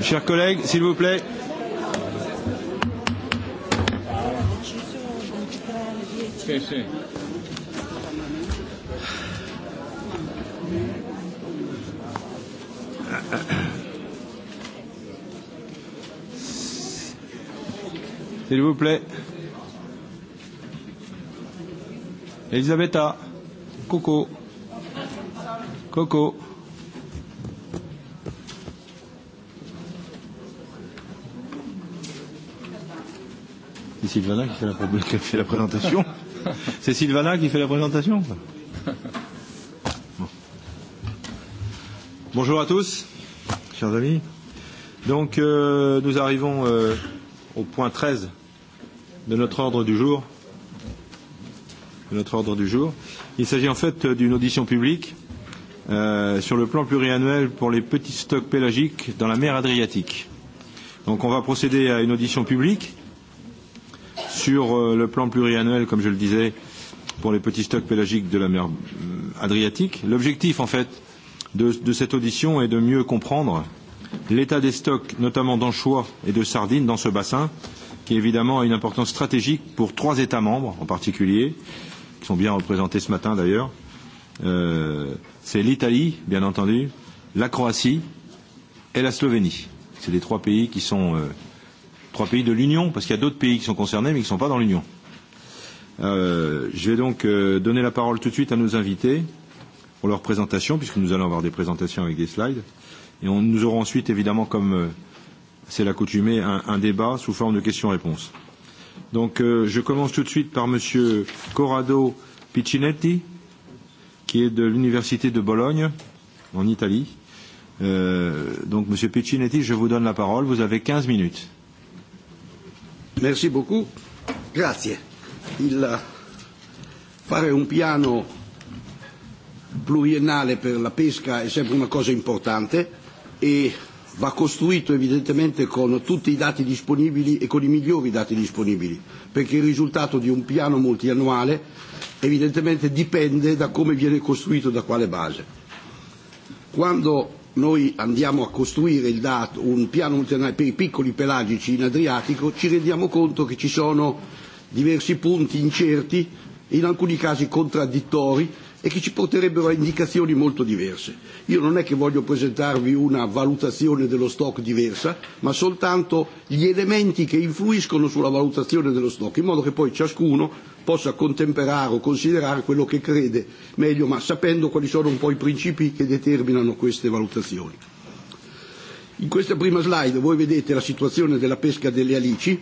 Chers collègues, s'il vous plaît. S'il vous plaît. Elisabetta. Coucou. Coucou. C'est Sylvana qui fait la, qui fait la présentation C'est Sylvana qui fait la présentation bon. Bonjour à tous, chers amis. Donc, euh, nous arrivons euh, au point 13 de notre ordre du jour. De notre ordre du jour. Euh, Il s'agit en fait d'une audition publique euh, sur le plan pluriannuel pour les petits stocks pélagiques dans la mer Adriatique. Donc on va procéder à une audition publique sur euh, le plan pluriannuel, comme je le disais, pour les petits stocks pélagiques de la mer euh, Adriatique. L'objectif en fait de, de cette audition est de mieux comprendre l'état des stocks, notamment d'anchois et de sardines dans ce bassin, qui évidemment a une importance stratégique pour trois États membres en particulier, qui sont bien représentés ce matin d'ailleurs. Euh, c'est l'Italie, bien entendu, la Croatie et la Slovénie. C'est les trois pays qui sont euh, trois pays de l'Union, parce qu'il y a d'autres pays qui sont concernés mais qui ne sont pas dans l'Union. Euh, je vais donc euh, donner la parole tout de suite à nos invités pour leur présentation, puisque nous allons avoir des présentations avec des slides. Et on, nous aurons ensuite, évidemment, comme euh, c'est l'accoutumée, un, un débat sous forme de questions-réponses. Donc euh, je commence tout de suite par Monsieur Corrado Piccinetti, qui est de l'Université de Bologne, en Italie. Euh, donc Monsieur Piccinetti, je vous donne la parole. Vous avez 15 minutes. Merci beaucoup. Grazie. Il euh, fare un piano pluriennale per la pesca è sempre una cosa importante e va costruito evidentemente con tutti i dati disponibili e con i migliori dati disponibili, perché il risultato di un piano multiannuale evidentemente dipende da come viene costruito, e da quale base. Quando noi andiamo a costruire il dato, un piano multiannuale per i piccoli pelagici in Adriatico, ci rendiamo conto che ci sono diversi punti incerti, in alcuni casi contraddittori, e che ci porterebbero a indicazioni molto diverse. Io non è che voglio presentarvi una valutazione dello stock diversa, ma soltanto gli elementi che influiscono sulla valutazione dello stock, in modo che poi ciascuno possa contemperare o considerare quello che crede meglio, ma sapendo quali sono un po' i principi che determinano queste valutazioni. In questa prima slide voi vedete la situazione della pesca delle alici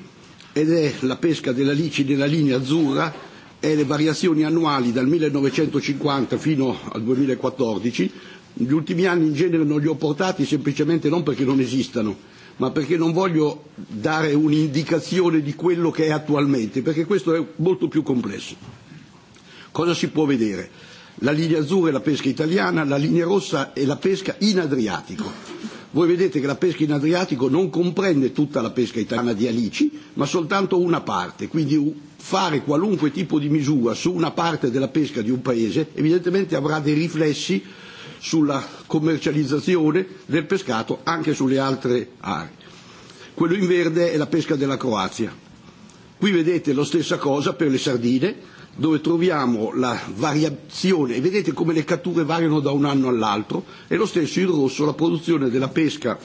ed è la pesca delle alici nella linea azzurra e le variazioni annuali dal 1950 fino al 2014, gli ultimi anni in genere non li ho portati semplicemente non perché non esistano, ma perché non voglio dare un'indicazione di quello che è attualmente, perché questo è molto più complesso. Cosa si può vedere? La linea azzurra è la pesca italiana, la linea rossa è la pesca in Adriatico. Voi vedete che la pesca in Adriatico non comprende tutta la pesca italiana di alici, ma soltanto una parte, quindi fare qualunque tipo di misura su una parte della pesca di un paese evidentemente avrà dei riflessi sulla commercializzazione del pescato anche sulle altre aree. Quello in verde è la pesca della Croazia. Qui vedete la stessa cosa per le sardine, dove troviamo la variazione, e vedete come le catture variano da un anno all'altro, e lo stesso in rosso la produzione della pesca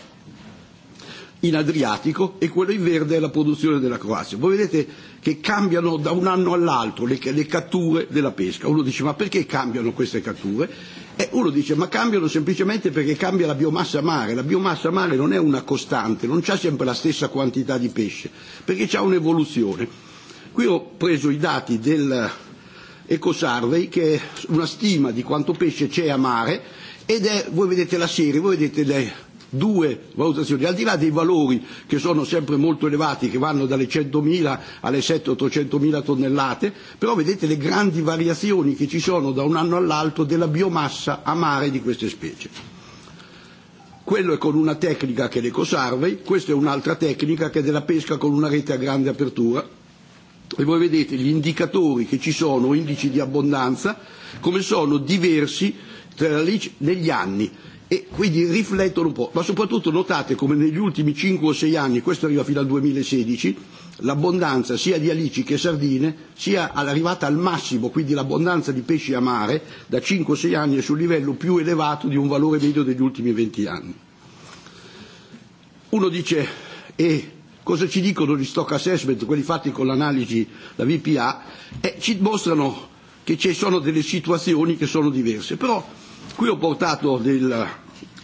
in Adriatico e quello in verde è la produzione della Croazia. Voi vedete che cambiano da un anno all'altro le, le catture della pesca. Uno dice ma perché cambiano queste catture? E uno dice ma cambiano semplicemente perché cambia la biomassa mare. La biomassa mare non è una costante, non c'è sempre la stessa quantità di pesce, perché c'è un'evoluzione. Qui ho preso i dati del Ecosurvey che è una stima di quanto pesce c'è a mare ed è, voi vedete la serie, voi vedete le due valutazioni, al di là dei valori che sono sempre molto elevati, che vanno dalle 100.000 alle 700-800.000 tonnellate, però vedete le grandi variazioni che ci sono da un anno all'altro della biomassa a mare di queste specie. Quello è con una tecnica che è l'ecosurvey, questa è un'altra tecnica che è della pesca con una rete a grande apertura, e voi vedete gli indicatori che ci sono, indici di abbondanza, come sono diversi tra lì, negli anni e quindi riflettono un po', ma soprattutto notate come negli ultimi 5 o 6 anni, questo arriva fino al 2016, l'abbondanza sia di alici che sardine sia arrivata al massimo, quindi l'abbondanza di pesci a mare da 5 o 6 anni è sul livello più elevato di un valore medio degli ultimi 20 anni. Uno dice, e eh, cosa ci dicono gli stock assessment, quelli fatti con l'analisi, la VPA? Eh, ci mostrano che ci sono delle situazioni che sono diverse, però Qui ho portato del...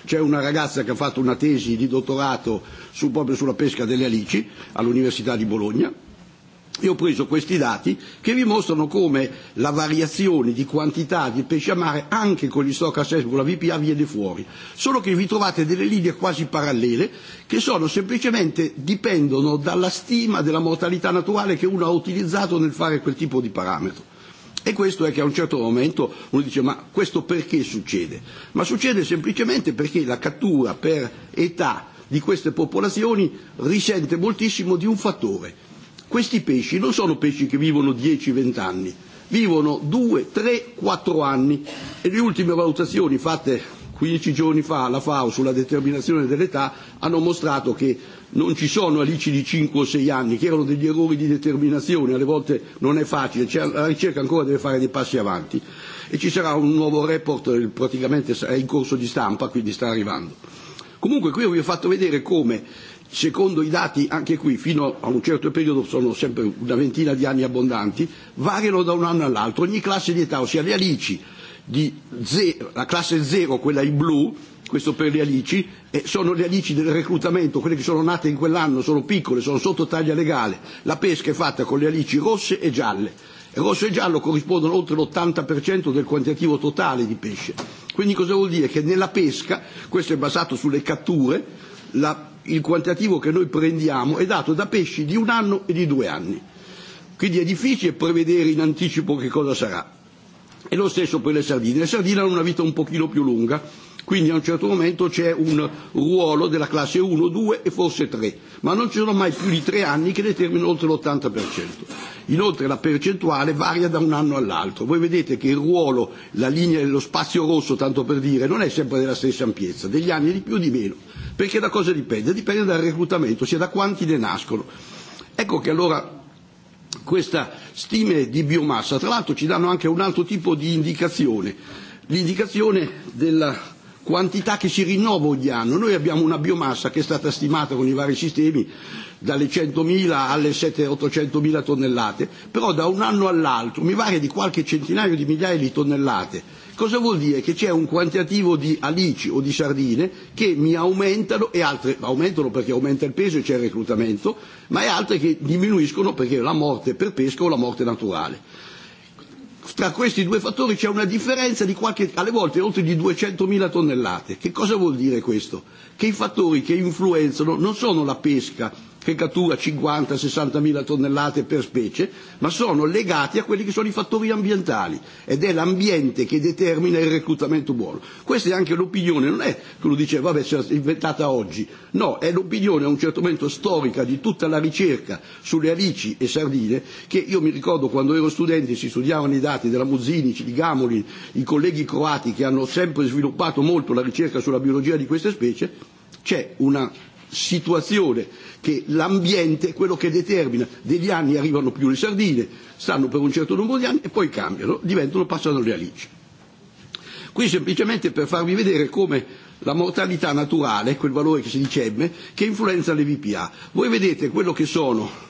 c'è una ragazza che ha fatto una tesi di dottorato su, proprio sulla pesca delle alici all'Università di Bologna e ho preso questi dati che vi mostrano come la variazione di quantità di pesce a mare anche con gli stock assess con la VPA viene fuori, solo che vi trovate delle linee quasi parallele che sono semplicemente dipendono dalla stima della mortalità naturale che uno ha utilizzato nel fare quel tipo di parametro. E questo è che a un certo momento uno dice ma questo perché succede? Ma succede semplicemente perché la cattura per età di queste popolazioni risente moltissimo di un fattore. Questi pesci non sono pesci che vivono 10-20 anni, vivono 2, 3, 4 anni e le ultime valutazioni fatte 15 giorni fa la FAO sulla determinazione dell'età hanno mostrato che non ci sono alici di 5 o 6 anni, che erano degli errori di determinazione, alle volte non è facile, cioè, la ricerca ancora deve fare dei passi avanti e ci sarà un nuovo report, praticamente è in corso di stampa, quindi sta arrivando. Comunque qui vi ho fatto vedere come secondo i dati, anche qui fino a un certo periodo sono sempre una ventina di anni abbondanti, variano da un anno all'altro, ogni classe di età, ossia le alici di zero, la classe 0, quella in blu, questo per le alici, e sono le alici del reclutamento, quelle che sono nate in quell'anno, sono piccole, sono sotto taglia legale. La pesca è fatta con le alici rosse e gialle. E rosso e giallo corrispondono oltre l'80% del quantitativo totale di pesce. Quindi cosa vuol dire? Che nella pesca, questo è basato sulle catture, la, il quantitativo che noi prendiamo è dato da pesci di un anno e di due anni. Quindi è difficile prevedere in anticipo che cosa sarà E lo stesso per le sardine. Le sardine hanno una vita un pochino più lunga, quindi a un certo momento c'è un ruolo della classe 1, 2 e forse 3, ma non ci sono mai più di 3 anni che determinano oltre l'80%. Inoltre la percentuale varia da un anno all'altro. Voi vedete che il ruolo, la linea, dello spazio rosso, tanto per dire, non è sempre della stessa ampiezza, degli anni di più o di meno. Perché da cosa dipende? Dipende dal reclutamento, ossia da quanti ne nascono. Ecco che allora queste stime di biomassa, tra l'altro ci danno anche un altro tipo di indicazione, l'indicazione della quantità che si rinnova ogni anno. Noi abbiamo una biomassa che è stata stimata con i vari sistemi dalle 100.000 alle 700-800.000 tonnellate, però da un anno all'altro mi pare di qualche centinaio di migliaia di tonnellate Cosa vuol dire? Che c'è un quantitativo di alici o di sardine che mi aumentano e altre aumentano perché aumenta il peso e c'è il reclutamento, ma e altre che diminuiscono perché la morte per pesca o la morte naturale. Tra questi due fattori c'è una differenza di qualche, alle volte oltre di 200.000 tonnellate. Che cosa vuol dire questo? Che i fattori che influenzano non sono la pesca che cattura 50-60 mila tonnellate per specie, ma sono legati a quelli che sono i fattori ambientali ed è l'ambiente che determina il reclutamento buono. Questa è anche l'opinione, non è che uno dice vabbè si è inventata oggi, no, è l'opinione a un certo momento storica di tutta la ricerca sulle alici e sardine che io mi ricordo quando ero studente si studiavano i dati della Muzzinici, di Gamoli, i colleghi croati che hanno sempre sviluppato molto la ricerca sulla biologia di queste specie, c'è una situazione che l'ambiente è quello che determina. Degli anni arrivano più le sardine, stanno per un certo numero di anni e poi cambiano, diventano, passano le alici. Qui semplicemente per farvi vedere come la mortalità naturale, quel valore che si dice M, che influenza le VPA. Voi vedete quello che sono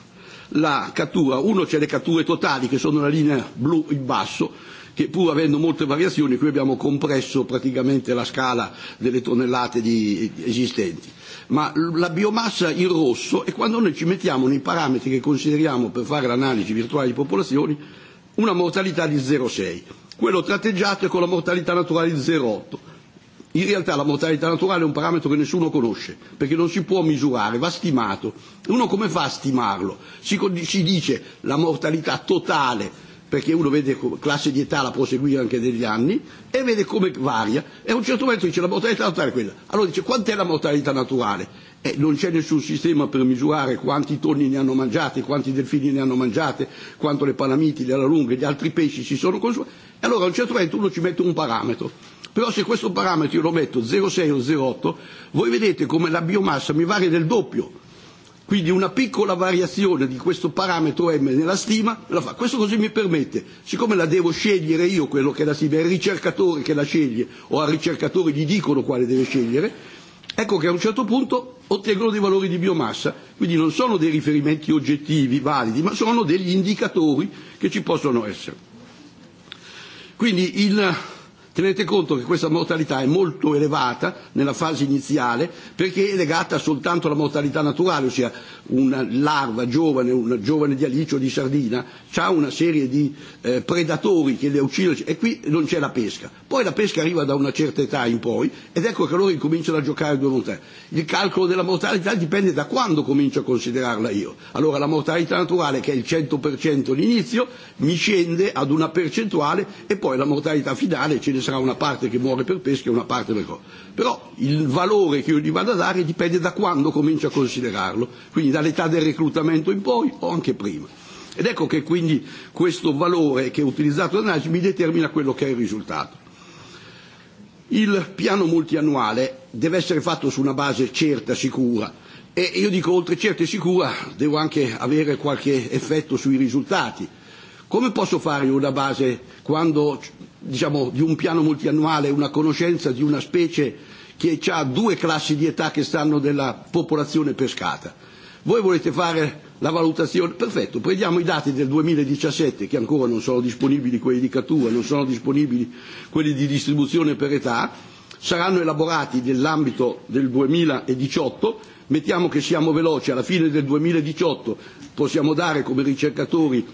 la cattura, uno c'è le catture totali che sono la linea blu in basso, che pur avendo molte variazioni qui abbiamo compresso praticamente la scala delle tonnellate di, di esistenti. Ma la biomassa in rosso è quando noi ci mettiamo nei parametri che consideriamo per fare l'analisi virtuale di popolazioni una mortalità di 0,6. Quello tratteggiato è con la mortalità naturale di 0,8. In realtà la mortalità naturale è un parametro che nessuno conosce, perché non si può misurare, va stimato. Uno come fa a stimarlo? Si, si dice la mortalità totale perché uno vede come classe di età la può seguire anche degli anni e vede come varia e a un certo momento dice la mortalità naturale è quella allora dice quant'è la mortalità naturale eh, non c'è nessun sistema per misurare quanti tonni ne hanno mangiati quanti delfini ne hanno mangiate quanto le palamiti, le alalunghe, gli altri pesci si sono consumati e allora a un certo momento uno ci mette un parametro però se questo parametro io lo metto 0,6 o 0,8 voi vedete come la biomassa mi varia del doppio Quindi una piccola variazione di questo parametro M nella stima la fa. Questo così mi permette, siccome la devo scegliere io quello che la stima, è il ricercatore che la sceglie o al ricercatore gli dicono quale deve scegliere, ecco che a un certo punto ottengono dei valori di biomassa, quindi non sono dei riferimenti oggettivi validi, ma sono degli indicatori che ci possono essere. Quindi il, Tenete conto che questa mortalità è molto elevata nella fase iniziale perché è legata soltanto alla mortalità naturale, ossia una larva giovane, un giovane di alice o di sardina, ha una serie di eh, predatori che le uccidono e qui non c'è la pesca. Poi la pesca arriva da una certa età in poi ed ecco che loro incominciano a giocare due volte. Il calcolo della mortalità dipende da quando comincio a considerarla io. Allora la mortalità naturale che è il 100% all'inizio mi scende ad una percentuale e poi la mortalità finale ce ne ci sarà una parte che muore per pesca e una parte per cosa. Però il valore che io gli vado a dare dipende da quando comincio a considerarlo, quindi dall'età del reclutamento in poi o anche prima. Ed ecco che quindi questo valore che è utilizzato da Nagy mi determina quello che è il risultato. Il piano multiannuale deve essere fatto su una base certa, sicura, e io dico oltre certa e sicura devo anche avere qualche effetto sui risultati. Come posso fare una base quando diciamo, di un piano multiannuale una conoscenza di una specie che ha due classi di età che stanno della popolazione pescata. Voi volete fare la valutazione, perfetto, prendiamo i dati del 2017 che ancora non sono disponibili quelli di cattura, non sono disponibili quelli di distribuzione per età, saranno elaborati nell'ambito del 2018, mettiamo che siamo veloci, alla fine del 2018 possiamo dare come ricercatori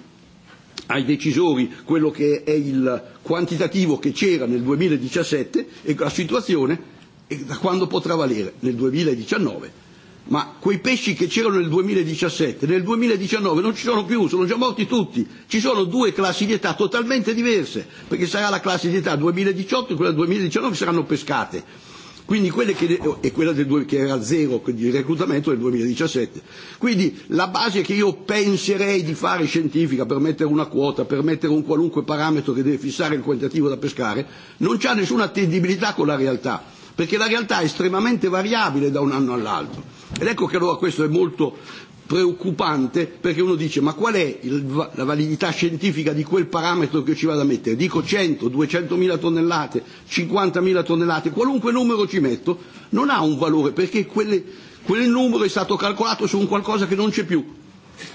ai decisori quello che è il quantitativo che c'era nel 2017 e la situazione e da quando potrà valere nel 2019. Ma quei pesci che c'erano nel 2017, nel 2019 non ci sono più, sono già morti tutti. Ci sono due classi di età totalmente diverse, perché sarà la classe di età 2018 e quella 2019 saranno pescate quindi quelle che, e quella del 2, che era al zero di reclutamento del 2017. Quindi la base che io penserei di fare scientifica per mettere una quota, per mettere un qualunque parametro che deve fissare il quantitativo da pescare, non ha nessuna attendibilità con la realtà, perché la realtà è estremamente variabile da un anno all'altro. Ed ecco che allora questo è molto preoccupante perché uno dice ma qual è il, la validità scientifica di quel parametro che ci vado a mettere? Dico 100, 200 mila tonnellate, 50 mila tonnellate, qualunque numero ci metto non ha un valore perché quelle, quel numero è stato calcolato su un qualcosa che non c'è più.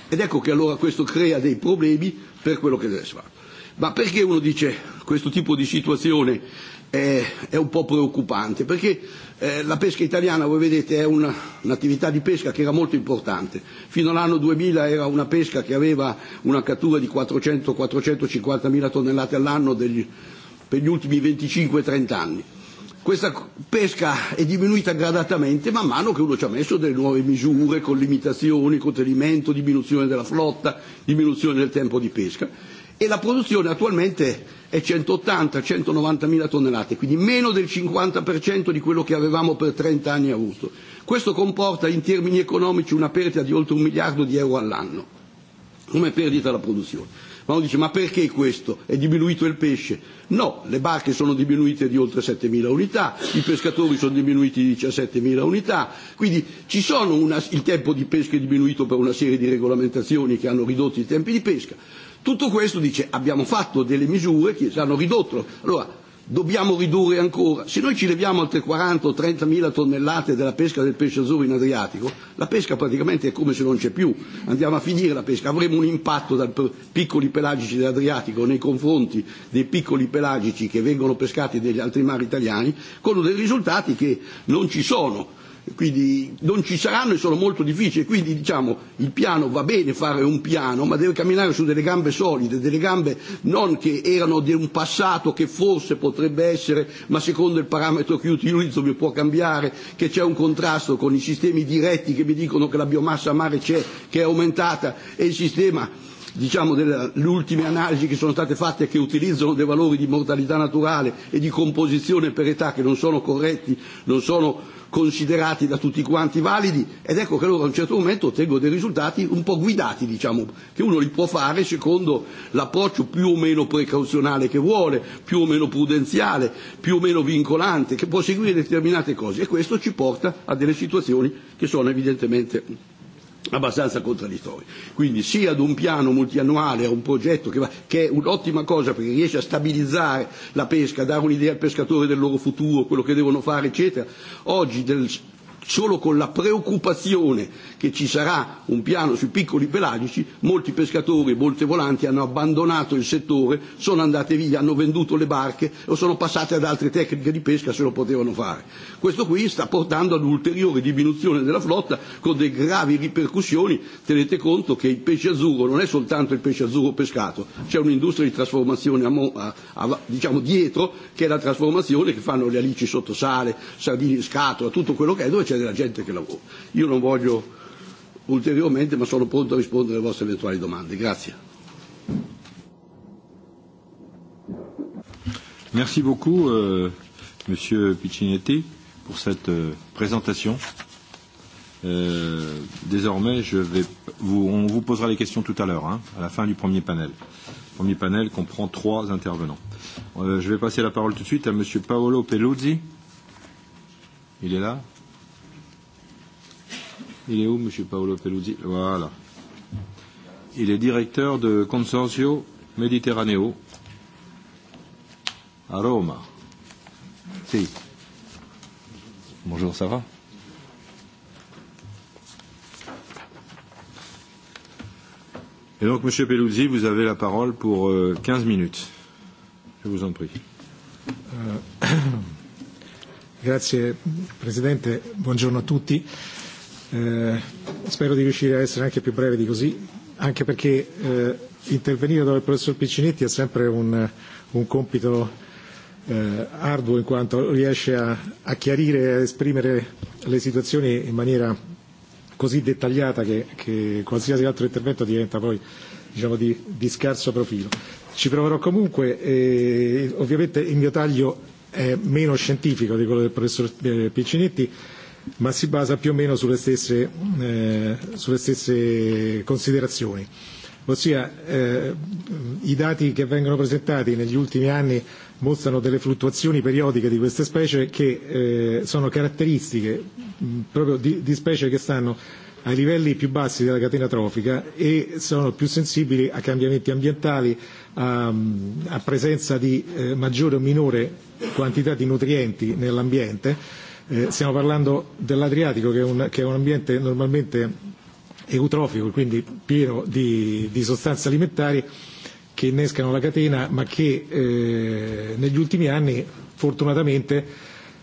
Ed ecco che allora questo crea dei problemi per quello che deve essere fatto. Ma perché uno dice questo tipo di situazione è è un po' preoccupante perché eh, la pesca italiana, voi vedete, è una, un'attività di pesca che era molto importante. Fino all'anno 2000 era una pesca che aveva una cattura di 400-450 mila tonnellate all'anno degli, per gli ultimi 25-30 anni. Questa pesca è diminuita gradatamente man mano che uno ci ha messo delle nuove misure con limitazioni, contenimento, diminuzione della flotta, diminuzione del tempo di pesca e la produzione attualmente è 180-190 mila tonnellate, quindi meno del 50% di quello che avevamo per 30 anni avuto. Questo comporta in termini economici una perdita di oltre un miliardo di euro all'anno, come perdita della produzione. Ma uno dice ma perché questo? È diminuito il pesce? No, le barche sono diminuite di oltre 7.000 unità, i pescatori sono diminuiti di 17.000 unità, quindi ci sono una, il tempo di pesca è diminuito per una serie di regolamentazioni che hanno ridotto i tempi di pesca Tutto questo dice abbiamo fatto delle misure che ci hanno ridotto. Allora, dobbiamo ridurre ancora. Se noi ci leviamo altre 40 o 30 mila tonnellate della pesca del pesce azzurro in Adriatico, la pesca praticamente è come se non c'è più, andiamo a finire la pesca, avremo un impatto dai piccoli pelagici dell'Adriatico nei confronti dei piccoli pelagici che vengono pescati dagli altri mari italiani, con dei risultati che non ci sono quindi non ci saranno e sono molto difficili, quindi diciamo il piano va bene fare un piano, ma deve camminare su delle gambe solide, delle gambe non che erano di un passato che forse potrebbe essere, ma secondo il parametro che utilizzo mi può cambiare, che c'è un contrasto con i sistemi diretti che mi dicono che la biomassa a mare c'è, che è aumentata e il sistema diciamo delle ultime analisi che sono state fatte e che utilizzano dei valori di mortalità naturale e di composizione per età che non sono corretti, non sono considerati da tutti quanti validi ed ecco che loro a un certo momento ottengono dei risultati un po' guidati, diciamo, che uno li può fare secondo l'approccio più o meno precauzionale che vuole, più o meno prudenziale, più o meno vincolante, che può seguire determinate cose e questo ci porta a delle situazioni che sono evidentemente abbastanza contraddittori. Quindi sì ad un piano multiannuale, a un progetto che, va, che è un'ottima cosa perché riesce a stabilizzare la pesca, a dare un'idea al pescatore del loro futuro, quello che devono fare, eccetera. Oggi del, solo con la preoccupazione che ci sarà un piano sui piccoli pelagici, molti pescatori, e molte volanti hanno abbandonato il settore, sono andate via, hanno venduto le barche o sono passate ad altre tecniche di pesca se lo potevano fare. Questo qui sta portando ad un'ulteriore diminuzione della flotta con delle gravi ripercussioni. Tenete conto che il pesce azzurro non è soltanto il pesce azzurro pescato, c'è un'industria di trasformazione a, a, a, diciamo dietro che è la trasformazione che fanno le alici sotto sale, sardine in scatola, tutto quello che è, dove c'è della gente che lavora. Io non voglio ulteriormente, ma sono pronto a rispondere alle vostre eventuali domande. Grazie. Merci beaucoup, euh, Monsieur Piccinetti, pour cette euh, présentation. Euh, désormais, je vais vous, on vous posera les questions tout à l'heure, hein, à la fin du premier panel. Le premier panel comprend trois intervenants. Euh, je vais passer la parole tout de suite à Monsieur Paolo Peluzzi. Il est là Il est où, M. Paolo Peluzzi Voilà. Il est directeur de Consorcio Mediterraneo à Roma. Si. Bonjour, ça va Et donc, M. Peluzzi, vous avez la parole pour euh, 15 minutes. Je vous en prie. Euh, grazie Presidente, buongiorno a tutti. Eh, spero di riuscire a essere anche più breve di così, anche perché eh, intervenire dal professor Piccinetti è sempre un, un compito eh, arduo in quanto riesce a, a chiarire e a esprimere le situazioni in maniera così dettagliata che, che qualsiasi altro intervento diventa poi diciamo, di, di scarso profilo. Ci proverò comunque, eh, ovviamente il mio taglio è meno scientifico di quello del professor eh, Piccinetti, ma si basa più o meno sulle stesse, eh, sulle stesse considerazioni. Ossia, eh, i dati che vengono presentati negli ultimi anni mostrano delle fluttuazioni periodiche di queste specie che eh, sono caratteristiche mh, proprio di, di specie che stanno ai livelli più bassi della catena trofica e sono più sensibili a cambiamenti ambientali, a, a presenza di eh, maggiore o minore quantità di nutrienti nell'ambiente Eh, stiamo parlando dell'Adriatico che è, un, che è un ambiente normalmente eutrofico, quindi pieno di, di sostanze alimentari che innescano la catena, ma che eh, negli ultimi anni fortunatamente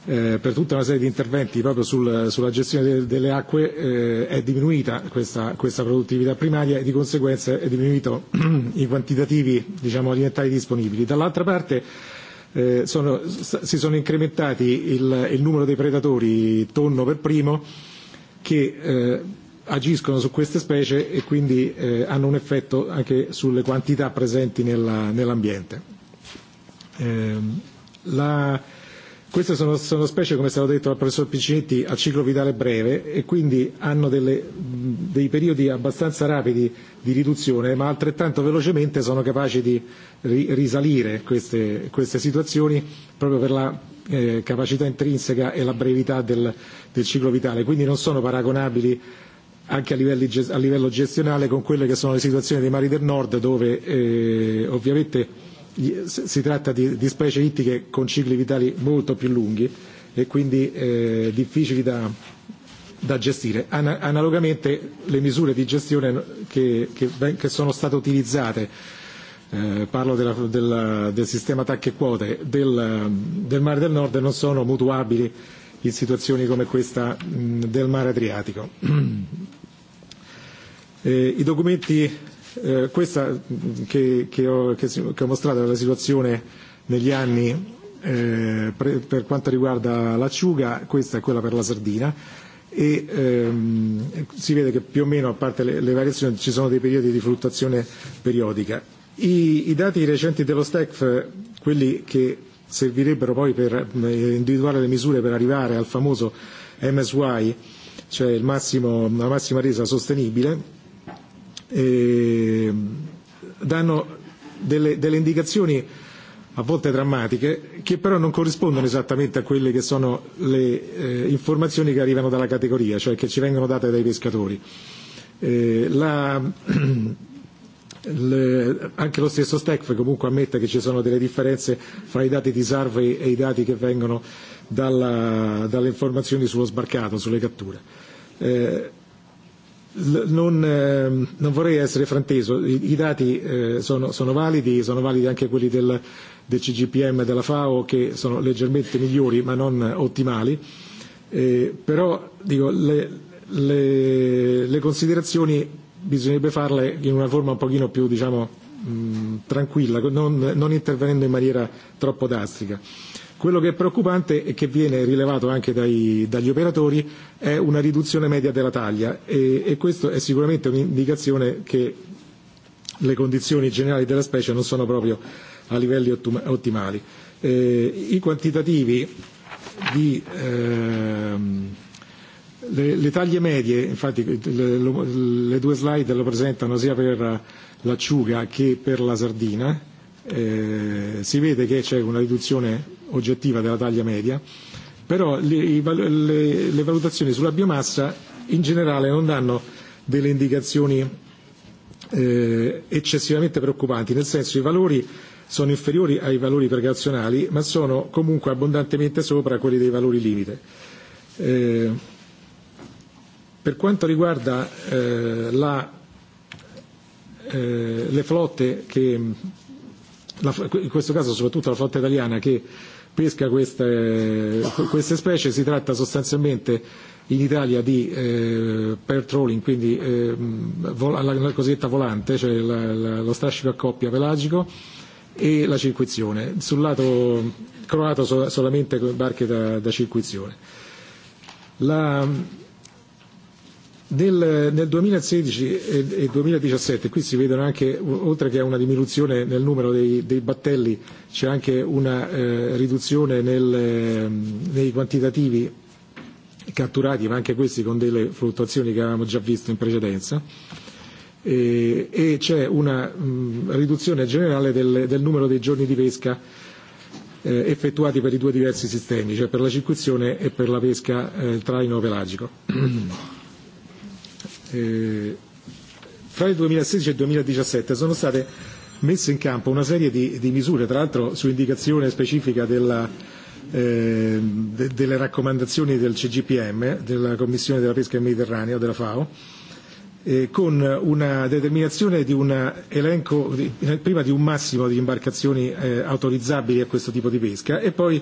eh, per tutta una serie di interventi proprio sul, sulla gestione de, delle acque eh, è diminuita questa, questa produttività primaria e di conseguenza è diminuito i quantitativi diciamo, alimentari disponibili. Dall'altra parte eh, sono, si sono incrementati il, il numero dei predatori tonno per primo che eh, agiscono su queste specie e quindi eh, hanno un effetto anche sulle quantità presenti nella, nell'ambiente. Eh, la, Queste sono, sono specie, come è stato detto dal professor Piccinetti, a ciclo vitale breve e quindi hanno delle, dei periodi abbastanza rapidi di riduzione, ma altrettanto velocemente sono capaci di ri, risalire queste, queste situazioni proprio per la eh, capacità intrinseca e la brevità del, del ciclo vitale. Quindi non sono paragonabili anche a, livelli, a livello gestionale con quelle che sono le situazioni dei mari del nord dove eh, ovviamente si tratta di, di specie ittiche con cicli vitali molto più lunghi e quindi eh, difficili da, da gestire. Ana, analogamente le misure di gestione che, che, ben, che sono state utilizzate, eh, parlo della, della, del sistema tacche e quote del, del Mare del Nord, non sono mutuabili in situazioni come questa mh, del Mare Adriatico. Eh, I documenti Eh, questa che, che, ho, che, che ho mostrato è la situazione negli anni eh, pre, per quanto riguarda l'acciuga, questa è quella per la sardina e ehm, si vede che più o meno, a parte le, le variazioni, ci sono dei periodi di fluttuazione periodica. I, I dati recenti dello STECF, quelli che servirebbero poi per eh, individuare le misure per arrivare al famoso MSY, cioè il massimo, la massima resa sostenibile, eh, danno delle, delle indicazioni a volte drammatiche, che però non corrispondono esattamente a quelle che sono le eh, informazioni che arrivano dalla categoria, cioè che ci vengono date dai pescatori. Eh, la, le, anche lo stesso STECF comunque ammette che ci sono delle differenze fra i dati di survey e i dati che vengono dalla, dalle informazioni sullo sbarcato, sulle catture. Eh, non, eh, non vorrei essere franteso, i, i dati eh, sono, sono validi, sono validi anche quelli del, del CGPM e della FAO che sono leggermente migliori ma non ottimali, eh, però dico, le, le, le considerazioni bisognerebbe farle in una forma un pochino più diciamo, mh, mm, tranquilla, non, non intervenendo in maniera troppo dastrica. Quello che è preoccupante e che viene rilevato anche dai, dagli operatori è una riduzione media della taglia e, e questo è sicuramente un'indicazione che le condizioni generali della specie non sono proprio a livelli ottimali. Eh, I quantitativi di ehm, le, le taglie medie, infatti le, le due slide lo presentano sia per l'acciuga che per la sardina, eh, si vede che c'è una riduzione oggettiva della taglia media, però le, le, le valutazioni sulla biomassa in generale non danno delle indicazioni eh, eccessivamente preoccupanti, nel senso i valori sono inferiori ai valori precauzionali, ma sono comunque abbondantemente sopra quelli dei valori limite. Eh, per quanto riguarda eh, la, eh, le flotte che la, in questo caso soprattutto la flotta italiana che eh, pesca queste, queste specie, si tratta sostanzialmente in Italia di eh, pair trolling, quindi eh, vol- la, la cosiddetta volante, cioè la, la, lo strascico a coppia pelagico e la circuizione. Sul lato croato so- solamente barche da, da circuizione. La, Del, nel 2016 e, e 2017 qui si vedono anche, oltre che a una diminuzione nel numero dei, dei battelli, c'è anche una eh, riduzione nel, ehm, nei quantitativi catturati, ma anche questi con delle fluttuazioni che avevamo già visto in precedenza. E, e c'è una mh, riduzione generale del, del numero dei giorni di pesca eh, effettuati per i due diversi sistemi, cioè per la circuizione e per la pesca eh, traino pelagico. eh, fra il 2016 e il 2017 sono state messe in campo una serie di, di misure, tra l'altro su indicazione specifica della, eh, de, delle raccomandazioni del CGPM, della Commissione della Pesca Mediterranea, della FAO, eh, con una determinazione di un elenco, di, prima di un massimo di imbarcazioni eh, autorizzabili a questo tipo di pesca e poi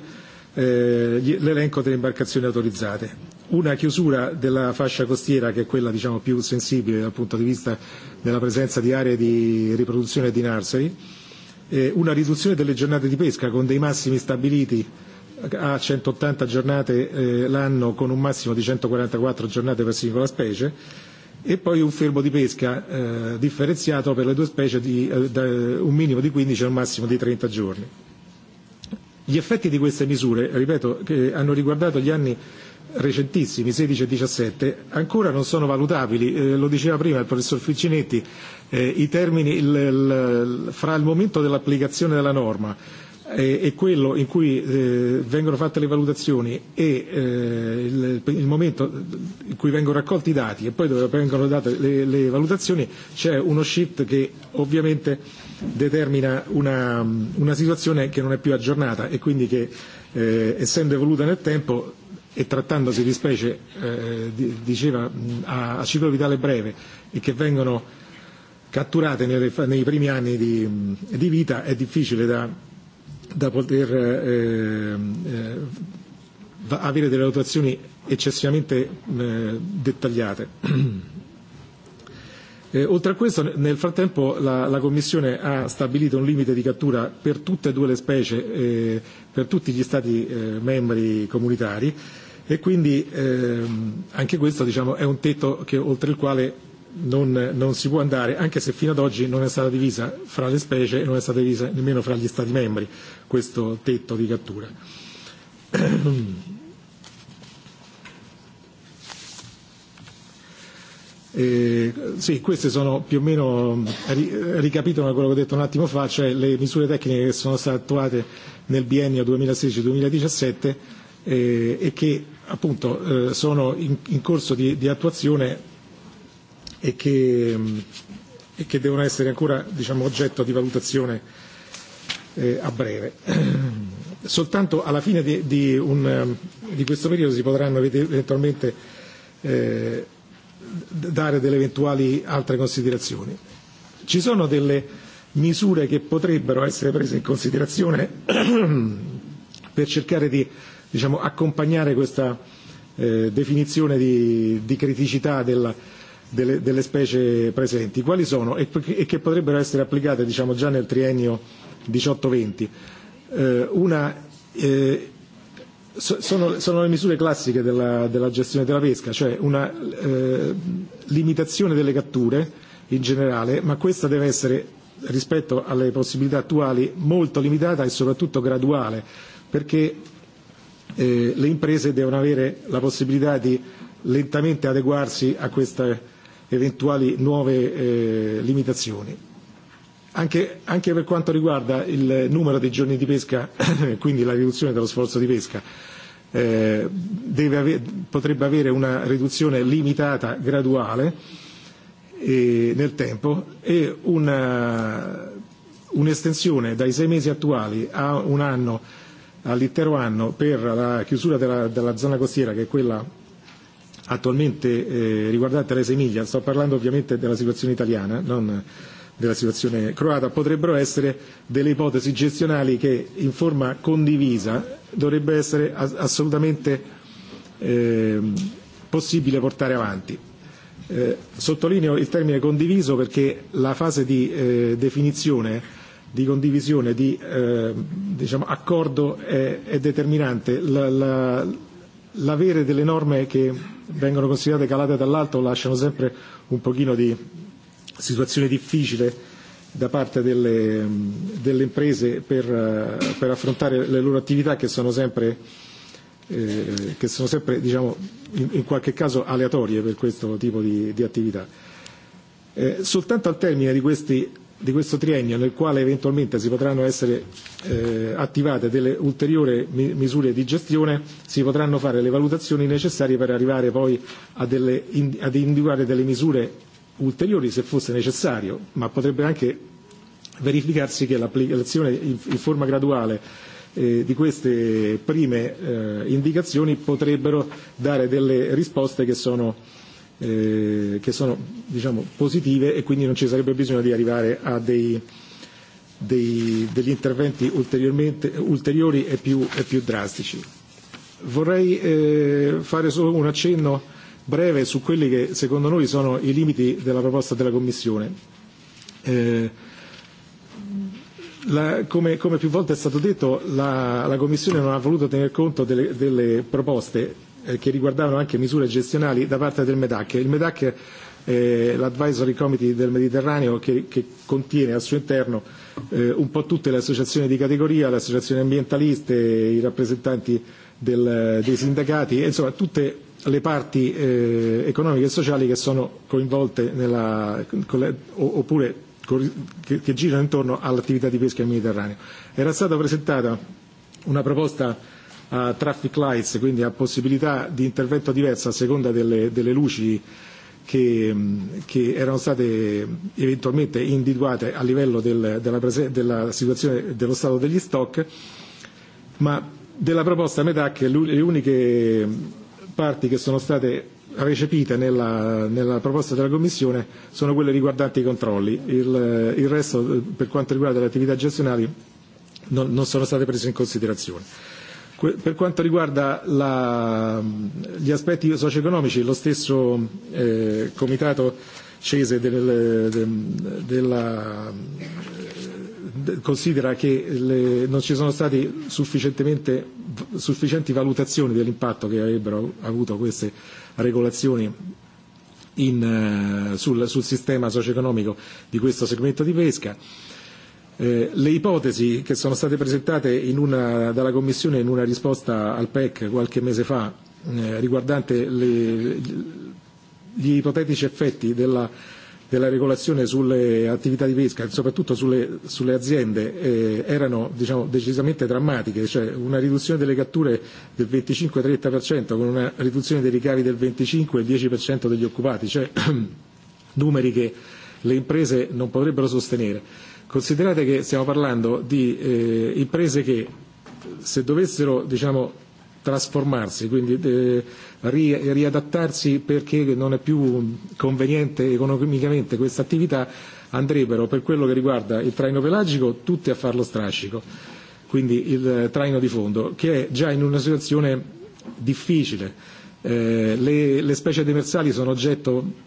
eh, l'elenco delle imbarcazioni autorizzate una chiusura della fascia costiera che è quella diciamo, più sensibile dal punto di vista della presenza di aree di riproduzione di narseri, eh, una riduzione delle giornate di pesca con dei massimi stabiliti a 180 giornate eh, l'anno con un massimo di 144 giornate per singola specie e poi un fermo di pesca eh, differenziato per le due specie di eh, da, un minimo di 15 e un massimo di 30 giorni. Gli effetti di queste misure, ripeto, che hanno riguardato gli anni recentissimi, 16 e 17, ancora non sono valutabili, eh, lo diceva prima il professor Ficcinetti, eh, i termini il, il, fra il momento dell'applicazione della norma e, e quello in cui eh, vengono fatte le valutazioni e eh, il, il momento in cui vengono raccolti i dati e poi dove vengono date le, le valutazioni c'è uno shift che ovviamente determina una, una situazione che non è più aggiornata e quindi che eh, essendo evoluta nel tempo e trattandosi di specie, eh, diceva, a, a ciclo vitale breve e che vengono catturate nelle, nei primi anni di, di vita, è difficile da, da poter eh, eh, avere delle valutazioni eccessivamente eh, dettagliate. Eh, oltre a questo, nel frattempo la, la Commissione ha stabilito un limite di cattura per tutte e due le specie, eh, per tutti gli Stati eh, membri comunitari, eh, E quindi ehm, anche questo diciamo, è un tetto che, oltre il quale non, non si può andare, anche se fino ad oggi non è stata divisa fra le specie e non è stata divisa nemmeno fra gli Stati membri questo tetto di cattura. Eh, sì, queste sono più o meno, ri, ricapitolano quello che ho detto un attimo fa, cioè le misure tecniche che sono state attuate nel biennio 2016-2017 eh, e che appunto eh, sono in, in corso di, di attuazione e che, e che devono essere ancora diciamo, oggetto di valutazione eh, a breve. Soltanto alla fine di, di, un, di questo periodo si potranno eventualmente eh, dare delle eventuali altre considerazioni. Ci sono delle misure che potrebbero essere prese in considerazione per cercare di diciamo, accompagnare questa eh, definizione di, di criticità della, delle, delle specie presenti. Quali sono e, e che potrebbero essere applicate diciamo, già nel triennio 18-20? Eh, una, eh, sono, sono le misure classiche della, della gestione della pesca, cioè una eh, limitazione delle catture in generale, ma questa deve essere rispetto alle possibilità attuali molto limitata e soprattutto graduale, perché eh, le imprese devono avere la possibilità di lentamente adeguarsi a queste eventuali nuove eh, limitazioni. Anche, anche per quanto riguarda il numero dei giorni di pesca, quindi la riduzione dello sforzo di pesca, eh, deve ave- potrebbe avere una riduzione limitata, graduale eh, nel tempo e una, un'estensione dai sei mesi attuali a un anno all'intero anno per la chiusura della, della zona costiera, che è quella attualmente eh, riguardante la Emilia, sto parlando ovviamente della situazione italiana, non della situazione croata, potrebbero essere delle ipotesi gestionali che in forma condivisa dovrebbe essere assolutamente eh, possibile portare avanti. Eh, sottolineo il termine condiviso perché la fase di eh, definizione di condivisione, di eh, diciamo, accordo è, è determinante. La, la, l'avere delle norme che vengono considerate calate dall'alto lasciano sempre un pochino di situazione difficile da parte delle, delle imprese per, per affrontare le loro attività che sono sempre, eh, che sono sempre diciamo, in, in qualche caso aleatorie per questo tipo di, di attività. Eh, soltanto al termine di questi di questo triennio nel quale eventualmente si potranno essere eh, attivate delle ulteriori mi- misure di gestione, si potranno fare le valutazioni necessarie per arrivare poi a delle in- ad individuare delle misure ulteriori se fosse necessario, ma potrebbe anche verificarsi che l'applicazione in, in forma graduale eh, di queste prime eh, indicazioni potrebbero dare delle risposte che sono eh, Eh, che sono diciamo, positive e quindi non ci sarebbe bisogno di arrivare a dei, dei, degli interventi ulteriori e più, e più drastici. Vorrei eh, fare solo un accenno breve su quelli che secondo noi sono i limiti della proposta della Commissione. Eh, la, come, come più volte è stato detto, la, la Commissione non ha voluto tener conto delle, delle proposte eh, che riguardavano anche misure gestionali da parte del MEDAC. Il MEDAC eh, l'Advisory Committee del Mediterraneo che, che contiene al suo interno eh, un po' tutte le associazioni di categoria, le associazioni ambientaliste, i rappresentanti del, dei sindacati, e insomma tutte le parti eh, economiche e sociali che sono coinvolte nella, con le, oppure con, che, che girano intorno all'attività di pesca nel Mediterraneo. Era stata presentata una proposta a traffic lights, quindi a possibilità di intervento diversa a seconda delle, delle luci che, che erano state eventualmente individuate a livello del, della, prese, della situazione dello stato degli stock, ma della proposta che le uniche parti che sono state recepite nella, nella proposta della Commissione sono quelle riguardanti i controlli. Il, il resto, per quanto riguarda le attività gestionali, non, non sono state prese in considerazione. Per quanto riguarda la, gli aspetti socio-economici, lo stesso eh, Comitato Cese del, de, della, de, eh, considera che le, non ci sono state sufficientemente, sufficienti valutazioni dell'impatto che avrebbero avuto queste regolazioni in, eh, sul, sul sistema socio-economico di questo segmento di pesca Eh, le ipotesi che sono state presentate in una, dalla Commissione in una risposta al PEC qualche mese fa eh, riguardante le, gli ipotetici effetti della, della regolazione sulle attività di pesca e soprattutto sulle, sulle aziende eh, erano diciamo, decisamente drammatiche, cioè una riduzione delle catture del 25-30% con una riduzione dei ricavi del 25 10% e degli occupati, cioè numeri che le imprese non potrebbero sostenere. Considerate che stiamo parlando di eh, imprese che se dovessero diciamo, trasformarsi, quindi eh, ri, riadattarsi perché non è più conveniente economicamente questa attività, andrebbero per quello che riguarda il traino pelagico tutti a farlo strascico, quindi il traino di fondo, che è già in una situazione difficile. Eh, le, le specie demersali sono oggetto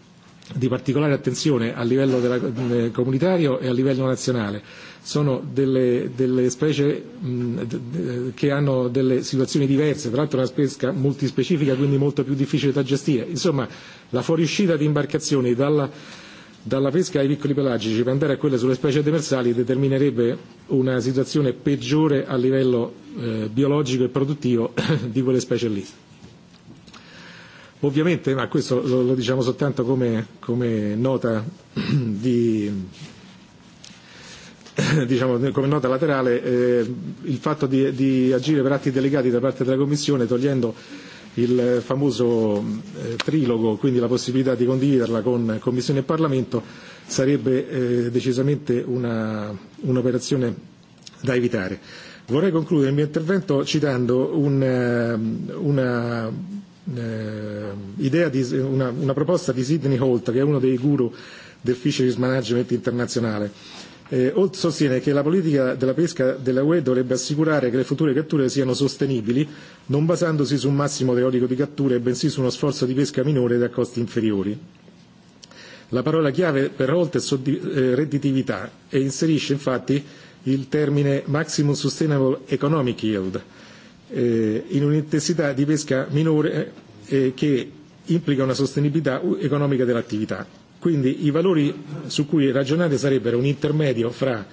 di particolare attenzione a livello della, eh, comunitario e a livello nazionale. Sono delle, delle specie mh, d, d, che hanno delle situazioni diverse, peraltro è una pesca multispecifica quindi molto più difficile da gestire. Insomma, la fuoriuscita di imbarcazioni dalla, dalla pesca ai piccoli pelagici per andare a quelle sulle specie demersali determinerebbe una situazione peggiore a livello eh, biologico e produttivo di quelle specie lì. Ovviamente, ma questo lo, lo diciamo soltanto come, come nota di diciamo come nota laterale eh, il fatto di, di agire per atti delegati da parte della Commissione togliendo il famoso eh, trilogo, quindi la possibilità di condividerla con Commissione e Parlamento, sarebbe eh, decisamente una, un'operazione da evitare. Vorrei concludere il mio intervento citando un, eh, una eh, idea di, una, una proposta di Sidney Holt, che è uno dei guru del fisheries management internazionale. Eh, Holt sostiene che la politica della pesca della UE dovrebbe assicurare che le future catture siano sostenibili, non basandosi su un massimo teorico di catture, bensì su uno sforzo di pesca minore ed a costi inferiori. La parola chiave per Holt è eh, redditività e inserisce infatti il termine Maximum Sustainable Economic Yield, eh, in un'intensità di pesca minore eh, eh che implica una sostenibilità economica dell'attività. Quindi i valori su cui ragionate sarebbero un intermedio fra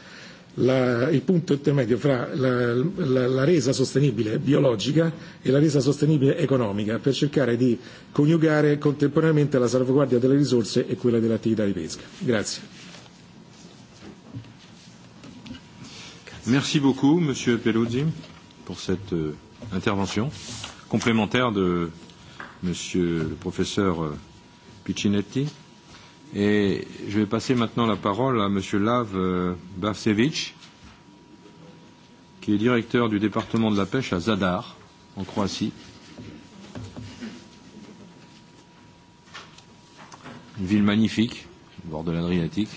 la, il punto intermedio fra la, la, la resa sostenibile biologica e la resa sostenibile economica per cercare di coniugare contemporaneamente la salvaguardia delle risorse e quella dell'attività di pesca. Grazie. Grazie. Merci beaucoup, Monsieur Peluzzi, pour cette euh, intervention complémentaire de Monsieur le professeur euh, Piccinetti. Et je vais passer maintenant la parole à Monsieur Lav euh, Bavsevich, qui est directeur du département de la pêche à Zadar, en Croatie. Une ville magnifique, au bord de l'Adriatique.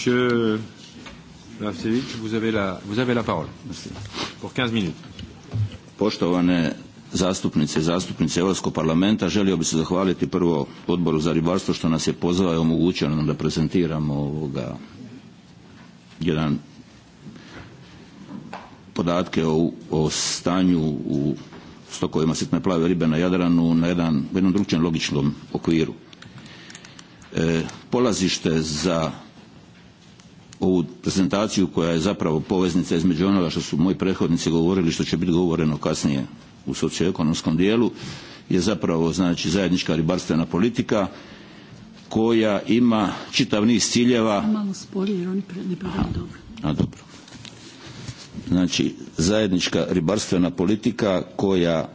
Monsieur Lavsevich, vous avez la, vous avez la parole. Pour 15 minutes. Poštovane zastupnice i zastupnice Europskog parlamenta, želio bih se zahvaliti prvo odboru za ribarstvo što nas je pozvao i omogućio nam da prezentiramo ovoga jedan podatke o, o stanju u stokovima sitne plave ribe na Jadranu na jedan, u jednom drugčijem logičnom okviru. E, polazište za ovu prezentaciju koja je zapravo poveznica između onoga što su moji prethodnici govorili, što će biti govoreno kasnije u socioekonomskom dijelu, je zapravo znači zajednička ribarstvena politika koja ima čitav niz ciljeva. Malo sporije jer oni ne predaju dobro. A dobro. Znači zajednička ribarstvena politika koja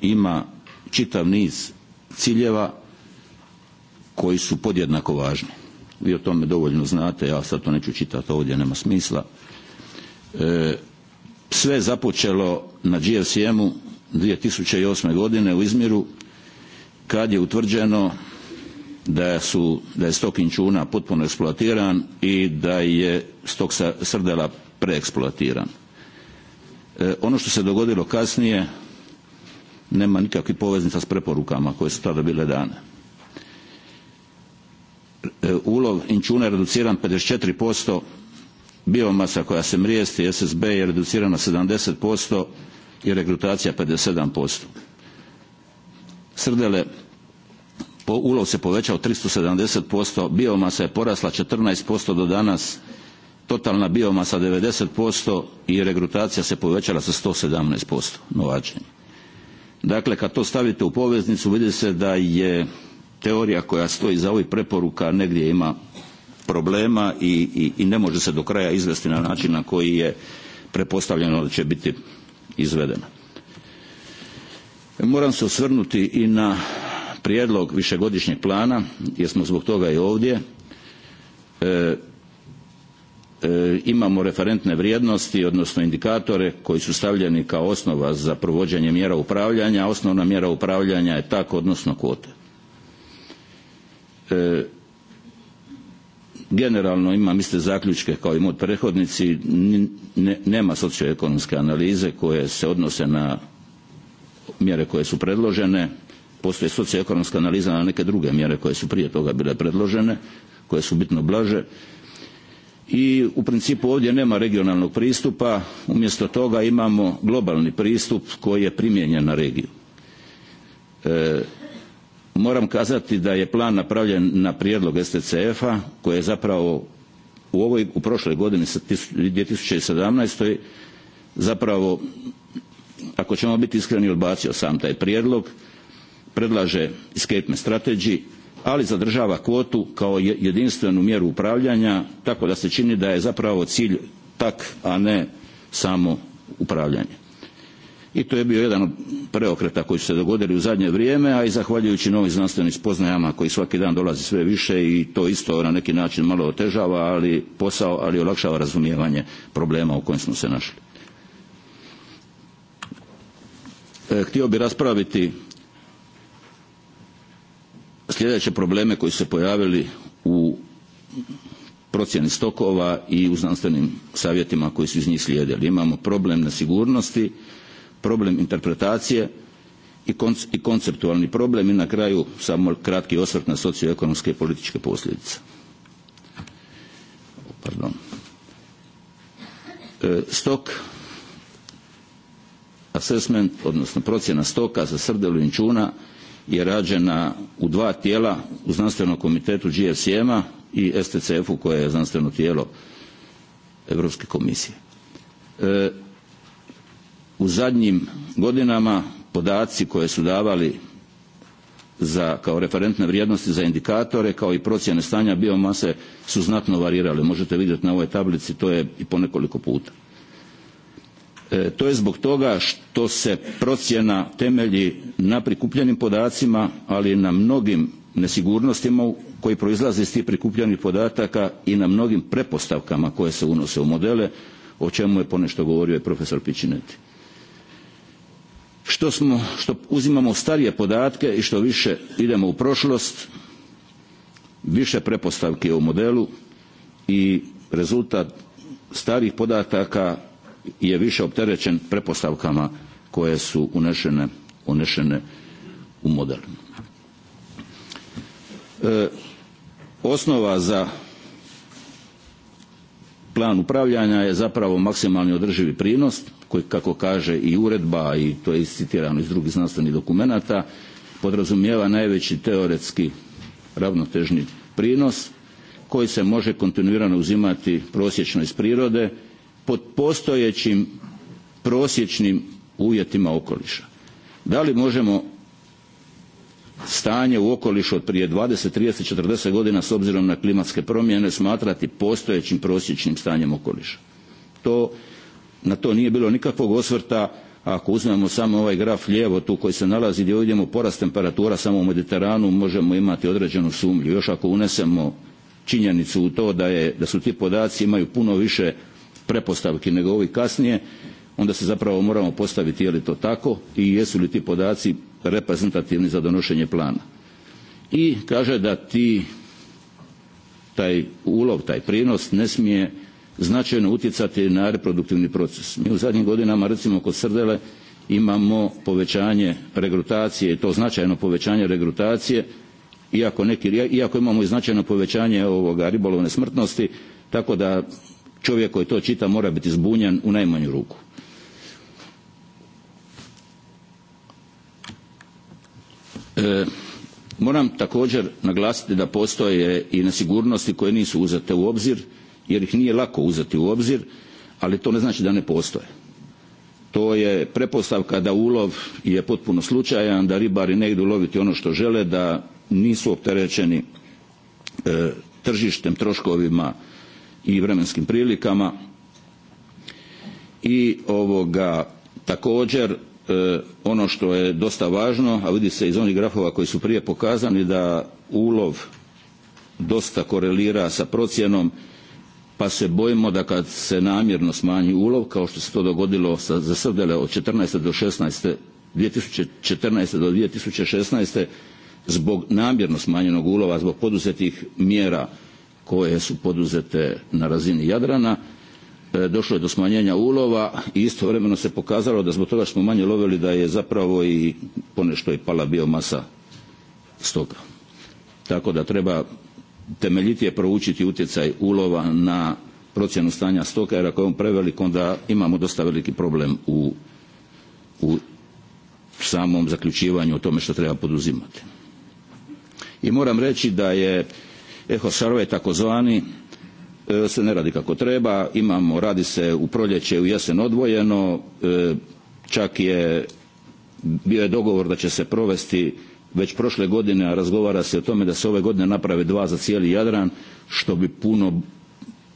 ima čitav niz ciljeva koji su podjednako važni vi o tome dovoljno znate, ja sad to neću čitati ovdje, nema smisla. E, sve je započelo na gsm u 2008. godine u Izmiru, kad je utvrđeno da, su, da je stok inčuna potpuno eksploatiran i da je stok srdela preeksploatiran. E, ono što se dogodilo kasnije nema nikakvih poveznica s preporukama koje su tada bile dane. E, ulov inčuna je reduciran 54%, biomasa koja se mrijesti, SSB je reducirana 70% i regrutacija 57%. Srdele, po, ulov se povećao 370%, biomasa je porasla 14% do danas, totalna biomasa 90% i regrutacija se povećala sa 117% novačenje. Dakle, kad to stavite u poveznicu, vidi se da je teorija koja stoji za ovih preporuka negdje ima problema i, i, i ne može se do kraja izvesti na način na koji je prepostavljeno da će biti izvedena. Moram se osvrnuti i na prijedlog višegodišnjeg plana, jer smo zbog toga i ovdje. E, e, imamo referentne vrijednosti, odnosno indikatore koji su stavljeni kao osnova za provođenje mjera upravljanja. Osnovna mjera upravljanja je tak, odnosno kvote generalno imam iste zaključke kao i mod prethodnici, nema socioekonomske analize koje se odnose na mjere koje su predložene, postoji socioekonomska analiza na neke druge mjere koje su prije toga bile predložene, koje su bitno blaže. I u principu ovdje nema regionalnog pristupa, umjesto toga imamo globalni pristup koji je primijenjen na regiju. E, Moram kazati da je plan napravljen na prijedlog STCF-a koji je zapravo u ovoj u prošloj godini 2017. zapravo ako ćemo biti iskreni odbacio sam taj prijedlog predlaže escapement strategy ali zadržava kvotu kao jedinstvenu mjeru upravljanja tako da se čini da je zapravo cilj tak a ne samo upravljanje. I to je bio jedan preokreta koji su se dogodili u zadnje vrijeme, a i zahvaljujući novim znanstvenim spoznajama koji svaki dan dolazi sve više i to isto na neki način malo otežava ali posao, ali olakšava razumijevanje problema u kojem smo se našli. E, htio bi raspraviti sljedeće probleme koji su se pojavili u procjeni stokova i u znanstvenim savjetima koji su iz njih slijedili. Imamo problem nesigurnosti, sigurnosti, problem interpretacije i, konceptualni problem i na kraju samo kratki osvrt na socioekonomske i političke posljedice. Pardon. E, stok assessment, odnosno procjena stoka za srdelu inčuna je rađena u dva tijela, u znanstvenom komitetu gsm a i STCF-u koje je znanstveno tijelo Europske komisije. E, u zadnjim godinama podaci koje su davali za, kao referentne vrijednosti za indikatore, kao i procjene stanja biomase su znatno varirale. Možete vidjeti na ovoj tablici, to je i po nekoliko puta. E, to je zbog toga što se procjena temelji na prikupljenim podacima, ali na mnogim nesigurnostima koji proizlaze iz tih prikupljenih podataka i na mnogim prepostavkama koje se unose u modele, o čemu je ponešto govorio i profesor Pičineti što, smo, što uzimamo starije podatke i što više idemo u prošlost, više prepostavke u modelu i rezultat starih podataka je više opterećen prepostavkama koje su unešene, unešene u model. E, osnova za plan upravljanja je zapravo maksimalni održivi prinos, koji, kako kaže i uredba i to je citirano iz drugih znanstvenih dokumenata, podrazumijeva najveći teoretski ravnotežni prinos koji se može kontinuirano uzimati prosječno iz prirode pod postojećim prosječnim uvjetima okoliša. Da li možemo stanje u okolišu od prije 20, 30, 40 godina s obzirom na klimatske promjene smatrati postojećim prosječnim stanjem okoliša? To na to nije bilo nikakvog osvrta, a ako uzmemo samo ovaj graf lijevo tu koji se nalazi gdje ovdje porast temperatura samo u Mediteranu možemo imati određenu sumlju. Još ako unesemo činjenicu u to da, je, da su ti podaci imaju puno više prepostavki nego ovi kasnije, onda se zapravo moramo postaviti je li to tako i jesu li ti podaci reprezentativni za donošenje plana. I kaže da ti, taj ulov, taj prinos ne smije značajno utjecati na reproduktivni proces. Mi u zadnjim godinama recimo kod srdele imamo povećanje regrutacije to značajno povećanje regrutacije iako, neki, iako imamo i značajno povećanje ovoga ribolovne smrtnosti tako da čovjek koji to čita mora biti zbunjan u najmanju ruku. E, moram također naglasiti da postoje i nesigurnosti koje nisu uzete u obzir jer ih nije lako uzeti u obzir, ali to ne znači da ne postoje. To je prepostavka da ulov je potpuno slučajan, da ribari ne idu loviti ono što žele, da nisu opterećeni e, tržištem, troškovima i vremenskim prilikama. I ovoga također e, ono što je dosta važno, a vidi se iz onih grafova koji su prije pokazani da ulov dosta korelira sa procjenom pa se bojimo da kad se namjerno smanji ulov, kao što se to dogodilo sa, za srdele od 14. do 16. 2014. do 2016. zbog namjerno smanjenog ulova, zbog poduzetih mjera koje su poduzete na razini Jadrana, e, došlo je do smanjenja ulova i istovremeno se pokazalo da zbog toga smo manje lovili da je zapravo i ponešto i pala biomasa stoga. Tako da treba temeljitije proučiti utjecaj ulova na procjenu stanja stoka, jer ako je on prevelik, onda imamo dosta veliki problem u, u samom zaključivanju o tome što treba poduzimati. I moram reći da je Eho Survey takozvani e, se ne radi kako treba, imamo, radi se u proljeće, u jesen odvojeno, e, čak je bio je dogovor da će se provesti već prošle godine a razgovara se o tome da se ove godine naprave dva za cijeli Jadran, što bi puno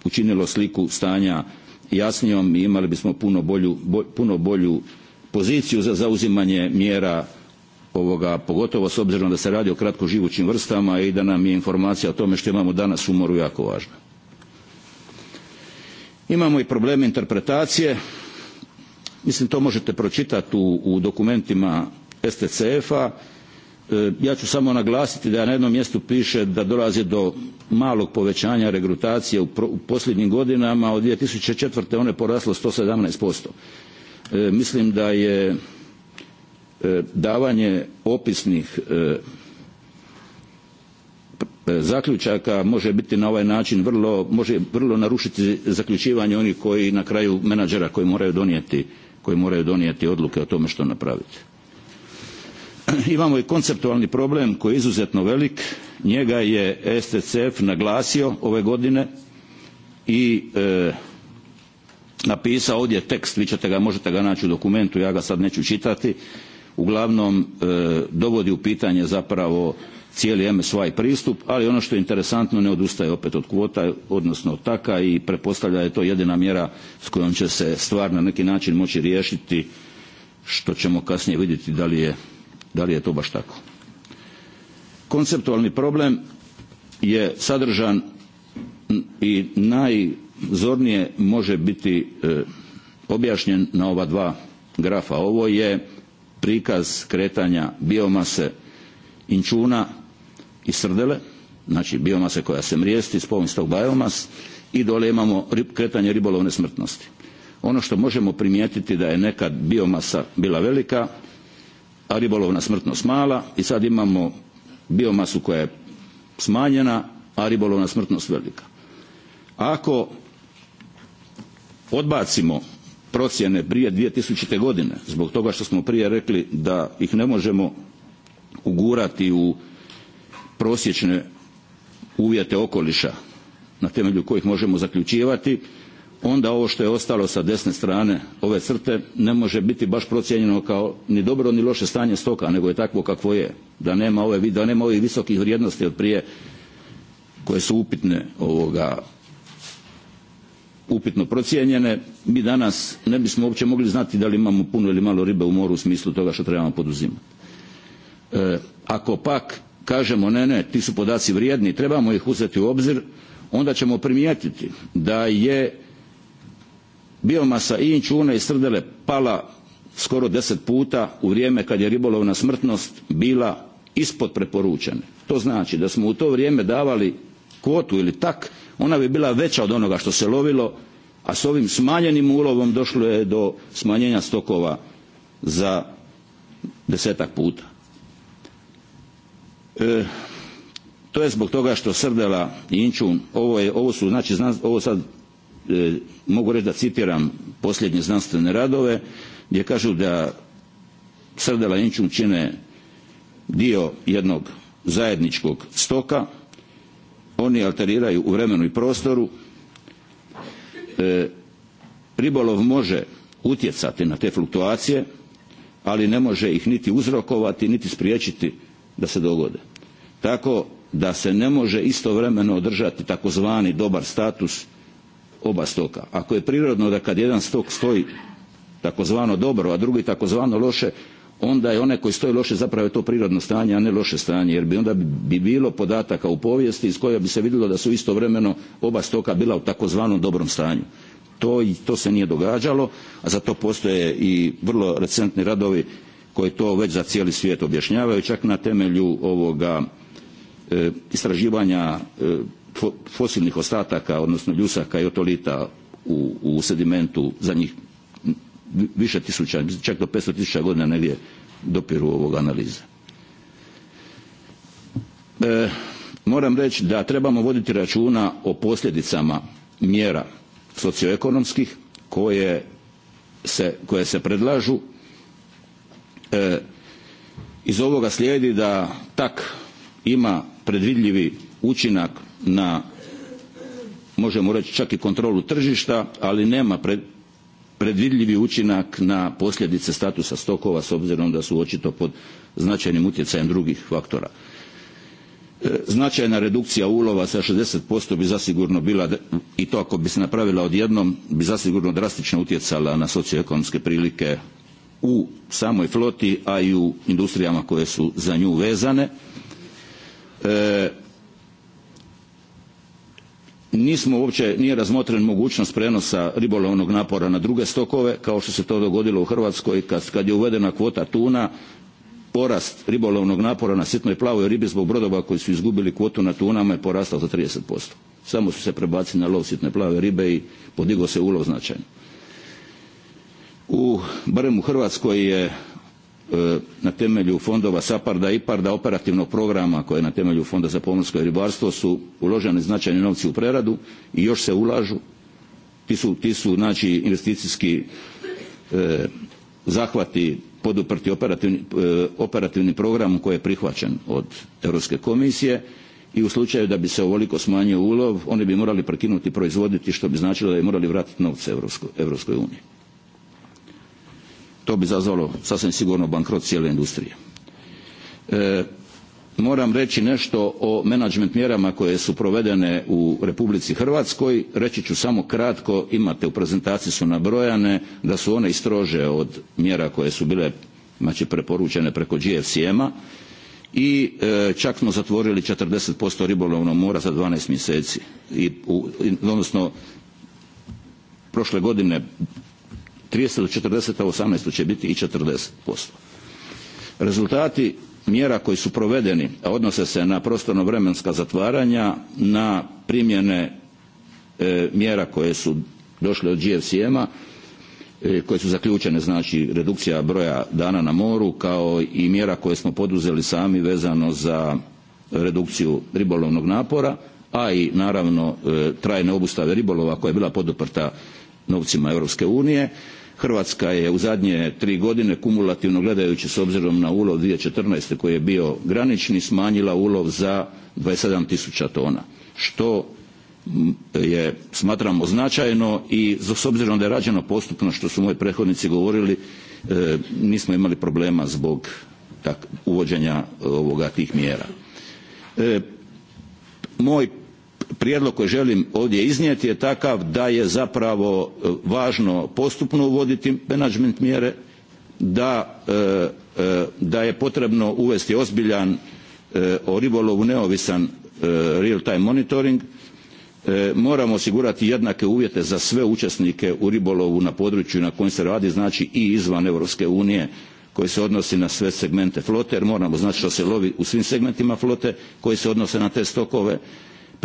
učinilo sliku stanja jasnijom i imali bismo puno bolju, bolj, puno bolju poziciju za zauzimanje mjera ovoga, pogotovo s obzirom da se radi o živućim vrstama i da nam je informacija o tome što imamo danas u moru jako važna. Imamo i probleme interpretacije. Mislim, to možete pročitati u, u dokumentima STCF-a E, ja ću samo naglasiti da na jednom mjestu piše da dolazi do malog povećanja regrutacije u, posljednjim godinama od 2004. one poraslo 117%. E, mislim da je e, davanje opisnih e, zaključaka može biti na ovaj način vrlo, može vrlo narušiti zaključivanje onih koji na kraju menadžera koji moraju donijeti koji moraju donijeti odluke o tome što napraviti imamo i konceptualni problem koji je izuzetno velik. Njega je STCF naglasio ove godine i e, napisao ovdje tekst, vi ćete ga, možete ga naći u dokumentu, ja ga sad neću čitati, uglavnom e, dovodi u pitanje zapravo cijeli MSY pristup, ali ono što je interesantno ne odustaje opet od kvota, odnosno od taka i pretpostavlja je to jedina mjera s kojom će se stvar na neki način moći riješiti, što ćemo kasnije vidjeti da li je da li je to baš tako. Konceptualni problem je sadržan i najzornije može biti e, objašnjen na ova dva grafa. Ovo je prikaz kretanja biomase inčuna i srdele, znači biomase koja se mrijesti, spomen stock biomas, i dole imamo rib, kretanje ribolovne smrtnosti. Ono što možemo primijetiti da je nekad biomasa bila velika, a ribolovna smrtnost mala i sad imamo biomasu koja je smanjena, a ribolovna smrtnost velika. Ako odbacimo procjene prije 2000. godine, zbog toga što smo prije rekli da ih ne možemo ugurati u prosječne uvjete okoliša na temelju kojih možemo zaključivati onda ovo što je ostalo sa desne strane ove crte ne može biti baš procijenjeno kao ni dobro ni loše stanje stoka, nego je takvo kakvo je. Da nema, ove, da nema ovih visokih vrijednosti od prije koje su upitne ovoga upitno procijenjene, mi danas ne bismo uopće mogli znati da li imamo puno ili malo ribe u moru u smislu toga što trebamo poduzimati. E, ako pak kažemo ne, ne, ti su podaci vrijedni, trebamo ih uzeti u obzir, onda ćemo primijetiti da je biomasa i inčune i srdele pala skoro deset puta u vrijeme kad je ribolovna smrtnost bila ispod preporučene. To znači da smo u to vrijeme davali kvotu ili tak, ona bi bila veća od onoga što se lovilo, a s ovim smanjenim ulovom došlo je do smanjenja stokova za desetak puta. E, to je zbog toga što srdela i inčun, ovo, je, ovo su, znači, ovo sad E, mogu reći da citiram posljednje znanstvene radove gdje kažu da srdela inčun čine dio jednog zajedničkog stoka, oni alteriraju u vremenu i prostoru, e, ribolov može utjecati na te fluktuacije, ali ne može ih niti uzrokovati, niti spriječiti da se dogode. Tako da se ne može istovremeno održati takozvani dobar status oba stoka. Ako je prirodno da kad jedan stok stoji takozvano dobro, a drugi takozvano loše, onda je onaj koji stoji loše zapravo je to prirodno stanje, a ne loše stanje, jer bi onda bi bilo podataka u povijesti iz koja bi se vidjelo da su istovremeno oba stoka bila u takozvanom dobrom stanju. To, to se nije događalo, a za to postoje i vrlo recentni radovi koji to već za cijeli svijet objašnjavaju, čak na temelju ovoga e, istraživanja e, fosilnih ostataka, odnosno ljusaka i otolita u, u sedimentu njih više tisuća, čak do 500 tisuća godina negdje dopiru ovog analize. E, moram reći da trebamo voditi računa o posljedicama mjera socioekonomskih koje se, koje se predlažu. E, iz ovoga slijedi da tak ima predvidljivi učinak na možemo reći čak i kontrolu tržišta, ali nema pred, predvidljivi učinak na posljedice statusa stokova s obzirom da su očito pod značajnim utjecajem drugih faktora. E, značajna redukcija ulova sa 60% bi zasigurno bila, i to ako bi se napravila odjednom, bi zasigurno drastično utjecala na socioekonomske prilike u samoj floti, a i u industrijama koje su za nju vezane. E, nismo uopće, nije razmotren mogućnost prenosa ribolovnog napora na druge stokove, kao što se to dogodilo u Hrvatskoj kad, kad je uvedena kvota tuna, porast ribolovnog napora na sitnoj plavoj ribi zbog brodova koji su izgubili kvotu na tunama je porastao za 30%. Samo su se prebacili na lov sitne plave ribe i podigao se ulov značajno. U, barem u Hrvatskoj je E, na temelju fondova SAPARDA i IPARDA operativnog programa koje na temelju Fonda za pomorsko i ribarstvo su uloženi značajni novci u preradu i još se ulažu. Ti su, ti su znači, investicijski e, zahvati poduprti operativni, e, operativni program koji je prihvaćen od Europske komisije i u slučaju da bi se ovoliko smanjio ulov, oni bi morali prekinuti proizvoditi što bi značilo da bi morali vratiti novce Europskoj uniji to bi zazvalo sasvim sigurno bankrot cijele industrije. E, moram reći nešto o menadžment mjerama koje su provedene u Republici Hrvatskoj. Reći ću samo kratko, imate u prezentaciji su nabrojane da su one i strože od mjera koje su bile znači preporučene preko GFCM-a i e, čak smo zatvorili 40% ribolovnog mora za 12 mjeseci. I, u, odnosno, prošle godine 30 do 40, a 18 će biti i 40%. Rezultati mjera koji su provedeni, a odnose se na prostorno-vremenska zatvaranja, na primjene e, mjera koje su došle od GFCM-a, e, koje su zaključene, znači redukcija broja dana na moru, kao i mjera koje smo poduzeli sami vezano za redukciju ribolovnog napora, a i naravno e, trajne obustave ribolova koja je bila poduprta novcima Europske unije. Hrvatska je u zadnje tri godine kumulativno gledajući s obzirom na ulov 2014. koji je bio granični smanjila ulov za 27 tisuća tona, što je smatramo značajno i s obzirom da je rađeno postupno što su moji prethodnici govorili e, nismo imali problema zbog tak, uvođenja e, ovoga tih mjera. E, moj prijedlog koji želim ovdje iznijeti je takav da je zapravo e, važno postupno uvoditi menadžment mjere, da, e, e, da je potrebno uvesti ozbiljan o ribolovu neovisan real time monitoring, moramo osigurati jednake uvjete za sve učesnike u ribolovu na području na kojem se radi, znači i izvan Europske unije koji se odnosi na sve segmente flote, jer moramo znati što se lovi u svim segmentima flote koji se odnose na te stokove.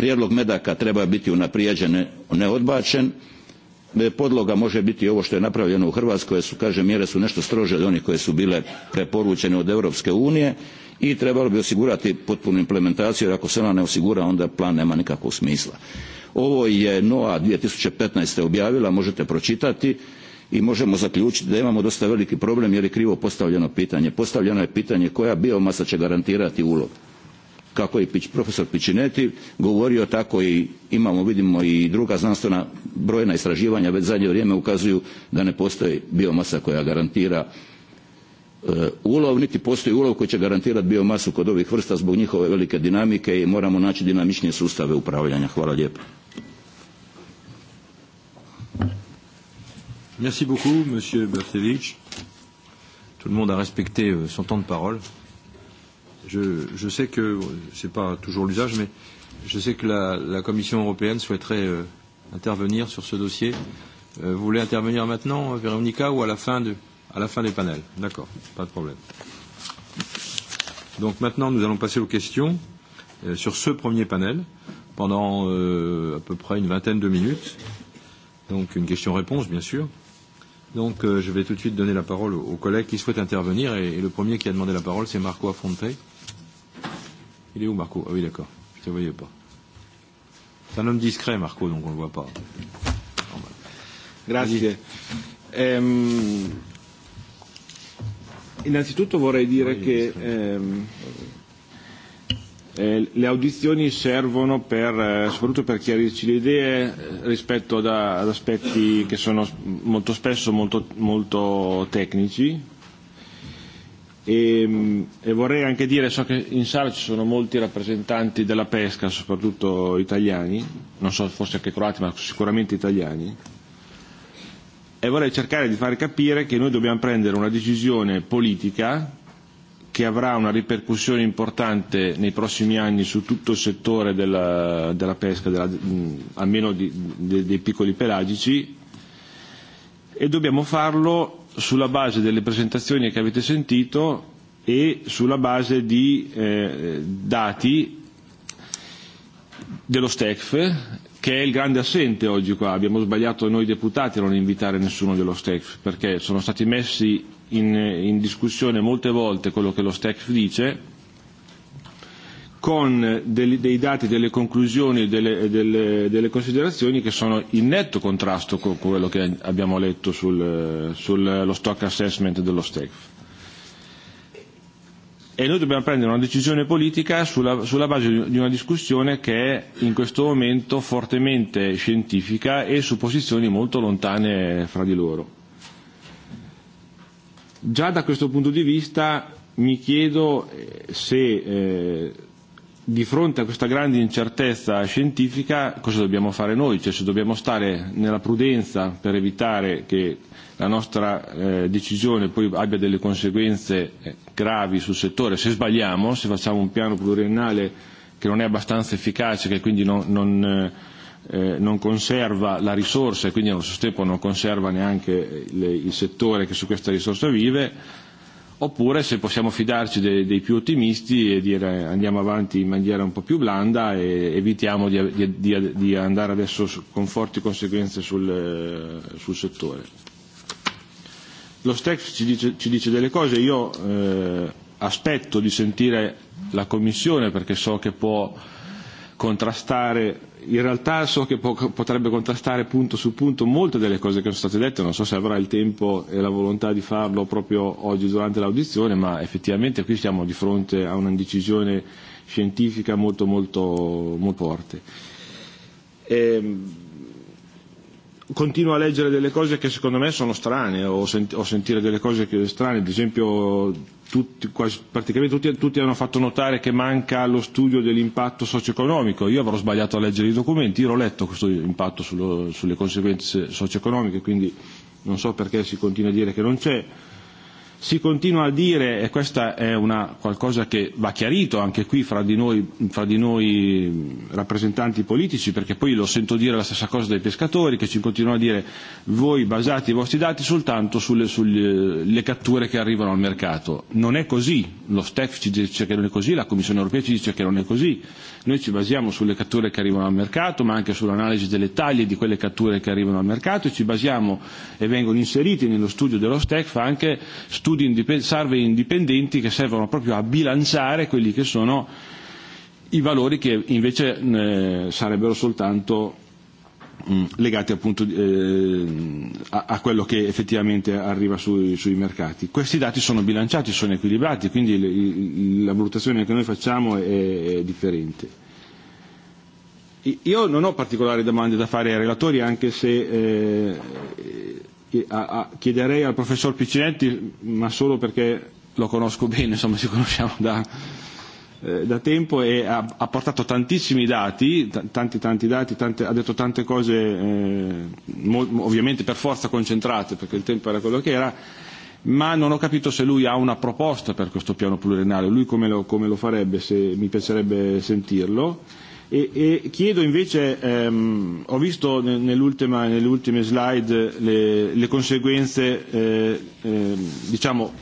Prijedlog medaka treba biti unaprijeđen, odbačen. E, podloga može biti ovo što je napravljeno u Hrvatskoj, jer su, kaže, mjere su nešto strože od onih koje su bile preporučene od Europske unije i trebalo bi osigurati potpunu implementaciju, jer ako se ona ne osigura, onda plan nema nikakvog smisla. Ovo je NOA 2015. objavila, možete pročitati i možemo zaključiti da imamo dosta veliki problem jer je krivo postavljeno pitanje. Postavljeno je pitanje koja biomasa će garantirati ulog kako je profesor Pičineti govorio, tako i imamo, vidimo i druga znanstvena brojna istraživanja već zadnje vrijeme ukazuju da ne postoji biomasa koja garantira e, ulov, niti postoji ulov koji će garantirati biomasu kod ovih vrsta zbog njihove velike dinamike i moramo naći dinamičnije sustave upravljanja. Hvala lijepo. Merci beaucoup, Monsieur Bercevich. Tout le monde a respecté euh, son temps de parole. Je, je sais que, ce n'est pas toujours l'usage, mais je sais que la, la Commission européenne souhaiterait euh, intervenir sur ce dossier. Euh, vous voulez intervenir maintenant, Véronica, ou à la fin, de, à la fin des panels D'accord, pas de problème. Donc maintenant, nous allons passer aux questions euh, sur ce premier panel pendant euh, à peu près une vingtaine de minutes. Donc une question-réponse, bien sûr. Donc euh, je vais tout de suite donner la parole aux, aux collègues qui souhaitent intervenir. Et, et le premier qui a demandé la parole, c'est Marco Affronte. Il est où Marco Ah oui d'accord, je te voyais pas. C'est un homme discret Marco, donc on ne le voit pas. Normal. Grazie. Ehm, innanzitutto vorrei dire che ehm, eh, le audizioni servono per, eh, soprattutto per chiarirci le idee eh, rispetto ad, ad aspetti che sono molto spesso molto, molto tecnici E, e vorrei anche dire, so che in sala ci sono molti rappresentanti della pesca, soprattutto italiani, non so forse anche croati, ma sicuramente italiani, e vorrei cercare di far capire che noi dobbiamo prendere una decisione politica che avrà una ripercussione importante nei prossimi anni su tutto il settore della, della pesca, della, mh, almeno di, de, dei piccoli pelagici, e dobbiamo farlo sulla base delle presentazioni che avete sentito e sulla base di eh, dati dello STECF che è il grande assente oggi qua. Abbiamo sbagliato noi deputati a non invitare nessuno dello STECF perché sono stati messi in, in discussione molte volte quello che lo STECF dice con dei dei dati, delle conclusioni e delle, delle, delle considerazioni che sono in netto contrasto con quello che abbiamo letto sullo sul, stock assessment dello STEF. E noi dobbiamo prendere una decisione politica sulla, sulla base di una discussione che è in questo momento fortemente scientifica e su posizioni molto lontane fra di loro. Già da questo punto di vista mi chiedo eh, se eh, di fronte a questa grande incertezza scientifica cosa dobbiamo fare noi? Cioè se dobbiamo stare nella prudenza per evitare che la nostra eh, decisione poi abbia delle conseguenze eh, gravi sul settore, se sbagliamo, se facciamo un piano pluriennale che non è abbastanza efficace, che quindi non, non, eh, non conserva la risorsa e quindi allo stesso tempo non conserva neanche il, il settore che su questa risorsa vive, oppure se possiamo fidarci dei, dei più ottimisti e dire andiamo avanti in maniera un po' più blanda e evitiamo di, di, di, di andare adesso con forti conseguenze sul, eh, sul settore. Lo STEX ci dice, ci dice delle cose, io eh, aspetto di sentire la Commissione perché so che può contrastare in realtà so che po- potrebbe contrastare punto su punto molte delle cose che sono state dette, non so se avrà il tempo e la volontà di farlo proprio oggi durante l'audizione, ma effettivamente qui siamo di fronte a una decisione scientifica molto molto, molto forte. Ehm, continuo a leggere delle cose che secondo me sono strane o, sent- o sentire delle cose che, strane, ad esempio tutti, quasi, praticamente tutti, tutti hanno fatto notare che manca lo studio dell'impatto socio-economico, io avrò sbagliato a leggere i documenti, io l'ho letto questo impatto sullo, sulle conseguenze socio-economiche, quindi non so perché si continua a dire che non c'è. Si continua a dire, e questa è una qualcosa che va chiarito anche qui fra di, noi, fra di noi rappresentanti politici, perché poi lo sento dire la stessa cosa dai pescatori, che ci continuano a dire voi basate i vostri dati soltanto sulle, sulle eh, catture che arrivano al mercato. Non è così, lo STEF ci dice che non è così, la Commissione europea ci dice che non è così. Noi ci basiamo sulle catture che arrivano al mercato, ma anche sull'analisi delle taglie di quelle catture che arrivano al mercato e ci basiamo e vengono inseriti nello studio dello STEF anche studi studi indipendenti, survey indipendenti che servono proprio a bilanciare quelli che sono i valori che invece eh, sarebbero soltanto mh, mm, legati appunto eh, a, a quello che effettivamente arriva sui, sui mercati. Questi dati sono bilanciati, sono equilibrati, quindi le, il, la valutazione che noi facciamo è, è differente. Io non ho particolari domande da fare ai relatori, anche se eh, chiederei al professor Piccinetti, ma solo perché lo conosco bene, insomma ci conosciamo da, eh, da tempo e ha, ha portato tantissimi dati, tanti tanti dati, tante, ha detto tante cose eh, mo, ovviamente per forza concentrate perché il tempo era quello che era, ma non ho capito se lui ha una proposta per questo piano pluriennale, lui come lo, come lo farebbe, se mi piacerebbe sentirlo E, e chiedo invece, ehm, ho visto nell'ultima, nelle ultime slide le, le conseguenze, eh, eh, diciamo,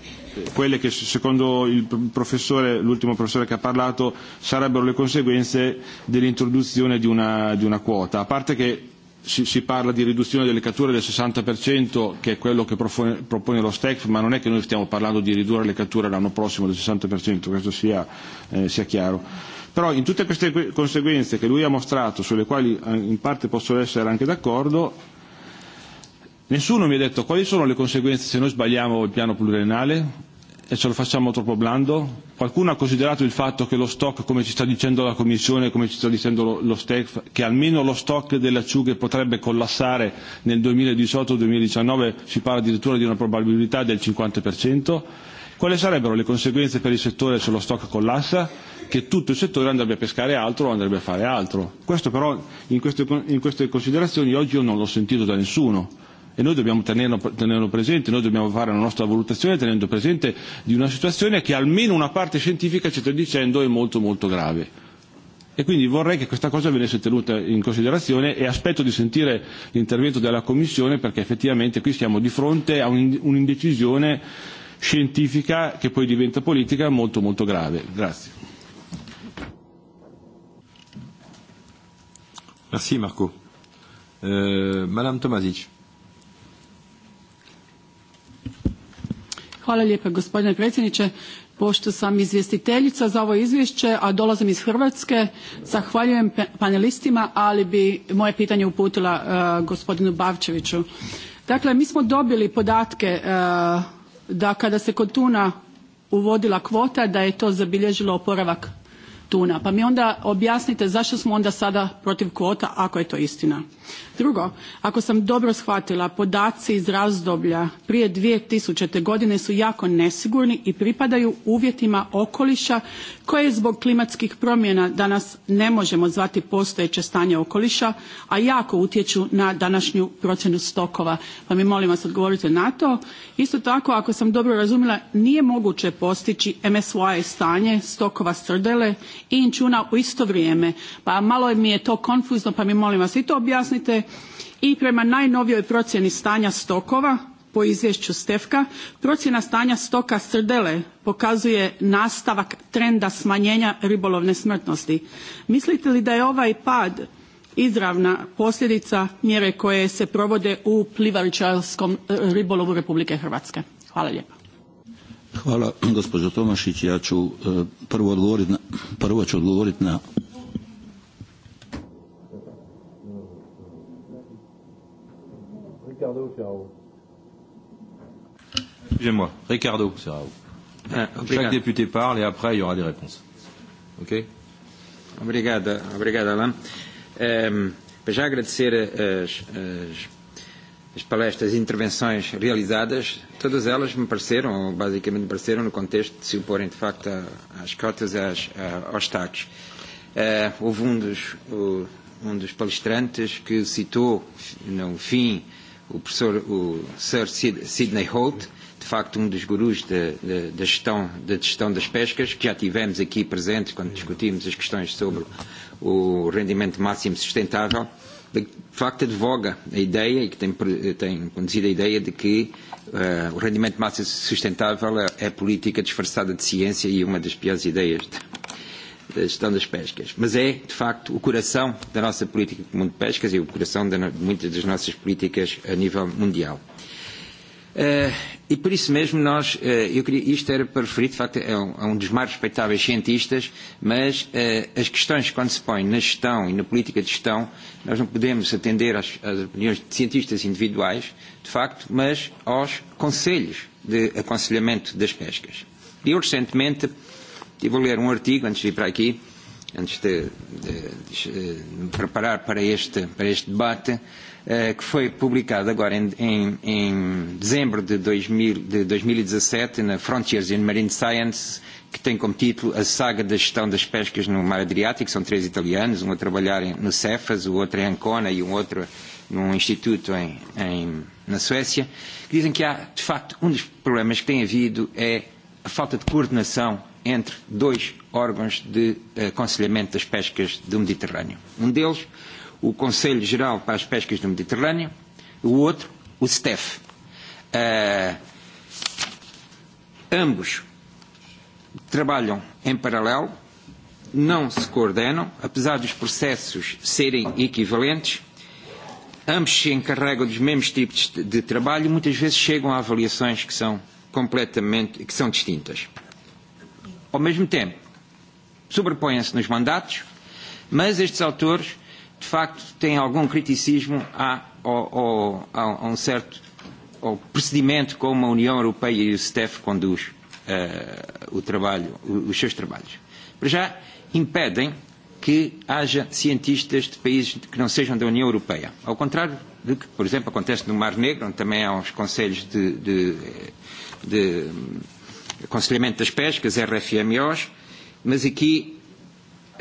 quelle che secondo il professore, l'ultimo professore che ha parlato sarebbero le conseguenze dell'introduzione di una, di una quota, a parte che si, si parla di riduzione delle catture del 60% che è quello che propone, propone lo STEC, ma non è che noi stiamo parlando di ridurre le catture l'anno prossimo del 60%, questo sia, eh, sia chiaro. Però in tutte queste conseguenze che lui ha mostrato, sulle quali eh, in parte posso essere anche d'accordo, nessuno mi ha detto quali sono le conseguenze se noi sbagliamo il piano pluriennale e ce lo facciamo troppo blando. Qualcuno ha considerato il fatto che lo stock, come ci sta dicendo la Commissione, come ci sta dicendo lo, lo STEF, che almeno lo stock delle acciughe potrebbe collassare nel 2018-2019, si parla addirittura di una probabilità del 50%. Quali sarebbero le conseguenze per il settore se lo stock collassa? che tutto il settore andrebbe a pescare altro o andrebbe a fare altro. Questo però in queste, in queste considerazioni oggi io non l'ho sentito da nessuno e noi dobbiamo tenerlo, tenerlo presente, noi dobbiamo fare la nostra valutazione tenendo presente di una situazione che almeno una parte scientifica ci sta dicendo è molto molto grave. E quindi vorrei che questa cosa venisse tenuta in considerazione e aspetto di sentire l'intervento della Commissione perché effettivamente qui siamo di fronte a un'indecisione scientifica che poi diventa politica molto molto grave. Grazie. Merci Marco. Euh, Madame Tomazić. Hvala lijepa gospodine predsjedniče. Pošto sam izvjestiteljica za ovo izvješće, a dolazim iz Hrvatske, zahvaljujem panelistima, ali bi moje pitanje uputila uh, gospodinu Bavčeviću. Dakle, mi smo dobili podatke uh, da kada se kod tuna uvodila kvota, da je to zabilježilo oporavak tuna. Pa mi onda objasnite zašto smo onda sada protiv kvota ako je to istina. Drugo, ako sam dobro shvatila, podaci iz razdoblja prije 2000. godine su jako nesigurni i pripadaju uvjetima okoliša koje zbog klimatskih promjena danas ne možemo zvati postojeće stanje okoliša, a jako utječu na današnju procjenu stokova. Pa mi molim vas odgovorite na to. Isto tako, ako sam dobro razumjela, nije moguće postići MSY stanje stokova srdele inčuna u isto vrijeme. Pa malo mi je to konfuzno, pa mi molim vas i to objasnite. I prema najnovijoj procjeni stanja stokova, po izvješću Stefka, procjena stanja stoka srdele pokazuje nastavak trenda smanjenja ribolovne smrtnosti. Mislite li da je ovaj pad izravna posljedica mjere koje se provode u plivaričarskom e, ribolovu Republike Hrvatske? Hvala lijepa. Hvala, gospođo Tomašić. Ja ću e, prvo odgovoriti na, prvo ću odgovoriti na Excusez-moi, Ricardo, c'est à vous. Ah, Chaque député parle et après il y aura des réponses. Ok Obrigada, obrigada, Alain. Um, ehm, para já agradecer eh, as, as as palestras e intervenções realizadas, todas elas me pareceram, ou basicamente me pareceram, no contexto de se oporem de facto às cotas e aos taxos. Uh, eh, houve um dos, uh, um dos palestrantes que citou, no fim, o professor o Sir Sid, Sidney Holt, de facto um dos gurus da gestão, de gestão das pescas, que já tivemos aqui presente quando discutimos as questões sobre o rendimento máximo sustentável de facto advoga a ideia, e que tem, tem conduzido a ideia de que uh, o rendimento máximo sustentável é, é política disfarçada de ciência e uma das piores ideias da gestão das pescas. Mas é, de facto, o coração da nossa política comum de pescas e o coração de, de muitas das nossas políticas a nível mundial. Uh, e por isso mesmo nós, uh, eu queria, isto era para referir de facto a um, a um dos mais respeitáveis cientistas, mas uh, as questões que quando se põem na gestão e na política de gestão, nós não podemos atender às, às opiniões de cientistas individuais, de facto, mas aos conselhos de aconselhamento das pescas. E Eu recentemente e vou ler um artigo, antes de ir para aqui, antes de, de, de, de me preparar para este, para este debate, Eh, que foi publicado agora em, em, em dezembro de, 2000, de 2017 e na Frontiers in Marine Science, que tem como título A Saga da Gestão das Pescas no Mar Adriático. São três italianos, um a trabalhar no Cefas, o outro em Ancona e um outro num instituto em, em, na Suécia, que dizem que há, de facto, um dos problemas que tem havido é a falta de coordenação entre dois órgãos de eh, aconselhamento das pescas do Mediterrâneo. Um deles o Conselho Geral para as Pescas do Mediterrâneo, o outro, o STEF. Uh, ambos trabalham em paralelo, não se coordenam, apesar dos processos serem equivalentes, ambos se encarregam dos mesmos tipos de trabalho e muitas vezes chegam a avaliações que são completamente que são distintas. Ao mesmo tempo, sobrepõem-se nos mandatos, mas estes autores de facto tem algum criticismo a, ao, ao, a um certo ao procedimento como a União Europeia e o STEF conduz uh, o trabalho, os seus trabalhos. Para já, impedem que haja cientistas de países que não sejam da União Europeia. Ao contrário do que, por exemplo, acontece no Mar Negro, onde também há os conselhos de, de, de aconselhamento das pescas, RFMOs, mas aqui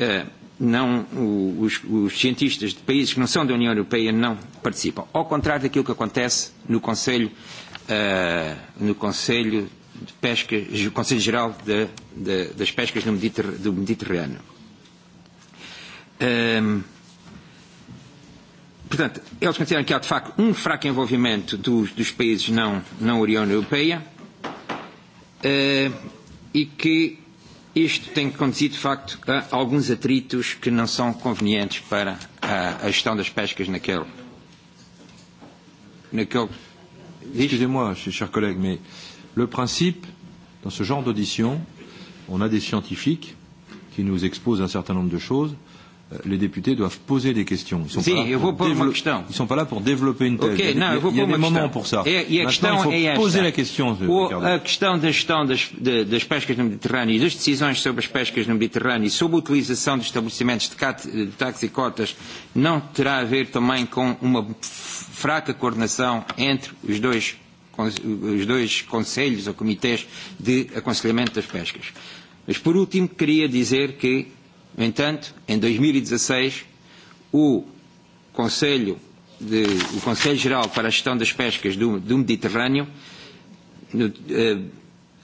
uh, não, os, os cientistas de países que não são da União Europeia não participam. Ao contrário daquilo que acontece no Conselho, uh, no Conselho de Pesca, o Conselho Geral de, de, das Pescas no Mediter, do Mediterrâneo. Um, portanto, eles consideram que há de facto um fraco envolvimento dos, dos países não, não União Europeia uh, e que Isto tem acontecido, de facto, a alguns atritos que não são convenientes para a, a gestão das pescas naquele. naquele... Excusez-moi, chers collègues, mais le principe, dans ce genre d'audition, on a des scientifiques qui nous exposent un certain nombre de choses les députés doivent poser des questions. Ils sont, Sim, pas, là pour dévelop... Ils sont pas là pour développer une thèse. Okay, il y a, não, il y a des moments pour ça. Et, et Maintenant, il faut é poser la question. O, a questão da gestão das, de, das pescas no Mediterrâneo e das decisões sobre as pescas no Mediterrâneo e sobre a utilização dos estabelecimentos de, cat, de taxas e cotas não terá a ver também com uma fraca coordenação entre os dois, os dois conselhos ou comitês de aconselhamento das pescas. Mas, por último, queria dizer que No entanto, em 2016, e o Conselho, de, o Conselho Geral para a Gestão das Pescas do, do Mediterrâneo no, eh,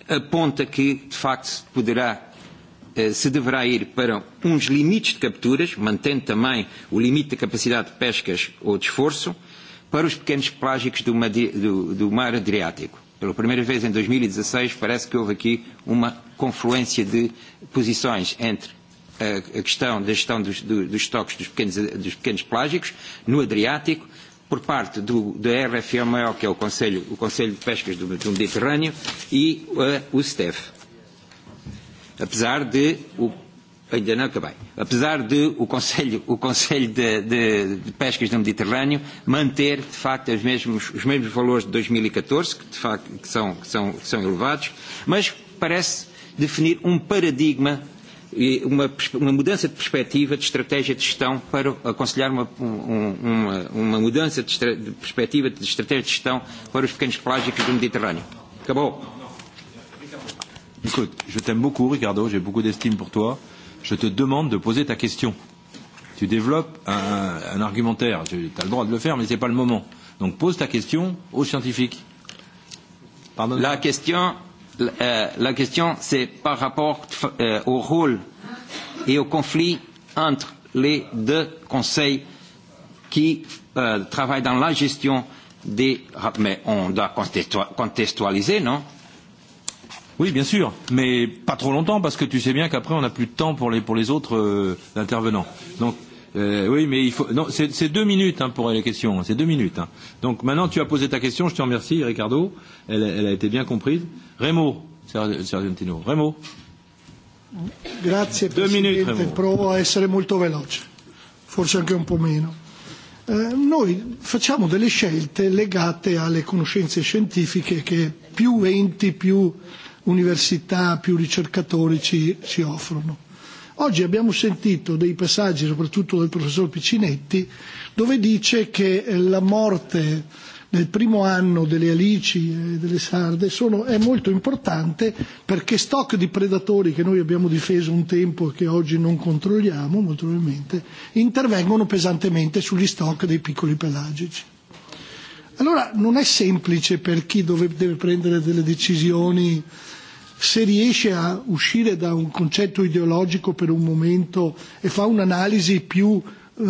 aponta que, de facto, se poderá eh, se deverá ir para uns limites de capturas, mantendo também o limite da capacidade de pescas ou de esforço, para os pequenos pelágicos do, do, do mar Adriático. Pela primeira vez em 2016 e parece que houve aqui uma confluência de posições entre a questão da gestão dos, dos estoques dos pequenos, dos pequenos plásticos no Adriático, por parte do, da RFMO, que é o Conselho, o Conselho de Pescas do, do Mediterrâneo, e uh, o STEF. Apesar de o ainda não acabei. Apesar de o Conselho, o Conselho de, de, de Pescas do Mediterrâneo manter, de facto, os mesmos, os mesmos valores de 2014, e que de facto que são, que são, que são elevados, mas parece definir um paradigma E uma, uma mudança de perspectiva, de estratégia de gestão, para aconselhar uma, um, um, uma, uma mudança de, estra, de perspectiva, de estratégia de gestão para os pequenos pelágicos do Mediterrâneo. Acabou. Écoute, je t'aime beaucoup, Ricardo, j'ai beaucoup d'estime pour toi. Je te demande de poser ta question. Tu développes un, un, un argumentaire, tu as le droit de le faire, mais ce n'est pas le moment. Donc pose ta question aux scientifiques. Pardonne La question, Euh, la question, c'est par rapport euh, au rôle et au conflit entre les deux conseils qui euh, travaillent dans la gestion des... Mais on doit contextualiser, non Oui, bien sûr, mais pas trop longtemps, parce que tu sais bien qu'après, on n'a plus de temps pour les, pour les autres euh, intervenants. Donc, Euh, oui, mais il faut. Non, c'est deux minutes hein, pour les questions. C'est deux minutes. Hein. Donc maintenant, tu as posé ta question. Je te remercie, Ricardo. Elle, elle a été bien comprise. Remo, Sergentino. Remo. Grazie, deux minutes, Remo. Provo a essere molto veloce, forse anche un po' meno. Eh, noi facciamo delle scelte legate alle conoscenze scientifiche che più enti, più università, più ricercatori ci, ci offrono Oggi abbiamo sentito dei passaggi, soprattutto del professor Piccinetti, dove dice che eh, la morte nel primo anno delle alici e delle sarde sono, è molto importante perché stock di predatori che noi abbiamo difeso un tempo e che oggi non controlliamo molto probabilmente intervengono pesantemente sugli stock dei piccoli pelagici. Allora non è semplice per chi dove deve prendere delle decisioni se riesce a uscire da un concetto ideologico per un momento e fa un'analisi più eh,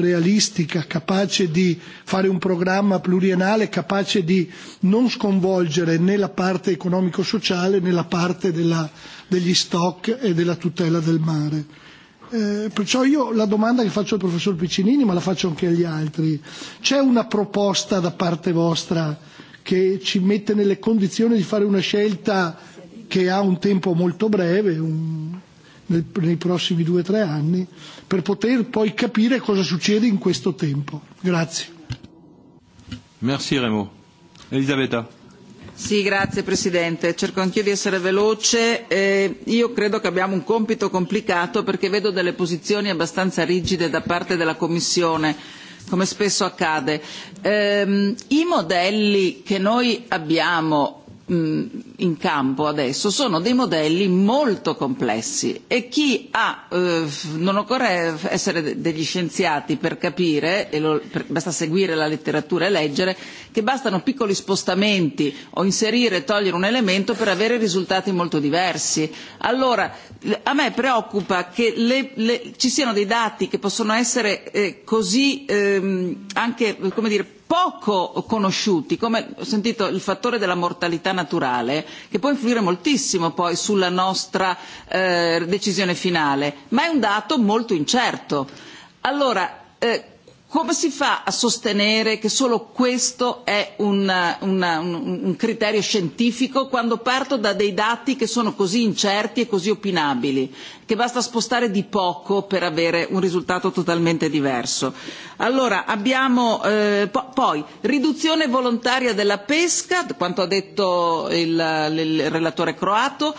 realistica, capace di fare un programma pluriennale, capace di non sconvolgere né la parte economico-sociale né la parte della, degli stock e della tutela del mare. Eh, perciò io la domanda che faccio al professor Piccinini, ma la faccio anche agli altri, c'è una proposta da parte vostra che ci mette nelle condizioni di fare una scelta eh, che ha un tempo molto breve, un, nel, nei prossimi due o tre anni, per poter poi capire cosa succede in questo tempo. Grazie. Merci Remo. Elisabetta. Sì, grazie Presidente. Cerco anch'io di essere veloce. Eh, io credo che abbiamo un compito complicato perché vedo delle posizioni abbastanza rigide da parte della Commissione, come spesso accade. Eh, I modelli che noi abbiamo Mm, in campo adesso sono dei modelli molto complessi e chi ha eh, non occorre essere degli scienziati per capire e lo, per, basta seguire la letteratura e leggere che bastano piccoli spostamenti o inserire e togliere un elemento per avere risultati molto diversi. Allora a me preoccupa che le, le, ci siano dei dati che possono essere eh, così ehm, anche come dire poco conosciuti, come ho sentito il fattore della mortalità naturale, che può influire moltissimo poi sulla nostra eh, decisione finale, ma è un dato molto incerto. Allora, eh, Come si fa a sostenere che solo questo è eh, un, un, un, criterio scientifico quando parto da dei dati che sono così incerti e così opinabili, che basta spostare di poco per avere un risultato totalmente diverso? Allora, abbiamo eh, po- poi riduzione volontaria della pesca, quanto ha detto il, il relatore croato,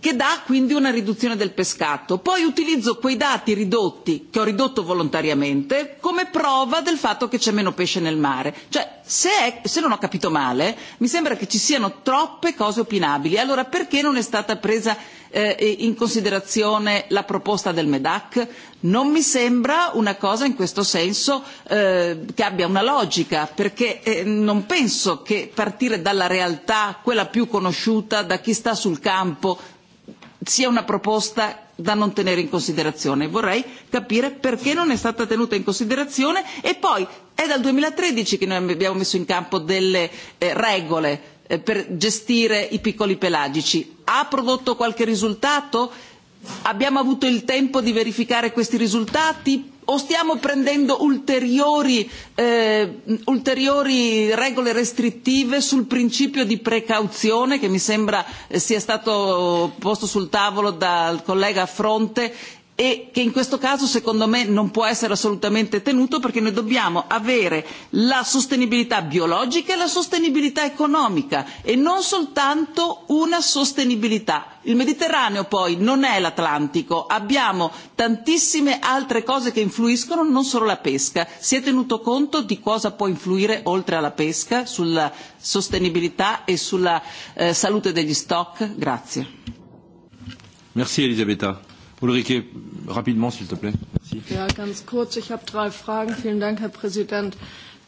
che dà quindi una riduzione del pescato. Poi utilizzo quei dati ridotti, che ho ridotto volontariamente, come prova del fatto che c'è meno pesce nel mare. Cioè, se, è, se non ho capito male, mi sembra che ci siano troppe cose opinabili. Allora, perché non è stata presa eh, in considerazione la proposta del MEDAC? Non mi sembra una cosa in questo senso eh, che abbia una logica, perché eh, non penso che partire dalla realtà, quella più conosciuta da chi sta sul campo, sia una proposta da non tenere in considerazione. Vorrei capire perché non è stata tenuta in considerazione e poi è dal 2013 che noi abbiamo messo in campo delle eh, regole eh, per gestire i piccoli pelagici. Ha prodotto qualche risultato? Abbiamo avuto il tempo di verificare questi risultati? o stiamo prendendo ulteriori, eh, ulteriori regole restrittive sul principio di precauzione che mi sembra eh, sia stato posto sul tavolo dal collega Fronte e che in questo caso secondo me non può essere assolutamente tenuto perché noi dobbiamo avere la sostenibilità biologica e la sostenibilità economica e non soltanto una sostenibilità. Il Mediterraneo poi non è l'Atlantico, abbiamo tantissime altre cose che influiscono, non solo la pesca. Si è tenuto conto di cosa può influire oltre alla pesca sulla sostenibilità e sulla eh, salute degli stock? Grazie. Merci Elisabetta. Ulrike, rapidement, s'il te plaît. Merci. Ja, ganz kurz. Ich habe drei Fragen. Vielen Dank, Herr Präsident.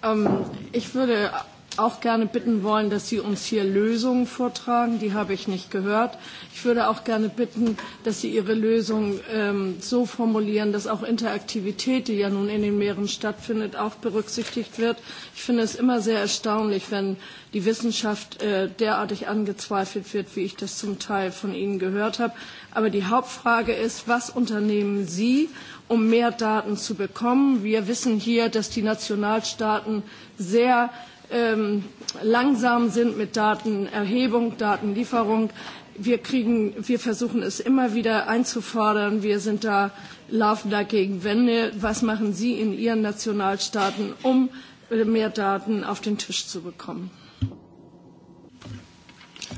Ähm, ich würde auch gerne bitten wollen, dass Sie uns hier Lösungen vortragen. Die habe ich nicht gehört. Ich würde auch gerne bitten, dass Sie Ihre Lösung ähm, so formulieren, dass auch Interaktivität, die ja nun in den Meeren stattfindet, auch berücksichtigt wird. Ich finde es immer sehr erstaunlich, wenn die Wissenschaft äh, derartig angezweifelt wird, wie ich das zum Teil von Ihnen gehört habe. Aber die Hauptfrage ist, was unternehmen Sie, um mehr Daten zu bekommen? Wir wissen hier, dass die Nationalstaaten sehr ähm, langsam sind mit Datenerhebung, Datenlieferung. Wir, kriegen, wir versuchen es immer wieder einzufordern. Wir sind da, laufen da gegen Wände. Was machen Sie in Ihren Nationalstaaten, um äh, mehr Daten auf den Tisch zu bekommen?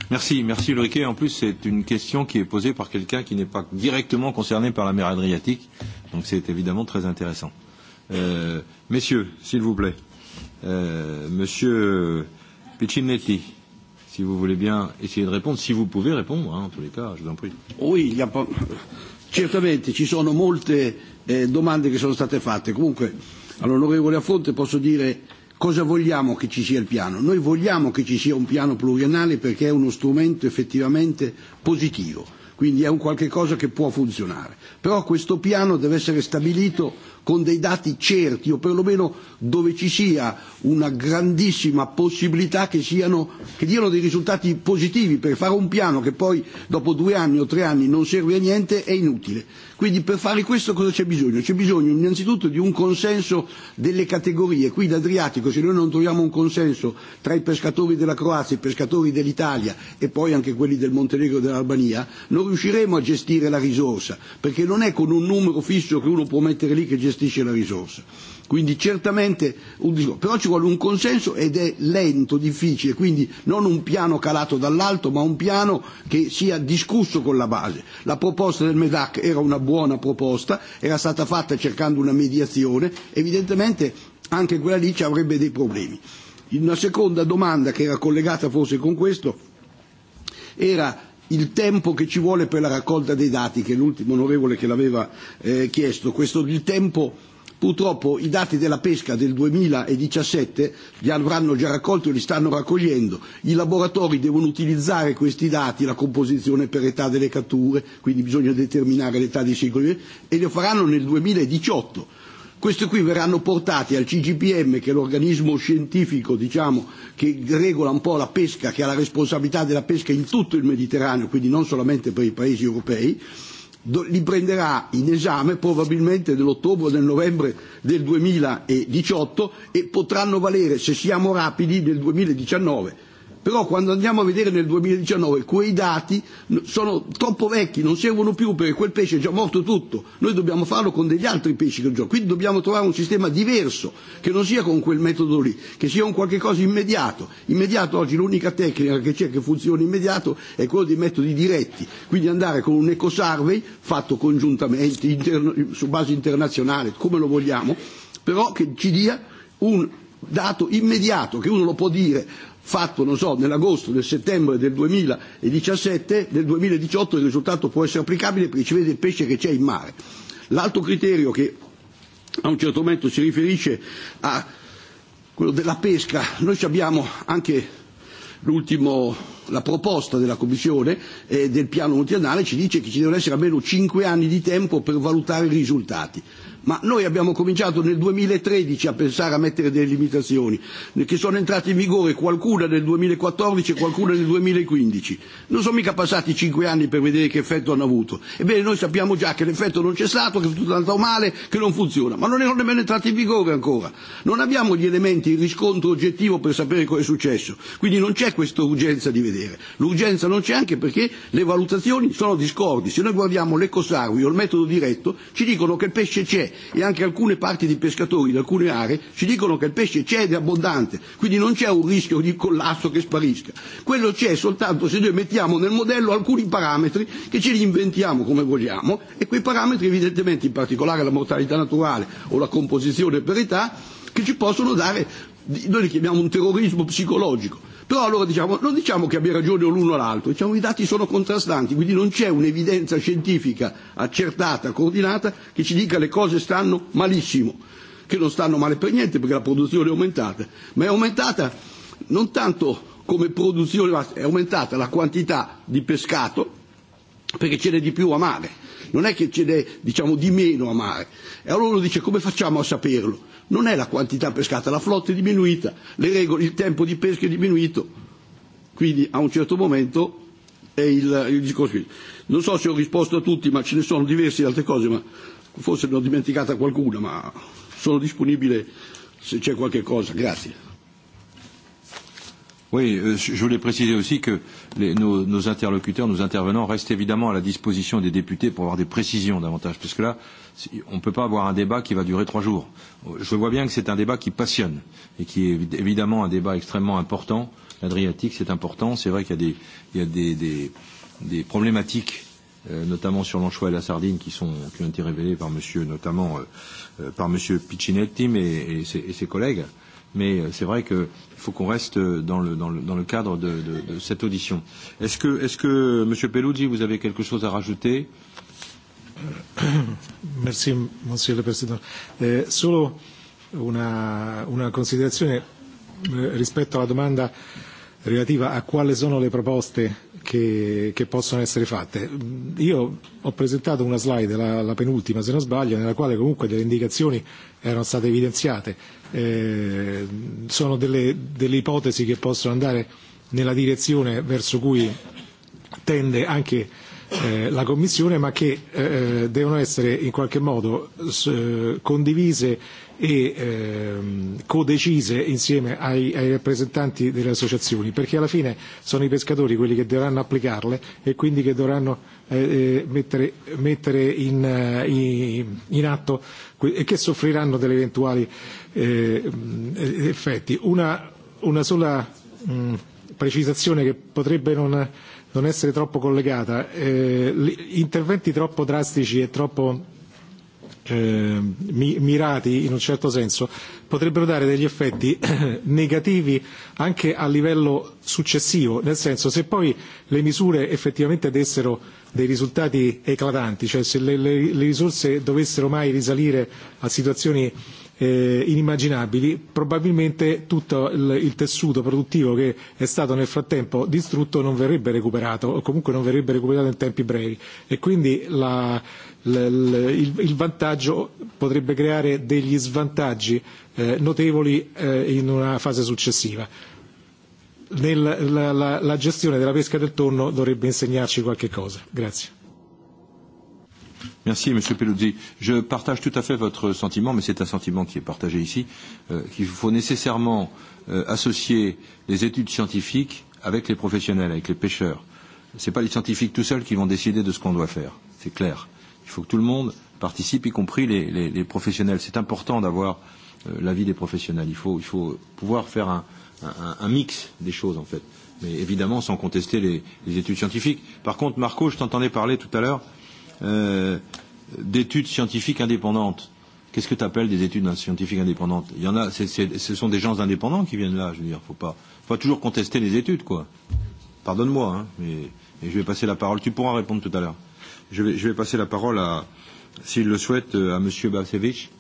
Merci, merci Ulrike. En plus, c'est une question qui est posée par quelqu'un qui n'est pas directement concerné par la mer Adriatique. Donc c'est évidemment très intéressant. Euh, messieurs, s'il vous plaît. Euh, monsieur Piccinetti, si vous voulez bien essayer di répondre, si vous pouvez répondre, hein, en tous les cas, je vous en prie. Oui, la... certamente ci sono molte eh, domande che sono state fatte. Comunque all'onorevole Affonte posso dire cosa vogliamo che ci sia il piano. Noi vogliamo che ci sia un piano pluriennale perché è uno strumento effettivamente positivo quindi è un qualche cosa che può funzionare. Però questo piano deve essere stabilito con dei dati certi o perlomeno dove ci sia una grandissima possibilità che, siano, che diano dei risultati positivi per fare un piano che poi dopo due anni o tre anni non serve a niente è inutile. Quindi per fare questo cosa c'è bisogno? C'è bisogno innanzitutto di un consenso delle categorie. Qui d'Adriatico se noi non troviamo un consenso tra i pescatori della Croazia, i pescatori dell'Italia e poi anche quelli del Montenegro e dell'Albania, non riusciremo a gestire la risorsa, perché non è con un numero fisso che uno può mettere lì che gestisce gestisce la risorsa. Quindi certamente un discorso, però ci vuole un consenso ed è lento, difficile, quindi non un piano calato dall'alto, ma un piano che sia discusso con la base. La proposta del MEDAC era una buona proposta, era stata fatta cercando una mediazione, evidentemente anche quella lì ci avrebbe dei problemi. Una seconda domanda che era collegata forse con questo era il tempo che ci vuole per la raccolta dei dati, che è l'ultimo onorevole che l'aveva eh, chiesto, questo il tempo Purtroppo i dati della pesca del 2017 li avranno già raccolti o li stanno raccogliendo. I laboratori devono utilizzare questi dati, la composizione per età delle catture, quindi bisogna determinare l'età dei singoli, e lo faranno nel 2018 Questi qui verranno portati al CGPM, che è l'organismo scientifico diciamo, che regola un po' la pesca, che ha la responsabilità della pesca in tutto il Mediterraneo, quindi non solamente per i paesi europei, li prenderà in esame probabilmente nell'ottobre o nel novembre del 2018 e potranno valere, se siamo rapidi, nel 2019 Però quando andiamo a vedere nel 2019 quei dati sono troppo vecchi, non servono più perché quel pesce è già morto tutto. Noi dobbiamo farlo con degli altri pesci che già. Quindi dobbiamo trovare un sistema diverso, che non sia con quel metodo lì, che sia un qualche cosa immediato. Immediato oggi l'unica tecnica che c'è che funziona immediato è quella dei metodi diretti. Quindi andare con un ecosurvey fatto congiuntamente, interno, su base internazionale, come lo vogliamo, però che ci dia un dato immediato, che uno lo può dire fatto, non so, nell'agosto, nel settembre del 2017, e nel 2018 e il risultato può essere applicabile perché ci vede il pesce che c'è in mare. L'altro criterio che a un certo momento si riferisce a quello della pesca, noi abbiamo anche l'ultimo, la proposta della Commissione e del piano multianale ci dice che ci devono essere almeno 5 anni di tempo per valutare i risultati ma noi abbiamo cominciato nel 2013 a pensare a mettere delle limitazioni, che sono entrate in vigore qualcuna nel 2014 e qualcuna nel 2015. Non sono mica passati cinque anni per vedere che effetto hanno avuto. Ebbene, noi sappiamo già che l'effetto non c'è stato, che è tutto andato male, che non funziona, ma non erano nemmeno entrate in vigore ancora. Non abbiamo gli elementi, il riscontro oggettivo per sapere cosa è successo. Quindi non c'è questa urgenza di vedere. L'urgenza non c'è anche perché le valutazioni sono discordi. Se noi guardiamo l'ecosario o il metodo diretto, ci dicono che il pesce c'è, e anche alcune parti di pescatori di alcune aree ci dicono che il pesce c'è ed è abbondante, quindi non c'è un rischio di collasso che sparisca. Quello c'è soltanto se noi mettiamo nel modello alcuni parametri che ce li inventiamo come vogliamo e quei parametri evidentemente in particolare la mortalità naturale o la composizione per età che ci possono dare noi li chiamiamo un terrorismo psicologico Però allora diciamo, non diciamo che abbia ragione l'uno o l'altro, diciamo che i dati sono contrastanti, quindi non c'è un'evidenza scientifica accertata, coordinata, che ci dica le cose stanno malissimo, che non stanno male per niente perché la produzione è aumentata, ma è aumentata non tanto come produzione, ma è aumentata la quantità di pescato perché ce n'è di più a mare non è che ce n'è diciamo, di meno a mare. E allora uno dice come facciamo a saperlo? Non è la quantità pescata, la flotta è diminuita, le regole, il tempo di pesca è diminuito. Quindi a un certo momento è il, il discorso. Non so se ho risposto a tutti, ma ce ne sono diverse altre cose, ma forse ne ho dimenticata qualcuna, ma sono disponibile se c'è qualche cosa. Grazie. Oui, euh, je voulais préciser aussi que les, nos, nos interlocuteurs, nos intervenants restent évidemment à la disposition des députés pour avoir des précisions davantage, parce que là, on ne peut pas avoir un débat qui va durer trois jours. Je vois bien que c'est un débat qui passionne et qui est évidemment un débat extrêmement important. L'Adriatique, c'est important. C'est vrai qu'il y a des, il y a des, des, des problématiques euh, notamment sur l'anchois et la sardine qui, sont, qui ont été révélées par monsieur notamment euh, euh par monsieur Piccinetti mais, et, ses, et ses collègues. Mais euh, c'est vrai que faut qu'on reste dans le, dans, le, dans le cadre de, de, de cette audition. Est-ce que, est -ce que, Monsieur Peluzzi, vous avez quelque chose à rajouter Merci, Monsieur le Président. Eh, solo una, una considerazione eh, rispetto alla domanda relativa a quali sono le proposte che, che possono essere fatte. Mm, io ho presentato una slide, la, la penultima se non sbaglio, nella quale comunque delle indicazioni erano state evidenziate Eh, sono delle, delle ipotesi che possono andare nella direzione verso cui tende anche Eh, la Commissione, ma che eh, eh, devono essere in qualche modo s- eh, condivise e ehm, codecise insieme ai, ai rappresentanti delle associazioni, perché alla fine sono i pescatori quelli che dovranno applicarle e quindi che dovranno eh, mettere, mettere in, in, in atto e che soffriranno degli eventuali eh, effetti. Una, una sola mh, precisazione che potrebbe non non essere troppo collegata. Eh, interventi troppo drastici e troppo eh, mirati in un certo senso potrebbero dare degli effetti negativi anche a livello successivo, nel senso se poi le misure effettivamente dessero dei risultati eclatanti, cioè se le, le, le risorse dovessero mai risalire a situazioni eh, inimmaginabili, probabilmente tutto il, il tessuto produttivo che è stato nel frattempo distrutto non verrebbe recuperato o comunque non verrebbe recuperato in tempi brevi e quindi la, l, l, il, il vantaggio potrebbe creare degli svantaggi eh, notevoli eh, in una fase successiva. Nel, la, la, la gestione della pesca del tonno dovrebbe insegnarci qualche cosa. Grazie. Merci, Monsieur Peluzzi. Je partage tout à fait votre sentiment, mais c'est un sentiment qui est partagé ici, euh, qu'il faut nécessairement euh, associer les études scientifiques avec les professionnels, avec les pêcheurs. Ce n'est pas les scientifiques tout seuls qui vont décider de ce qu'on doit faire, c'est clair. Il faut que tout le monde participe, y compris les, les, les professionnels. C'est important d'avoir euh, l'avis des professionnels. Il faut, il faut pouvoir faire un, un, un mix des choses, en fait. Mais évidemment, sans contester les, les études scientifiques. Par contre, Marco, je t'entendais parler tout à l'heure Euh, d'études scientifiques indépendantes. Qu'est-ce que tu appelles des études scientifiques indépendantes Il y en a, c est, c est, ce sont des gens indépendants qui viennent là, je veux dire, faut pas, faut pas toujours contester les études, quoi. Pardonne-moi, hein, mais et je vais passer la parole. Tu pourras répondre tout à l'heure. Je vais, je vais passer la parole à, s'il le souhaite, euh, à Monsieur Bavsevich.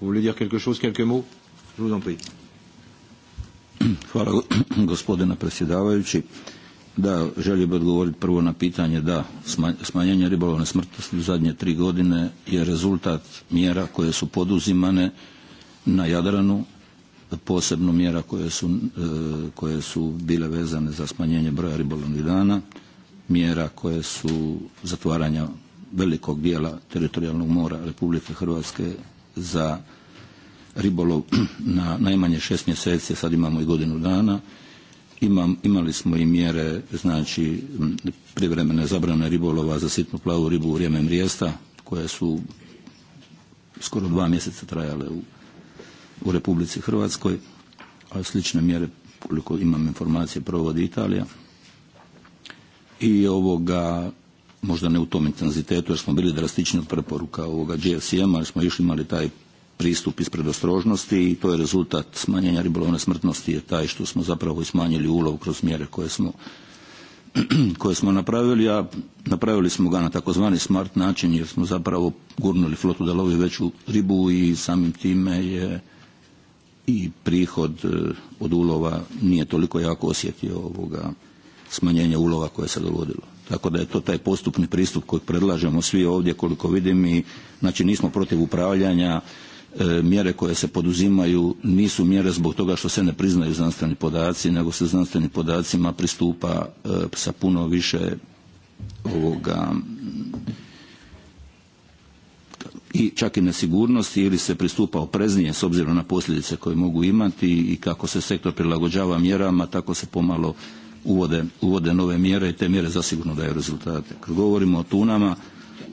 Vous voulez dire quelque chose, quelques mots Je vous en prie. Hvala, gospodine predsjedavajući. Da, želio bih odgovoriti prvo na pitanje da. Smanjenje ribolovne smrtnosti u zadnje tri godine je rezultat mjera koje su poduzimane na Jadranu, posebno mjera koje su, e, koje su bile vezane za smanjenje broja ribolovnih dana, mjera koje su zatvaranja velikog dijela teritorijalnog mora Republike Hrvatske za ribolov na najmanje šest mjeseci, sad imamo i godinu dana, imam, imali smo i mjere znači privremene zabrane ribolova za sitnu plavu ribu u vrijeme mrijesta koje su skoro dva mjeseca trajale u, u Republici Hrvatskoj, a slične mjere koliko imam informacije provodi Italija. I ovoga možda ne u tom intenzitetu jer smo bili drastični od preporuka ovoga GSM-a, jer smo išli imali taj pristup iz predostrožnosti i to je rezultat smanjenja ribolovne smrtnosti je taj što smo zapravo smanjili ulov kroz mjere koje smo koje smo napravili, a napravili smo ga na takozvani smart način jer smo zapravo gurnuli flotu da lovi veću ribu i samim time je i prihod e, od ulova nije toliko jako osjetio ovoga smanjenja ulova koje se dogodilo. Tako da je to taj postupni pristup kojeg predlažemo svi ovdje koliko vidim i znači nismo protiv upravljanja E, mjere koje se poduzimaju nisu mjere zbog toga što se ne priznaju znanstveni podaci, nego se znanstvenim podacima pristupa e, sa puno više ovoga i čak i nesigurnosti ili se pristupa opreznije s obzirom na posljedice koje mogu imati i kako se sektor prilagođava mjerama, tako se pomalo uvode, uvode nove mjere i te mjere zasigurno daju rezultate. Kad govorimo o tunama,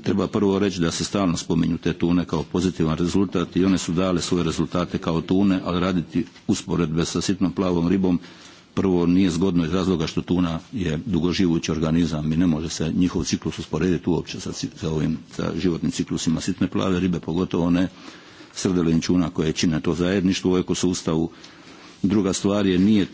Treba prvo reći da se stalno spominju te tune kao pozitivan rezultat i one su dale svoje rezultate kao tune, ali raditi usporedbe sa sitnom plavom ribom prvo nije zgodno iz razloga što tuna je dugoživući organizam i ne može se njihov ciklus usporediti uopće sa, sa, ovim, sa životnim ciklusima sitne plave ribe, pogotovo one ne srdelinčuna koje čine to zajedništvo u ekosustavu. Druga stvar je nije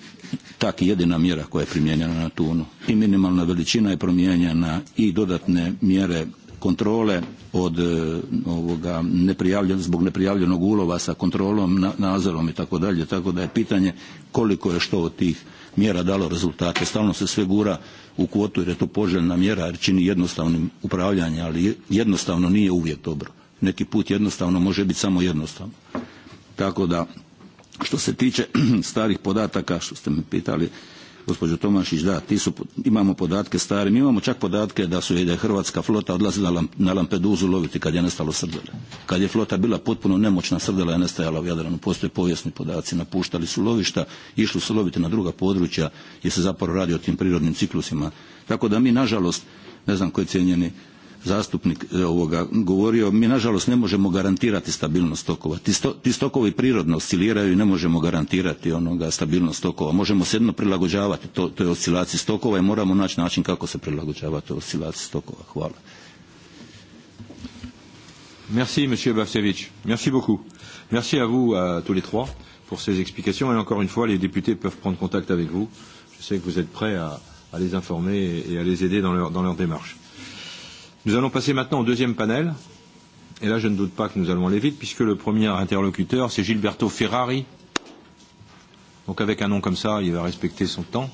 tak jedina mjera koja je primijenjena na tunu. I minimalna veličina je promijenjena i dodatne mjere kontrole od e, ovoga neprijavljenog zbog neprijavljenog ulova sa kontrolom, nadzorom i tako dalje, tako da je pitanje koliko je što od tih mjera dalo rezultate. Stalno se sve gura u kvotu jer je to poželjna mjera jer čini jednostavnim upravljanje, ali jednostavno nije uvijek dobro. Neki put jednostavno može biti samo jednostavno. Tako da, što se tiče starih podataka, što ste me pitali, gospođo Tomašić, da, ti su, imamo podatke stare, mi imamo čak podatke da su da je hrvatska flota odlazila na, na Lampeduzu loviti kad je nestalo srdele. Kad je flota bila potpuno nemoćna, srdela je nestajala u Jadranu, postoje povijesni podaci, napuštali su lovišta, išli su loviti na druga područja, jer se zapravo radi o tim prirodnim ciklusima. Tako da mi, nažalost, ne znam koji cijenjeni zastupnik e, ovoga govorio, mi nažalost ne možemo garantirati stabilnost tokova. Ti, sto, ti stokovi prirodno osciliraju i ne možemo garantirati onoga stabilnost tokova. Možemo se jedno prilagođavati to, toj oscilaciji stokova i moramo naći način kako se prilagođavati toj oscilaciji stokova. Hvala. Merci, Monsieur Bavsevich. Merci beaucoup. Merci à vous, à tous les trois, pour ces explications. Et encore une fois, les députés peuvent prendre contact avec vous. Je sais que vous êtes prêts à, à les informer et à les aider dans leur, dans leur démarche. Nous allons passer maintenant au deuxième panel. Et là, je ne doute pas que nous allons aller vite, puisque le premier interlocuteur, c'est Gilberto Ferrari. Donc avec un nom comme ça, il va respecter son temps.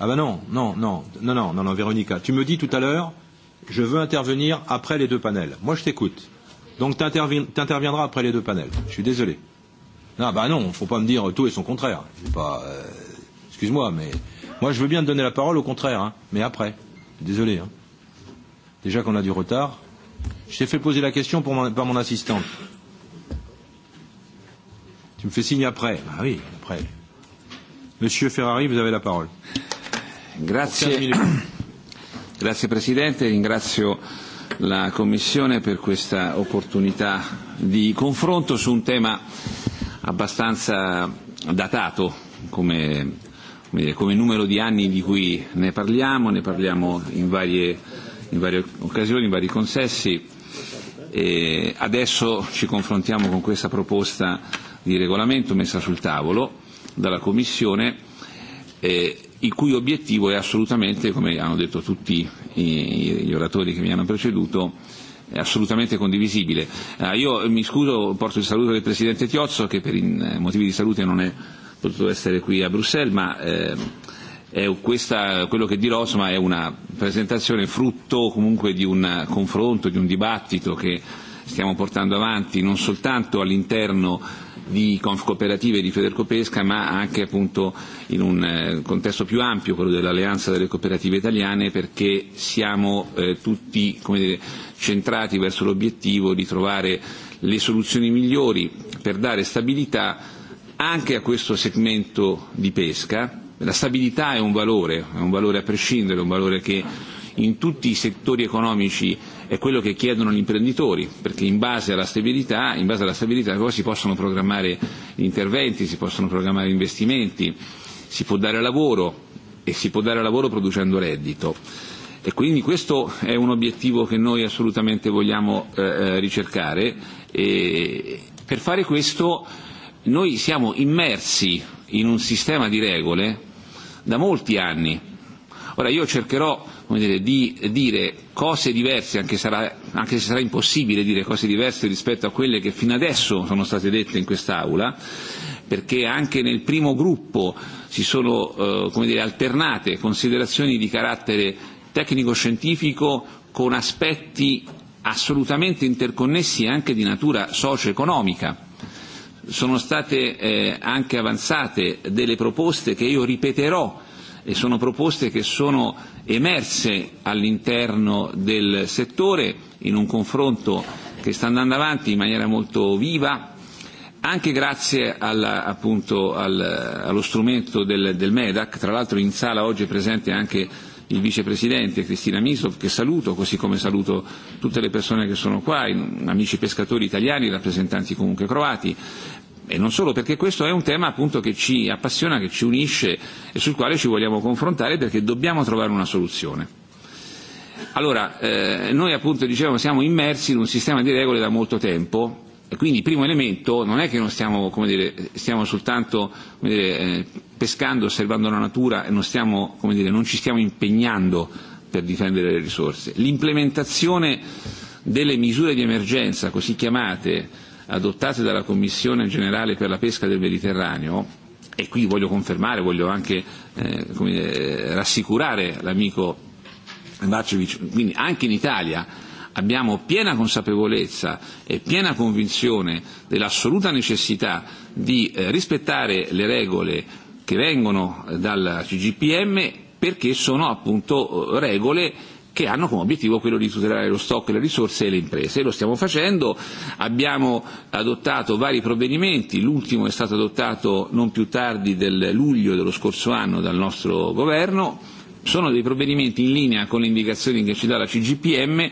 Ah ben non, non, non, non, non, non, non, Véronica, tu me dis tout à l'heure, je veux intervenir après les deux panels. Moi, je t'écoute. Donc tu intervi interviendras après les deux panels. Je suis désolé. Ah ben non, il ne faut pas me dire tout et son contraire. Pas, euh, excuse-moi, mais moi je veux bien te donner la parole au contraire, hein, mais après. Désolé. Hein déjà qu'on a du retard. Je t'ai fait poser la question pour mon, par mon assistante. Tu me fais signe après. Ah oui, après. Monsieur Ferrari, vous avez la parole. Grazie. Grazie Presidente, ringrazio la Commissione per questa opportunità di confronto su un tema abbastanza datato come, come, dire, come numero di anni di cui ne parliamo, ne parliamo in varie in varie occasioni, in vari consessi. E adesso ci confrontiamo con questa proposta di regolamento messa sul tavolo dalla Commissione, eh, il cui obiettivo è assolutamente, come hanno detto tutti gli oratori che mi hanno preceduto, è assolutamente condivisibile. Eh, io mi scuso, porto il saluto del Presidente Tiozzo che per in, motivi di salute non è potuto essere qui a Bruxelles, ma eh, è eh, questa, quello che dirò insomma, è una presentazione frutto comunque di un confronto, di un dibattito che stiamo portando avanti non soltanto all'interno di Confcooperative e di Federcopesca ma anche appunto in un eh, contesto più ampio, quello dell'Alleanza delle Cooperative Italiane perché siamo eh, tutti come dire, centrati verso l'obiettivo di trovare le soluzioni migliori per dare stabilità anche a questo segmento di pesca La stabilità è un valore, è un valore a prescindere, un valore che in tutti i settori economici è quello che chiedono gli imprenditori, perché in base alla stabilità, in base alla stabilità poi si possono programmare interventi, si possono programmare investimenti, si può dare lavoro e si può dare lavoro producendo reddito. E quindi questo è un obiettivo che noi assolutamente vogliamo eh, eh ricercare e per fare questo noi siamo immersi in un sistema di regole da molti anni. Ora io cercherò come dire, di dire cose diverse, anche, sarà, anche se sarà impossibile dire cose diverse rispetto a quelle che fino adesso sono state dette in quest'Aula, perché anche nel primo gruppo si sono eh, come dire, alternate considerazioni di carattere tecnico-scientifico con aspetti assolutamente interconnessi e anche di natura socio-economica sono state eh, anche avanzate delle proposte che io ripeterò e sono proposte che sono emerse all'interno del settore in un confronto che sta andando avanti in maniera molto viva anche grazie alla, appunto al, allo strumento del, del MEDAC, tra l'altro in sala oggi è presente anche il vicepresidente Cristina Misov, che saluto, così come saluto tutte le persone che sono qua, amici pescatori italiani, rappresentanti comunque croati, e non solo perché questo è un tema appunto che ci appassiona, che ci unisce e sul quale ci vogliamo confrontare perché dobbiamo trovare una soluzione. Allora, eh, noi appunto dicevamo siamo immersi in un sistema di regole da molto tempo e quindi il primo elemento non è che non stiamo, come dire, stiamo soltanto come dire, eh, pescando, osservando la natura e non, stiamo, come dire, non ci stiamo impegnando per difendere le risorse. L'implementazione delle misure di emergenza, così chiamate, eh, adottate dalla Commissione generale per la pesca del Mediterraneo e qui voglio confermare, voglio anche eh, come, dire, rassicurare l'amico Bacevic, quindi anche in Italia abbiamo piena consapevolezza e piena convinzione dell'assoluta necessità di eh, rispettare le regole che vengono dal CGPM perché sono appunto eh, regole che hanno come obiettivo quello di tutelare lo stock, le risorse e le imprese. E lo stiamo facendo, abbiamo adottato vari provvedimenti, l'ultimo è stato adottato non più tardi del luglio dello scorso anno dal nostro governo, sono dei provvedimenti in linea con le indicazioni che ci dà la CGPM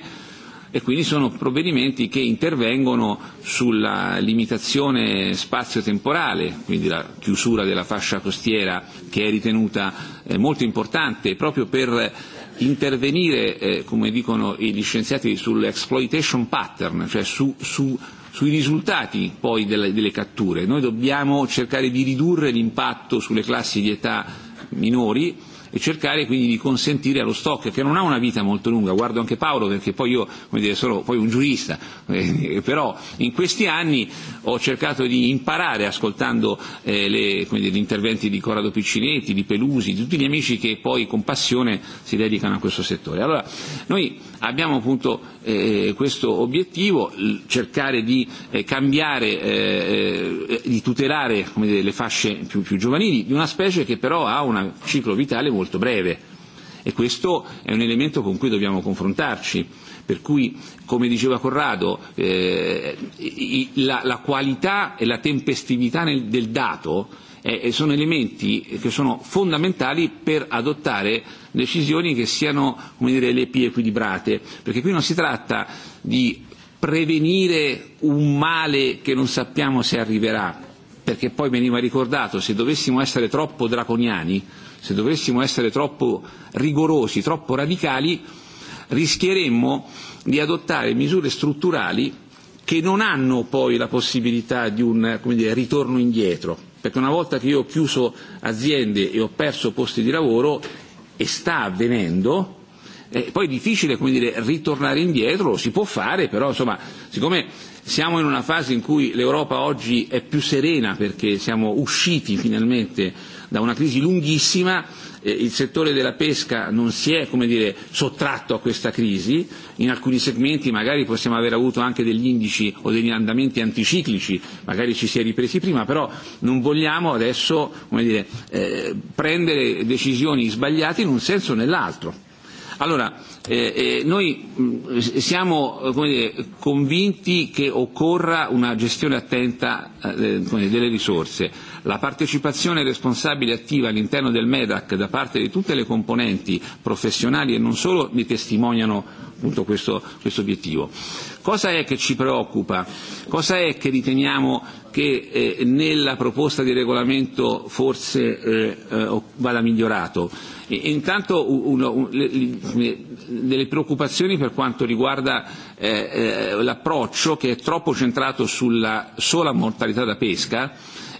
e quindi sono provvedimenti che intervengono sulla limitazione spazio-temporale, quindi la chiusura della fascia costiera che è ritenuta eh, molto importante proprio per intervenire, eh, come dicono gli scienziati, sull'exploitation pattern, cioè su, su, sui risultati poi delle, delle catture. Noi dobbiamo cercare di ridurre l'impatto sulle classi di età minori, e cercare quindi di consentire allo stock che non ha una vita molto lunga, guardo anche Paolo perché poi io come dire, sono poi un giurista, eh, però in questi anni ho cercato di imparare ascoltando eh, le, come dire, gli interventi di Corrado Piccinetti, di Pelusi, di tutti gli amici che poi con passione si dedicano a questo settore. Allora, noi abbiamo appunto eh, eh questo obiettivo, cercare di eh, cambiare, eh, eh, di tutelare come dire, le fasce più, più giovanili di una specie che però ha un ciclo vitale molto breve. E questo è un elemento con cui dobbiamo confrontarci. Per cui, come diceva Corrado, eh, la, la qualità e la tempestività nel, del dato eh, eh, sono elementi che sono fondamentali per adottare decisioni che siano come dire, le più equilibrate, perché qui non si tratta di prevenire un male che non sappiamo se arriverà, perché poi veniva ricordato se dovessimo essere troppo draconiani, se dovessimo essere troppo rigorosi, troppo radicali, rischieremmo di adottare misure strutturali che non hanno poi la possibilità di un come dire, ritorno indietro perché una volta che io ho chiuso aziende e ho perso posti di lavoro e sta avvenendo, eh, poi è difficile come dire, ritornare indietro, si può fare, però insomma, siccome siamo in una fase in cui l'Europa oggi è più serena perché siamo usciti finalmente da una crisi lunghissima, Eh, il settore della pesca non si è come dire, sottratto a questa crisi, in alcuni segmenti magari possiamo aver avuto anche degli indici o degli andamenti anticiclici, magari ci si è ripresi prima, però non vogliamo adesso come dire, eh, prendere decisioni sbagliate in un senso o nell'altro Allora, eh, eh, noi mh, mm, siamo eh, come dire, convinti che occorra una gestione attenta eh, come dire, delle risorse. La partecipazione responsabile e attiva all'interno del MEDAC da parte di tutte le componenti professionali e non solo ne testimoniano appunto questo, questo obiettivo. Eh, Cosa è che ci preoccupa? Cosa è che riteniamo che eh, nella proposta di regolamento forse eh, eh, vada migliorato? E, e intanto uno, un, le, le, delle preoccupazioni per quanto riguarda eh, eh, l'approccio che è troppo centrato sulla sola mortalità da pesca,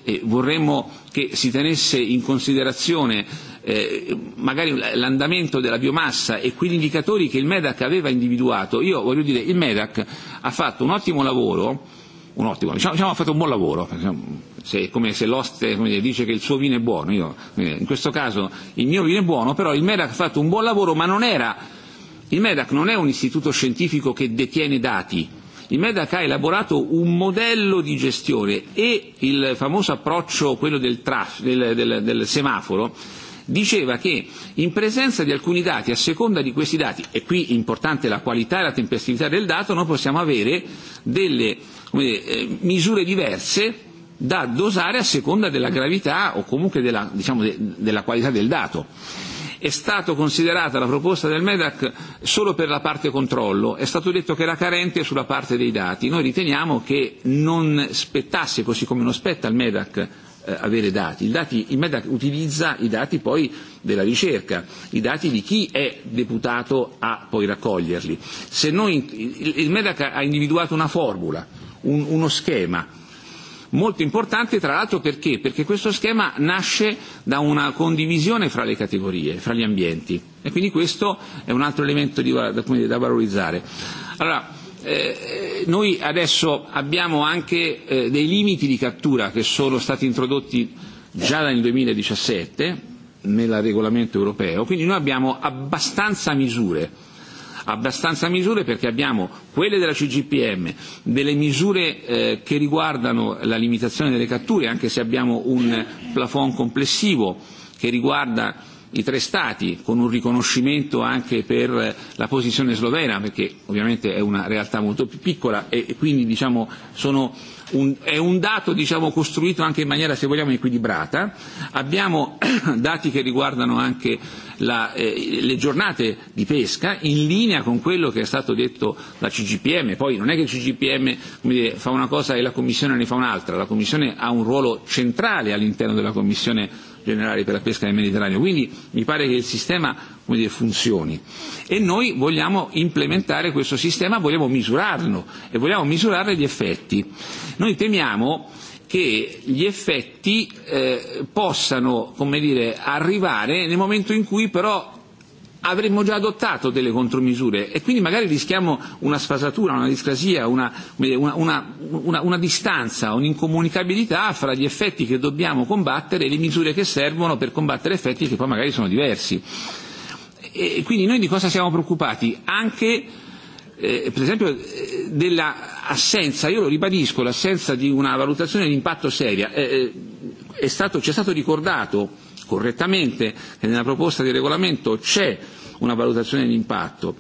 e vorremmo che si tenesse in considerazione eh, magari l'andamento della biomassa e quegli indicatori che il MEDAC aveva individuato, io voglio dire il MEDAC ha fatto un ottimo lavoro un ottimo, diciamo, diciamo ha fatto un buon lavoro, se, come se l'oste come dire, dice che il suo vino è buono, io, in questo caso il mio vino è buono, però il MEDAC ha fatto un buon lavoro, ma non era, il MEDAC non è un istituto scientifico che detiene dati, il MEDAC ha elaborato un modello di gestione e il famoso approccio, quello del, traf, del, del, del semaforo, diceva che in presenza di alcuni dati, a seconda di questi dati, e qui importante la qualità e la tempestività del dato, noi possiamo avere delle come dire, eh, misure diverse da dosare a seconda della gravità o comunque della, diciamo, de, della qualità del dato. È stato considerata la proposta del MEDAC solo per la parte controllo, è stato detto che era carente sulla parte dei dati. Noi riteniamo che non spettasse, così come non spetta al MEDAC, eh, avere dati. Il, dati. il Medac utilizza i dati poi della ricerca, i dati di chi è deputato a poi raccoglierli. Se noi, il, Medac ha individuato una formula, un, uno schema molto importante tra l'altro perché? Perché questo schema nasce da una condivisione fra le categorie, fra gli ambienti e quindi questo è un altro elemento di, da, da valorizzare. Allora, Eh, noi adesso abbiamo anche eh, dei limiti di cattura che sono stati introdotti già nel 2017 nel regolamento europeo, quindi noi abbiamo abbastanza misure abbastanza misure perché abbiamo quelle della CGPM, delle misure eh, che riguardano la limitazione delle catture, anche se abbiamo un plafond complessivo che riguarda i tre Stati, con un riconoscimento anche per la posizione slovena, perché ovviamente è una realtà molto più piccola e, e quindi diciamo, sono un, è un dato diciamo, costruito anche in maniera, se vogliamo, equilibrata. Abbiamo dati che riguardano anche la, eh, le giornate di pesca, in linea con quello che è stato detto la CGPM. Poi non è che il CGPM come dire, fa una cosa e la Commissione ne fa un'altra, la Commissione ha un ruolo centrale all'interno della Commissione generali per la pesca nel Mediterraneo. Quindi mi pare che il sistema come dire, funzioni e noi vogliamo implementare questo sistema, vogliamo misurarlo e vogliamo misurare gli effetti. Noi temiamo che gli effetti eh, possano come dire, arrivare nel momento in cui però avremmo già adottato delle contromisure e quindi magari rischiamo una sfasatura, una discrasia, una, una, una, una, una distanza, un'incomunicabilità fra gli effetti che dobbiamo combattere e le misure che servono per combattere effetti che poi magari sono diversi. E quindi noi di cosa siamo preoccupati? Anche eh, per esempio eh, dell'assenza, io lo ribadisco, l'assenza di una valutazione di impatto seria. Eh, eh è stato, ci è stato ricordato correttamente che nella proposta di regolamento c'è una valutazione di impatto,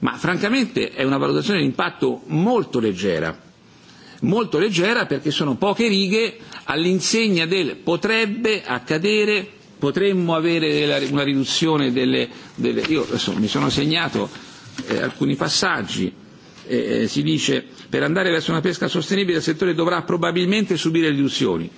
ma francamente è una valutazione di impatto molto leggera, molto leggera perché sono poche righe all'insegna del potrebbe accadere, potremmo avere una riduzione delle... delle io adesso mi sono segnato eh, alcuni passaggi, eh, eh, si dice per andare verso una pesca sostenibile il settore dovrà probabilmente subire riduzioni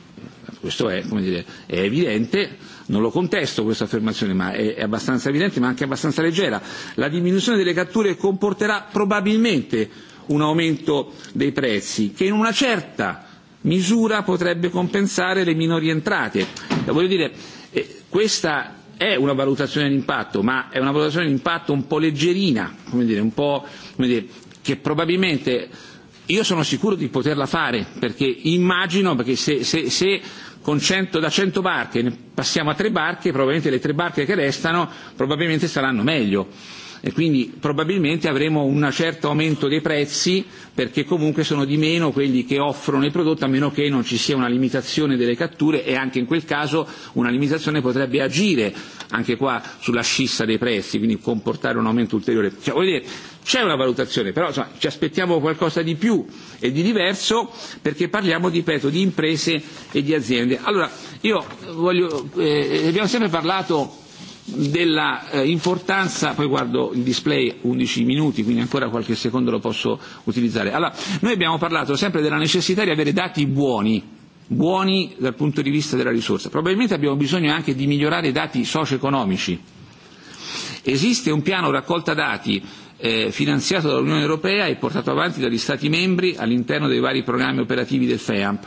questo è, come dire, è evidente, non lo contesto questa affermazione, ma è, abbastanza evidente, ma anche abbastanza leggera. La diminuzione delle catture comporterà probabilmente un aumento dei prezzi, che in una certa misura potrebbe compensare le minori entrate. Eh, voglio dire, eh, questa è una valutazione di impatto, ma è una valutazione di impatto un po' leggerina, come dire, un po' come dire, che probabilmente io sono sicuro di poterla fare perché immagino, perché se, se, se con 100, da 100 barche passiamo a tre barche, probabilmente le tre barche che restano probabilmente saranno meglio e quindi probabilmente avremo un certo aumento dei prezzi perché comunque sono di meno quelli che offrono il prodotto a meno che non ci sia una limitazione delle catture e anche in quel caso una limitazione potrebbe agire anche qua sulla scissa dei prezzi, quindi comportare un aumento ulteriore. Cioè, voglio dire, C'è una valutazione, però insomma, ci aspettiamo qualcosa di più e di diverso perché parliamo, ripeto, di imprese e di aziende. Allora, io voglio, eh, abbiamo sempre parlato della eh, importanza, poi guardo il display 11 minuti, quindi ancora qualche secondo lo posso utilizzare. Allora, noi abbiamo parlato sempre della necessità di avere dati buoni, buoni dal punto di vista della risorsa. Probabilmente abbiamo bisogno anche di migliorare i dati socio-economici. Esiste un piano raccolta dati eh, finanziato dall'Unione Europea e portato avanti dagli Stati membri all'interno dei vari programmi operativi del FEAMP.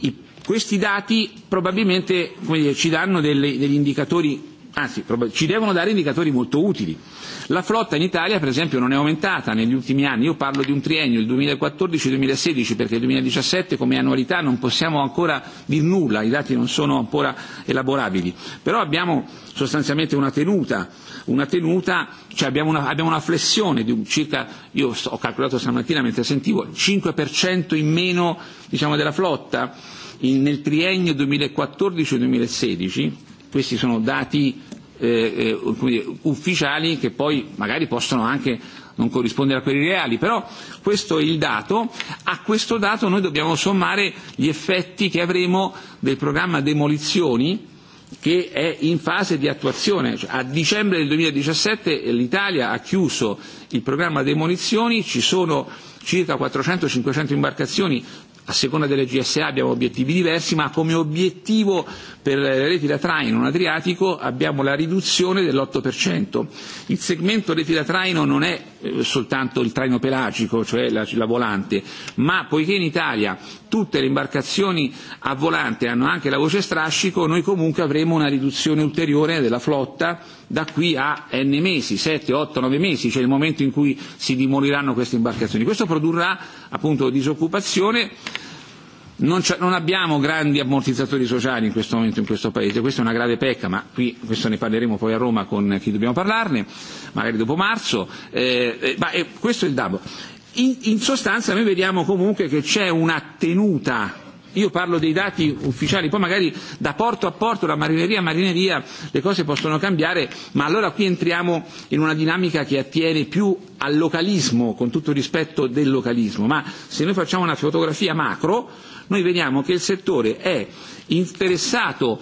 I, questi dati probabilmente come dire, ci danno delle, degli indicatori anzi ci devono dare indicatori molto utili. La flotta in Italia per esempio non è aumentata negli ultimi anni, io parlo di un triennio, il 2014-2016 perché il 2017 come annualità non possiamo ancora dir nulla, i dati non sono ancora elaborabili, però abbiamo sostanzialmente una tenuta, una tenuta cioè abbiamo, una, abbiamo una flessione di un circa, io ho calcolato stamattina mentre sentivo, 5% in meno diciamo, della flotta in, nel triennio 2014-2016 Questi sono dati eh, eh, ufficiali che poi magari possono anche non corrispondere a quelli reali, però questo è il dato, a questo dato noi dobbiamo sommare gli effetti che avremo del programma demolizioni che è in fase di attuazione. Cioè, a dicembre del 2017 l'Italia ha chiuso il programma demolizioni, ci sono circa 400-500 imbarcazioni a seconda delle GSA abbiamo obiettivi diversi, ma come obiettivo per le reti da traino non adriatico abbiamo la riduzione dell'8%. Il segmento reti da traino non è eh, soltanto il traino pelagico, cioè la, la volante, ma poiché in Italia tutte le imbarcazioni a volante hanno anche la voce strascico, noi comunque avremo una riduzione ulteriore della flotta da qui a n mesi, 7, 8, 9 mesi, cioè il momento in cui si dimoliranno queste imbarcazioni. Questo produrrà appunto disoccupazione non, non abbiamo grandi ammortizzatori sociali in questo momento in questo Paese, questa è una grave pecca, ma qui questo ne parleremo poi a Roma con chi dobbiamo parlarne, magari dopo marzo, eh, eh, ma eh, questo è il dabo. In, in sostanza noi vediamo comunque che c'è una tenuta Io parlo dei dati ufficiali, poi magari da porto a porto, da marineria a marineria, le cose possono cambiare, ma allora qui entriamo in una dinamica che attiene più al localismo, con tutto il rispetto del localismo, ma se noi facciamo una fotografia macro, noi vediamo che il settore è interessato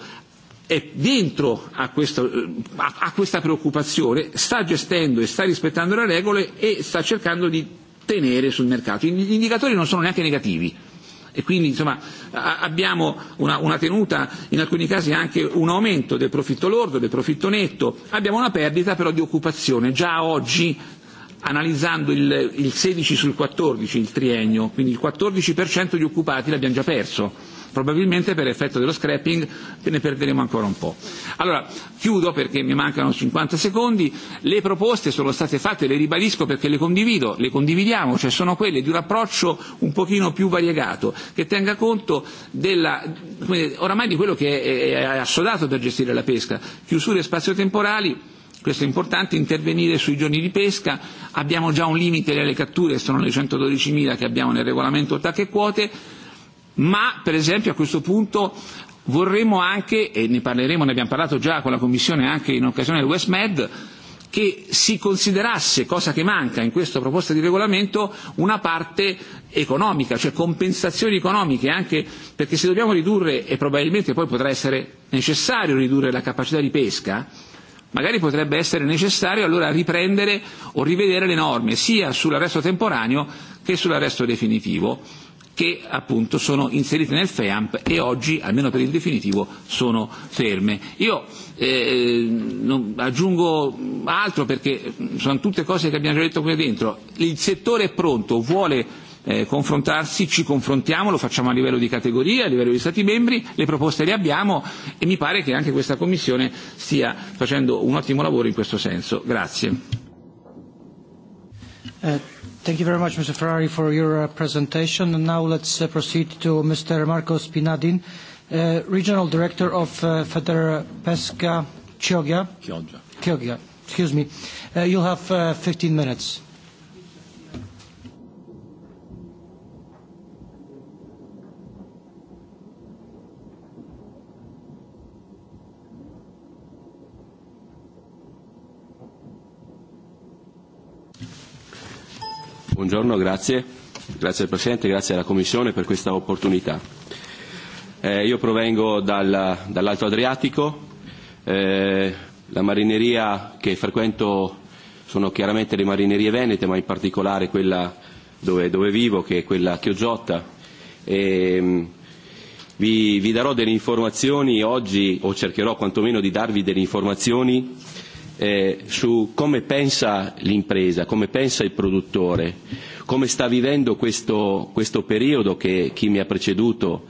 è dentro a, questo, a, a questa preoccupazione, sta gestendo e sta rispettando le regole e sta cercando di tenere sul mercato. Gli indicatori non sono neanche negativi e quindi insomma, abbiamo una, una tenuta, in alcuni casi anche un aumento del profitto lordo, del profitto netto, abbiamo una perdita però di occupazione già oggi analizzando il, il 16 sul 14 il triennio, quindi il 14% di occupati l'abbiamo già perso probabilmente per effetto dello scrapping ne perderemo ancora un po'. Allora, chiudo perché mi mancano 50 secondi, le proposte sono state fatte, le ribadisco perché le condivido, le condividiamo, cioè sono quelle di un approccio un pochino più variegato, che tenga conto della, oramai di quello che è, assodato per gestire la pesca, chiusure spazio-temporali, questo è importante, intervenire sui giorni di pesca, abbiamo già un limite delle catture, sono le 112.000 che abbiamo nel regolamento TAC e quote, ma per esempio a questo punto vorremmo anche, e ne parleremo, ne abbiamo parlato già con la Commissione anche in occasione del Westmed, che si considerasse, cosa che manca in questa proposta di regolamento, una parte economica, cioè compensazioni economiche, anche perché se dobbiamo ridurre, e probabilmente poi potrà essere necessario ridurre la capacità di pesca, magari potrebbe essere necessario allora riprendere o rivedere le norme sia sull'arresto temporaneo che sull'arresto definitivo che appunto sono inserite nel FEAMP e oggi, almeno per il definitivo, sono ferme. Io eh, non aggiungo altro perché mm, sono tutte cose che abbiamo già detto qui dentro. Il settore è pronto, vuole eh, confrontarsi, ci confrontiamo, lo facciamo a livello di categoria, a livello di Stati membri, le proposte le abbiamo e mi pare che anche questa Commissione stia facendo un ottimo lavoro in questo senso. Grazie. Eh. Thank you very much, Mr. Ferrari, for your uh, presentation. And now let's uh, proceed to Mr. Marcos Pinadin, uh, Regional Director of Federpesca Pesca Chioggia. Chioggia. Chioggia. Excuse me. you'll have 15 minutes. Buongiorno, grazie. Grazie al Presidente, grazie alla Commissione per questa opportunità. Eh, io provengo dal, dall'Alto Adriatico, eh, la marineria che frequento sono chiaramente le marinerie venete, ma in particolare quella dove, dove vivo, che è quella Chioggiotta. E, mm, vi, vi darò delle informazioni oggi, o cercherò quantomeno di darvi delle informazioni eh, su come pensa l'impresa, come pensa il produttore, come sta vivendo questo, questo periodo che chi mi ha preceduto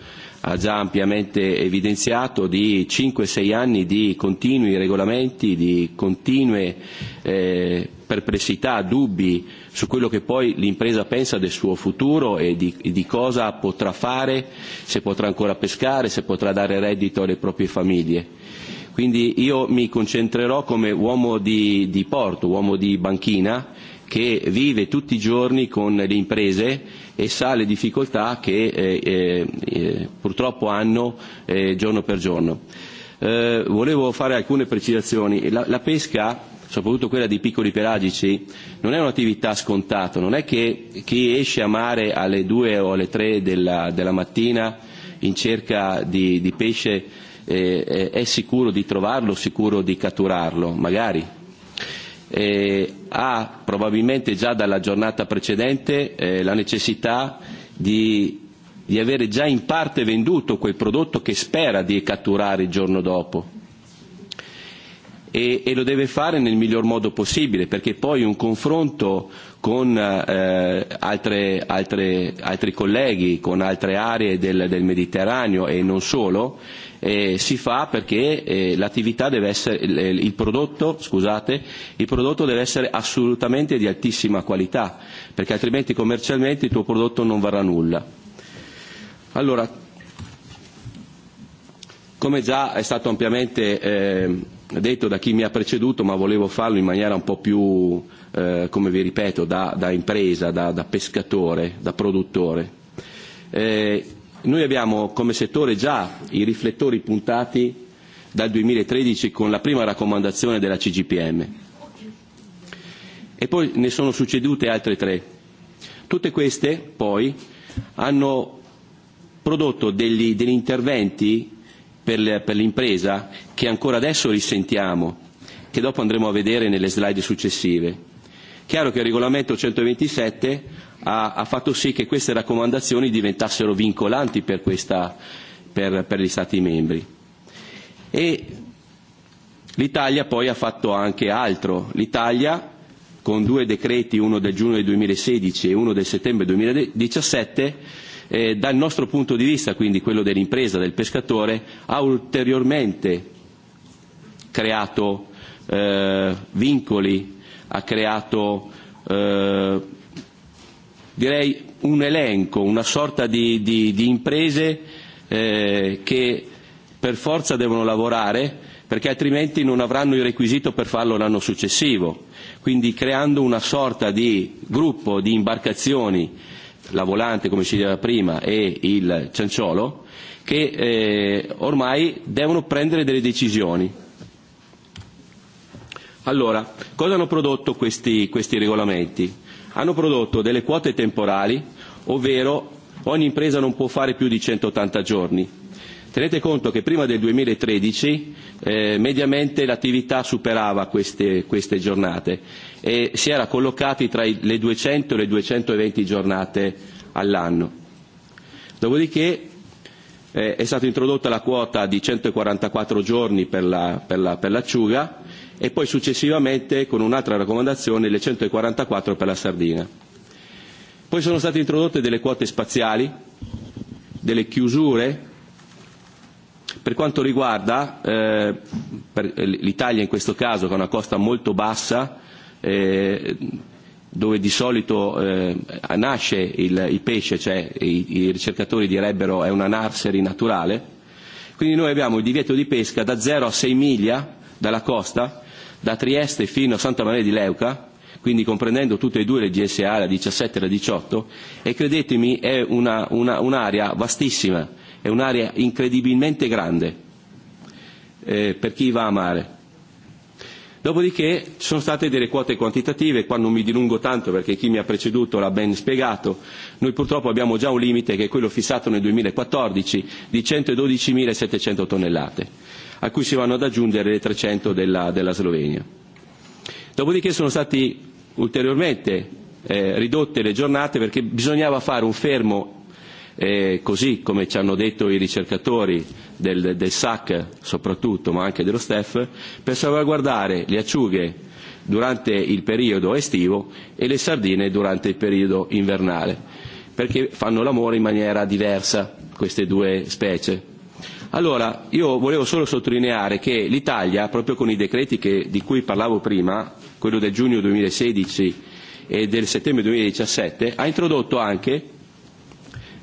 ha già ampiamente evidenziato di 5-6 anni di continui regolamenti, di continue eh, perplessità, dubbi su quello che poi l'impresa pensa del suo futuro e di, e di cosa potrà fare, se potrà ancora pescare, se potrà dare reddito alle proprie famiglie Quindi io mi concentrerò come uomo di, di porto, uomo di banchina, che vive tutti i giorni con le imprese e sa le difficoltà che eh, eh, eh purtroppo hanno eh, giorno per giorno. Eh, volevo fare alcune precisazioni. La, la pesca soprattutto quella dei piccoli pelagici, non è un'attività scontata, non è che chi esce a mare alle 2 o alle 3 della, della mattina in cerca di, di pesce eh, è sicuro di trovarlo, sicuro di catturarlo, magari. Eh, ha probabilmente già dalla giornata precedente eh, la necessità di, di avere già in parte venduto quel prodotto che spera di catturare il giorno dopo. E, e lo deve fare nel miglior modo possibile, perché poi un confronto con eh, altre, altre, altri colleghi, con altre aree del, del Mediterraneo e non solo, eh, eh, si fa perché eh, l'attività deve essere, il, prodotto, scusate, il prodotto deve essere assolutamente di altissima qualità, perché altrimenti commercialmente il tuo prodotto non varrà nulla. Allora, come già è stato ampiamente eh, detto da chi mi ha preceduto, ma volevo farlo in maniera un po' più, eh, come vi ripeto, da, da impresa, da, da pescatore, da produttore. Eh, Noi abbiamo come settore già i riflettori puntati dal 2013 con la prima raccomandazione della CGPM e poi ne sono succedute altre tre. Tutte queste poi hanno prodotto degli, degli interventi per, per l'impresa che ancora adesso risentiamo, che dopo andremo a vedere nelle slide successive Chiaro che il regolamento 127 ha, ha fatto sì che queste raccomandazioni diventassero vincolanti per, questa, per, per gli Stati membri. E l'Italia poi ha fatto anche altro. L'Italia con due decreti, uno del giugno del 2016 e uno del settembre 2017, eh, dal nostro punto di vista, quindi quello dell'impresa, del pescatore, ha ulteriormente creato eh, vincoli ha creato eh, direi un elenco, una sorta di, di, di imprese eh, che per forza devono lavorare perché altrimenti non avranno il requisito per farlo l'anno successivo. Quindi creando una sorta di gruppo di imbarcazioni, la volante come si diceva prima e il cianciolo, che eh, ormai devono prendere delle decisioni Allora, cosa hanno prodotto questi, questi regolamenti? Hanno prodotto delle quote temporali, ovvero ogni impresa non può fare più di 180 giorni. Tenete conto che prima del 2013 eh, mediamente l'attività superava queste, queste giornate e si era collocati tra le 200 e le 220 giornate all'anno. Dopodiché eh, è stata introdotta la quota di 144 giorni per, la, per, la, per l'acciuga e poi successivamente con un'altra raccomandazione le 144 per la sardina. Poi sono state introdotte delle quote spaziali, delle chiusure per quanto riguarda eh, per eh, l'Italia in questo caso che ha una costa molto bassa eh, dove di solito eh, nasce il, il pesce, cioè i, i ricercatori direbbero è una narseri naturale, quindi noi abbiamo il divieto di pesca da 0 a 6 miglia dalla costa, da Trieste fino a Santa Maria di Leuca, quindi comprendendo tutte e due le GSA, la 17 e la 18, e credetemi è una, una, un'area vastissima, è un'area incredibilmente grande eh, per chi va a mare. Dopodiché ci sono state delle quote quantitative, qua non mi dilungo tanto perché chi mi ha preceduto l'ha ben spiegato, noi purtroppo abbiamo già un limite che è quello fissato nel 2014 di 112.700 tonnellate a cui si vanno ad aggiungere le 300 della, della Slovenia. Dopodiché sono stati ulteriormente eh, ridotte le giornate perché bisognava fare un fermo eh, così come ci hanno detto i ricercatori del, del SAC soprattutto ma anche dello STEF per salvaguardare le acciughe durante il periodo estivo e le sardine durante il periodo invernale perché fanno l'amore in maniera diversa queste due specie Allora, io volevo solo sottolineare che l'Italia, proprio con i decreti che, di cui parlavo prima, quello del giugno 2016 e del settembre 2017, ha introdotto anche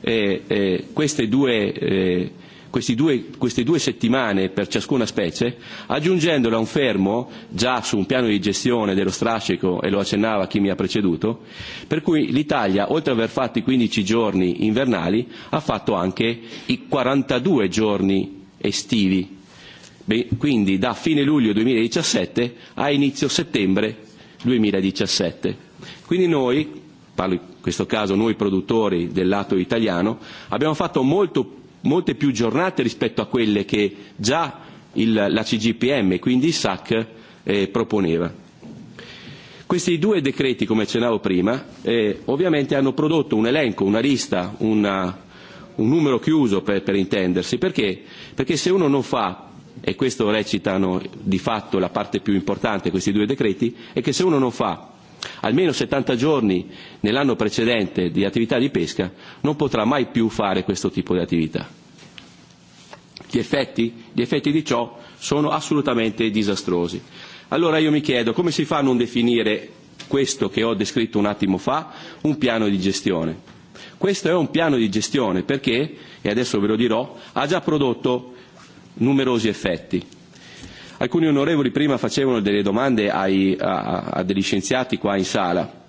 eh, eh, queste due eh, questi due, queste due settimane per ciascuna specie, aggiungendola a un fermo già su un piano di gestione dello strascico, e lo accennava chi mi ha preceduto, per cui l'Italia, oltre ad aver fatto i 15 giorni invernali, ha fatto anche i 42 giorni estivi, quindi da fine luglio 2017 a inizio settembre 2017. Quindi noi, parlo in questo caso noi produttori del lato italiano, abbiamo fatto molto molte più giornate rispetto a quelle che già il, la CGPM, e quindi il SAC, eh, proponeva. Questi due decreti, come accennavo prima, eh, ovviamente hanno prodotto un elenco, una lista, una, un numero chiuso per, per intendersi. Perché? Perché se uno non fa, e questo recitano di fatto la parte più importante questi due decreti, è che se uno non fa almeno 70 giorni nell'anno precedente di attività di pesca, non potrà mai più fare questo tipo di attività. Gli effetti, gli effetti di ciò sono assolutamente disastrosi. Allora io mi chiedo come si fa a non definire questo che ho descritto un attimo fa un piano di gestione. Questo è un piano di gestione perché, e adesso ve lo dirò, ha già prodotto numerosi effetti. Alcuni onorevoli prima facevano delle domande ai, a, a degli scienziati qua in sala.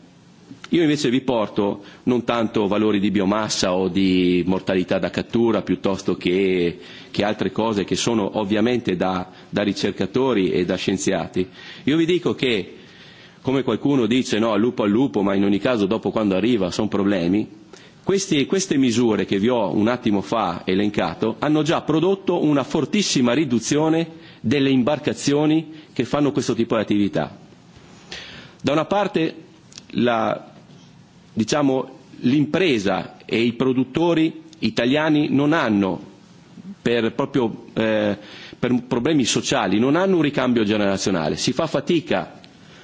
Io invece vi porto non tanto valori di biomassa o di mortalità da cattura piuttosto che, che altre cose che sono ovviamente da, da ricercatori e da scienziati. Io vi dico che, come qualcuno dice, no, al lupo al lupo, ma in ogni caso dopo quando arriva sono problemi, Questi, queste misure che vi ho un attimo fa elencato hanno già prodotto una fortissima riduzione delle imbarcazioni che fanno questo tipo di attività. Da una parte la, diciamo, l'impresa e i produttori italiani non hanno per, proprio, eh, per problemi sociali, non hanno un ricambio generazionale, si fa fatica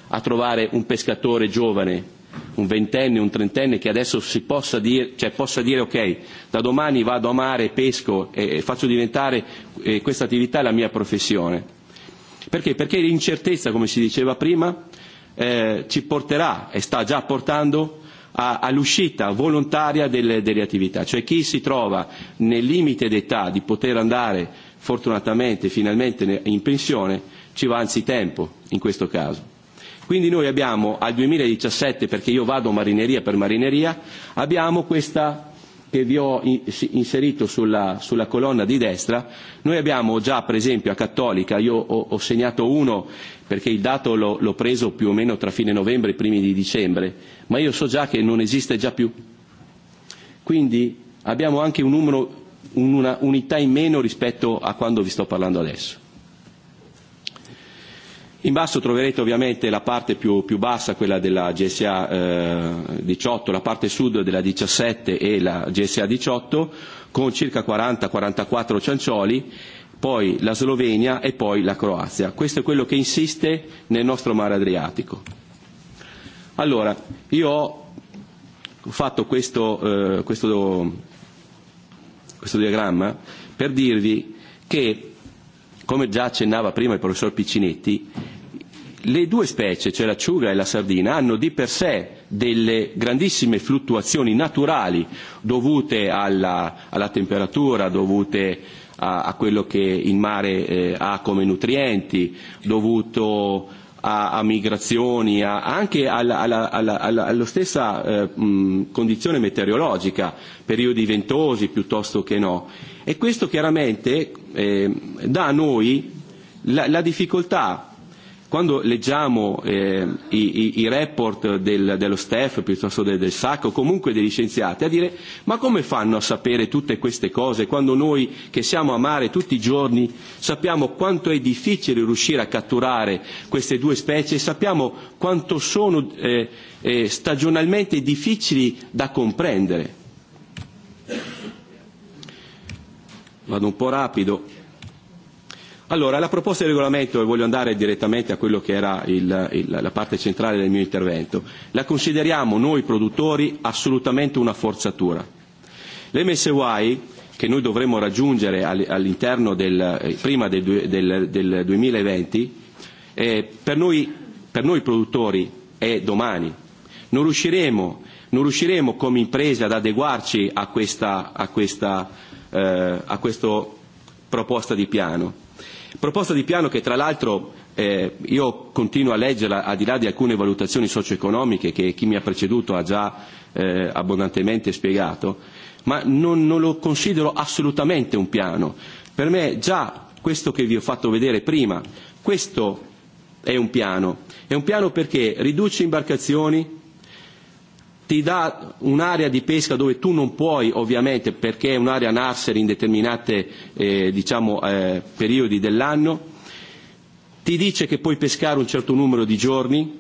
a trovare un pescatore giovane un ventenne, un trentenne che adesso si possa dire, cioè possa dire ok, da domani vado a mare, pesco e, e faccio diventare eh, questa attività la mia professione. Perché? Perché l'incertezza, come si diceva prima, eh, ci porterà e sta già portando a, all'uscita volontaria delle, delle attività, cioè chi si trova nel limite d'età di poter andare fortunatamente finalmente in pensione ci va anzitempo in questo caso Quindi noi abbiamo al 2017, perché io vado marineria per marineria, abbiamo questa che vi ho inserito sulla, sulla colonna di destra, noi abbiamo già per esempio a Cattolica, io ho, ho segnato uno perché il dato l'ho, l'ho preso più o meno tra fine novembre e primi di dicembre, ma io so già che non esiste già più. Quindi abbiamo anche un numero, una unità in meno rispetto a quando vi sto parlando adesso. In basso troverete ovviamente la parte più, più bassa, quella della GSA eh, 18, la parte sud della 17 e la GSA 18, con circa 40-44 ciancioli, poi la Slovenia e poi la Croazia. Questo è quello che insiste nel nostro mare Adriatico. Allora, io ho fatto questo, eh, questo, questo diagramma per dirvi che Come già accennava prima il professor Piccinetti, le due specie, cioè l'acciuga e la sardina, hanno di per sé delle grandissime fluttuazioni naturali dovute alla, alla temperatura, dovute a, a quello che il mare eh, ha come nutrienti, dovuto a, a migrazioni, a, anche alla, alla, alla, alla, alla stessa eh, mh, condizione meteorologica, periodi ventosi piuttosto che no. E questo chiaramente eh, dà a noi la, la difficoltà Quando leggiamo eh, i, i, i report del, dello staff, piuttosto del, del SAC o comunque degli scienziati a dire ma come fanno a sapere tutte queste cose quando noi che siamo a mare tutti i giorni sappiamo quanto è difficile riuscire a catturare queste due specie e sappiamo quanto sono eh, eh, stagionalmente difficili da comprendere. Vado un po' rapido Allora, la proposta di regolamento, e voglio andare direttamente a quello che era il, il, la parte centrale del mio intervento, la consideriamo noi produttori assolutamente una forzatura. L'MSY, che noi dovremmo raggiungere all'interno del, eh, prima del, del, del 2020, è eh, per, noi, per noi produttori è domani. Non riusciremo, non riusciremo come imprese ad adeguarci a questa, a questa, eh, a questa proposta di piano Proposta di piano che tra l'altro eh, io continuo a leggerla al di là di alcune valutazioni socio-economiche che chi mi ha preceduto ha già eh, abbondantemente spiegato, ma non, non lo considero assolutamente un piano. Per me già questo che vi ho fatto vedere prima, questo è un piano. È un piano perché riduce imbarcazioni, ti dà un'area di pesca dove tu non puoi, ovviamente perché è un'area nursery in determinati eh, diciamo, eh, periodi dell'anno, ti dice che puoi pescare un certo numero di giorni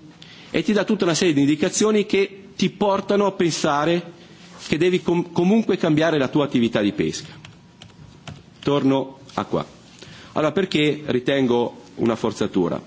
e ti dà tutta una serie di indicazioni che ti portano a pensare che devi com- comunque cambiare la tua attività di pesca. Torno a qua. Allora, perché ritengo una forzatura?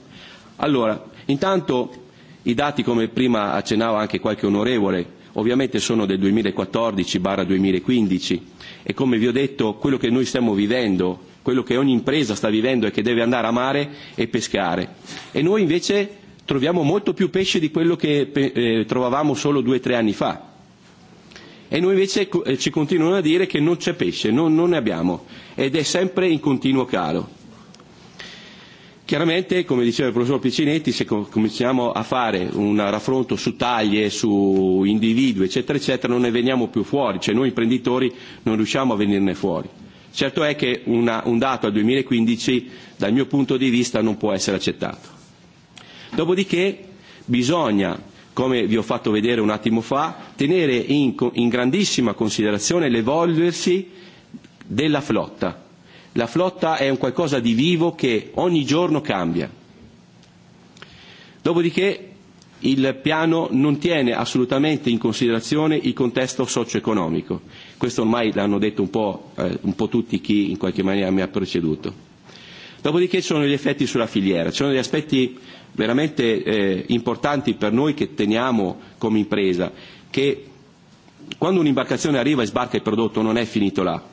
Allora, intanto I dati, come prima accennava anche qualche onorevole, ovviamente sono del 2014-2015 e come vi ho detto quello che noi stiamo vivendo, quello che ogni impresa sta vivendo e che deve andare a mare e pescare. E noi invece troviamo molto più pesce di quello che eh, trovavamo solo due o tre anni fa. E noi invece eh, ci continuano a dire che non c'è pesce, non, non ne abbiamo ed è sempre in continuo calo. Chiaramente, come diceva il professor Piccinetti, se cominciamo a fare un raffronto su taglie, su individui, eccetera, eccetera, non ne veniamo più fuori, cioè noi imprenditori non riusciamo a venirne fuori. Certo è che una, un dato al 2015, dal mio punto di vista, non può essere accettato. Dopodiché bisogna come vi ho fatto vedere un attimo fa, tenere in, in grandissima considerazione l'evolversi della flotta. La flotta è un qualcosa di vivo che ogni giorno cambia. Dopodiché il piano non tiene assolutamente in considerazione il contesto socio-economico. Questo ormai l'hanno detto un po', eh, un po' tutti chi in qualche maniera mi ha preceduto. Dopodiché ci sono gli effetti sulla filiera, ci sono degli aspetti veramente eh, importanti per noi che teniamo come impresa, che quando un'imbarcazione arriva e sbarca il prodotto non è finito là,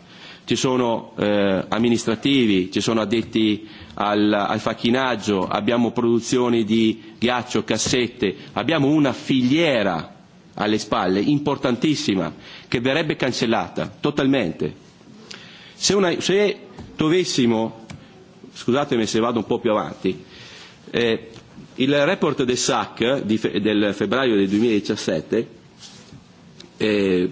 ci sono eh, amministrativi, ci sono addetti al, al facchinaggio, abbiamo produzioni di ghiaccio, cassette, abbiamo una filiera alle spalle importantissima che verrebbe cancellata totalmente. Se, una, se dovessimo, scusatemi se vado un po' più avanti, eh, il report del SAC di, fe, del febbraio del 2017 eh,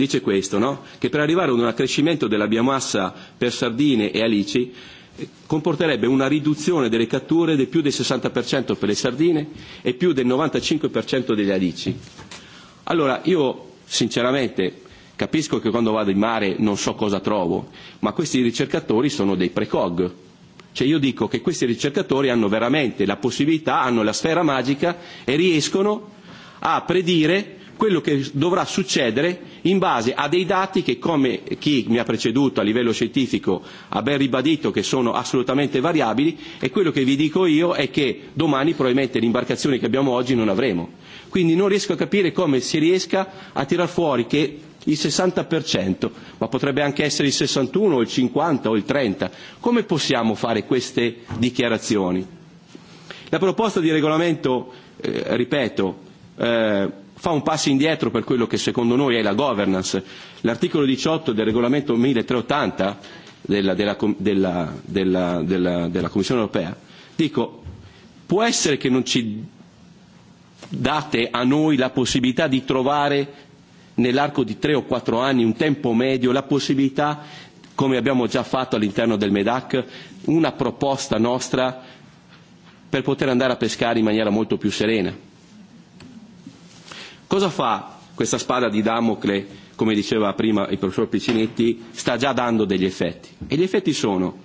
dice questo, no? che per arrivare ad un accrescimento della biomassa per sardine e alici eh, comporterebbe una riduzione delle catture di più del 60% per le sardine e più del 95% degli alici. Allora io sinceramente capisco che quando vado in mare non so cosa trovo, ma questi ricercatori sono dei precog. Cioè io dico che questi ricercatori hanno veramente la possibilità, hanno la sfera magica e riescono a predire quello che dovrà succedere in base a dei dati che, come chi mi ha preceduto a livello scientifico ha ben ribadito che sono assolutamente variabili, e quello che vi dico io è che domani probabilmente le imbarcazioni che abbiamo oggi non avremo. Quindi non riesco a capire come si riesca a tirar fuori che il 60%, ma potrebbe anche essere il 61 o il 50 o il 30. Come possiamo fare queste dichiarazioni? La proposta di regolamento, eh, ripeto, eh, fa un passo indietro per quello che secondo noi è la governance. L'articolo 18 del regolamento 1380 della, della, della, della, della, della Commissione europea, dico, può essere che non ci date a noi la possibilità di trovare nell'arco di tre o quattro anni, un tempo medio, la possibilità, come abbiamo già fatto all'interno del MEDAC, una proposta nostra per poter andare a pescare in maniera molto più serena Cosa fa questa spada di Damocle, come diceva prima il professor Piccinetti, sta già dando degli effetti. E gli effetti sono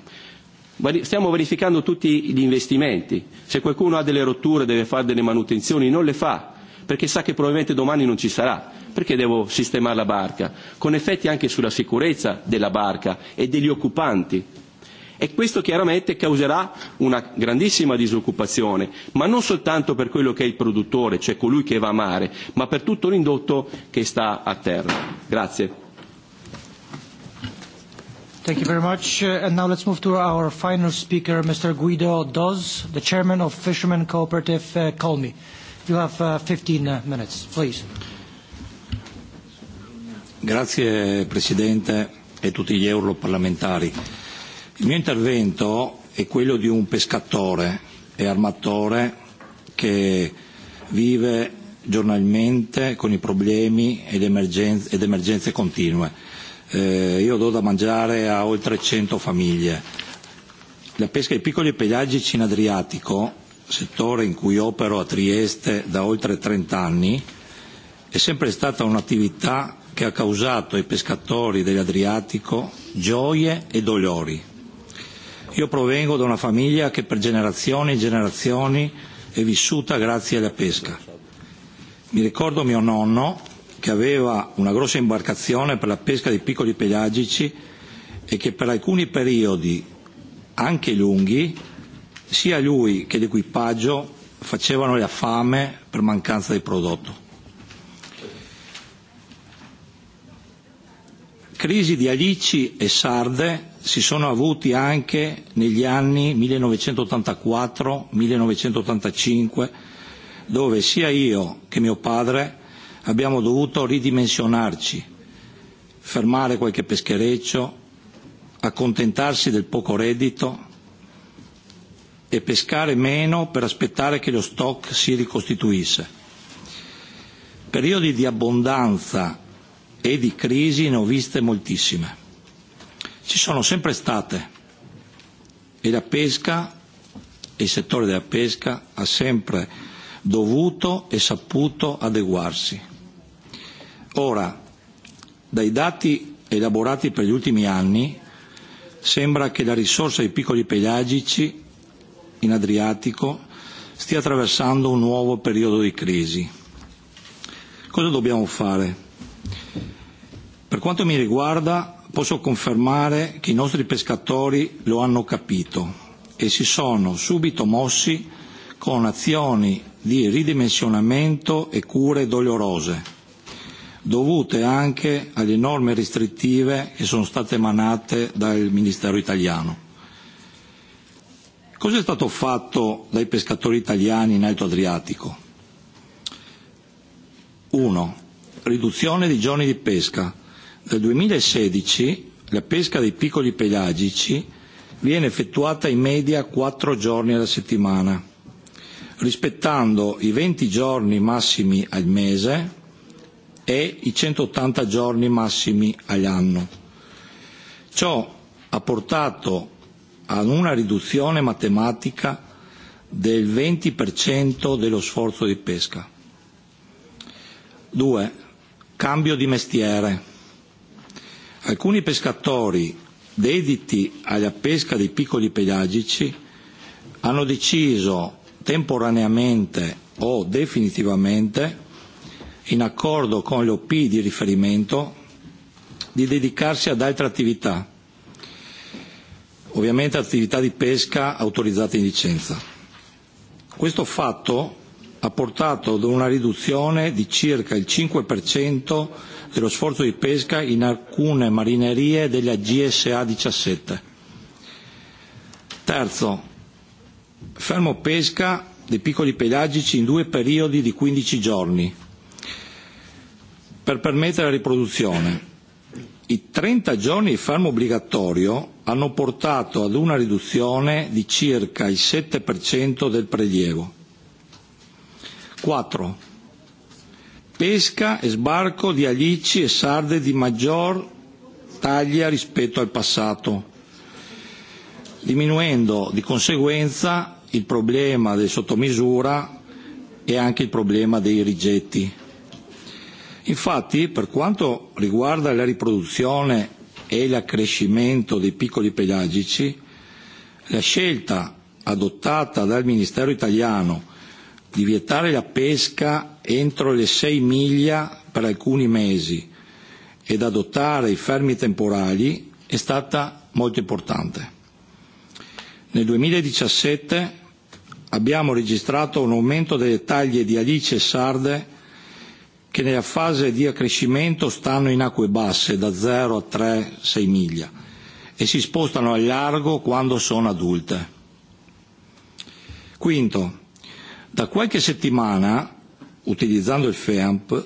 Stiamo verificando tutti gli investimenti. Se qualcuno ha delle rotture, deve fare delle manutenzioni, non le fa, perché sa che probabilmente domani non ci sarà. Perché devo sistemare la barca? Con effetti anche sulla sicurezza della barca e degli occupanti E questo chiaramente causerà una grandissima disoccupazione, ma non soltanto per quello che è il produttore, cioè colui che va a mare, ma per tutto l'indotto che sta a terra. Grazie. Thank you very much. Uh, and now let's move to our final speaker, Mr. Guido Doz, the chairman of Fishermen Cooperative uh, Colmi. You have uh, 15 uh, minutes, please. Grazie Presidente e tutti gli europarlamentari. Il mio intervento è quello di un pescatore e armatore che vive giornalmente con i problemi ed emergenze, ed emergenze continue. Eh, io do da mangiare a oltre 100 famiglie. La pesca ai piccoli pelagici in Adriatico, settore in cui opero a Trieste da oltre 30 anni, è sempre stata un'attività che ha causato ai pescatori dell'Adriatico gioie e dolori Io provengo da una famiglia che per generazioni e generazioni è vissuta grazie alla pesca. Mi ricordo mio nonno che aveva una grossa imbarcazione per la pesca dei piccoli pelagici e che per alcuni periodi, anche lunghi, sia lui che l'equipaggio facevano la fame per mancanza di prodotto. Crisi di alici e sarde si sono avuti anche negli anni 1984-1985, dove sia io che mio padre abbiamo dovuto ridimensionarci, fermare qualche peschereccio, accontentarsi del poco reddito e pescare meno per aspettare che lo stock si ricostituisse. Periodi di abbondanza e di crisi ne ho viste moltissime ci sono sempre state e la pesca, il settore della pesca ha sempre dovuto e saputo adeguarsi. Ora, dai dati elaborati per gli ultimi anni, sembra che la risorsa dei piccoli pelagici in Adriatico stia attraversando un nuovo periodo di crisi. Cosa dobbiamo fare? Per quanto mi riguarda, posso confermare che i nostri pescatori lo hanno capito e si sono subito mossi con azioni di ridimensionamento e cure dolorose, dovute anche alle norme restrittive che sono state emanate dal Ministero italiano. Cos'è stato fatto dai pescatori italiani in Alto Adriatico? 1. Riduzione di giorni di pesca Dal 2016 la pesca dei piccoli pelagici viene effettuata in media quattro giorni alla settimana, rispettando i 20 giorni massimi al mese e i 180 giorni massimi all'anno. Ciò ha portato ad una riduzione matematica del 20% dello sforzo di pesca. 2. Cambio di mestiere Alcuni pescatori dediti alla pesca dei piccoli pelagici hanno deciso temporaneamente o definitivamente, in accordo con le OP di riferimento, di dedicarsi ad altre attività, ovviamente attività di pesca autorizzate in licenza. Questo fatto ha portato ad una riduzione di circa il 5% dello sforzo di pesca in alcune marinerie della GSA 17. Terzo, fermo pesca dei piccoli pelagici in due periodi di 15 giorni per permettere la riproduzione. I 30 giorni di fermo obbligatorio hanno portato ad una riduzione di circa il 7% del prelievo. 4 pesca e sbarco di alici e sarde di maggior taglia rispetto al passato, diminuendo di conseguenza il problema del sottomisura e anche il problema dei rigetti. Infatti, per quanto riguarda la riproduzione e l'accrescimento dei piccoli pelagici, la scelta adottata dal Ministero italiano di vietare la pesca entro le 6 miglia per alcuni mesi ed adottare i fermi temporali è stata molto importante. Nel 2017 abbiamo registrato un aumento delle taglie di alice e sarde che nella fase di accrescimento stanno in acque basse da 0 a 3-6 miglia e si spostano al largo quando sono adulte. Quinto, da qualche settimana utilizzando il FEAMP,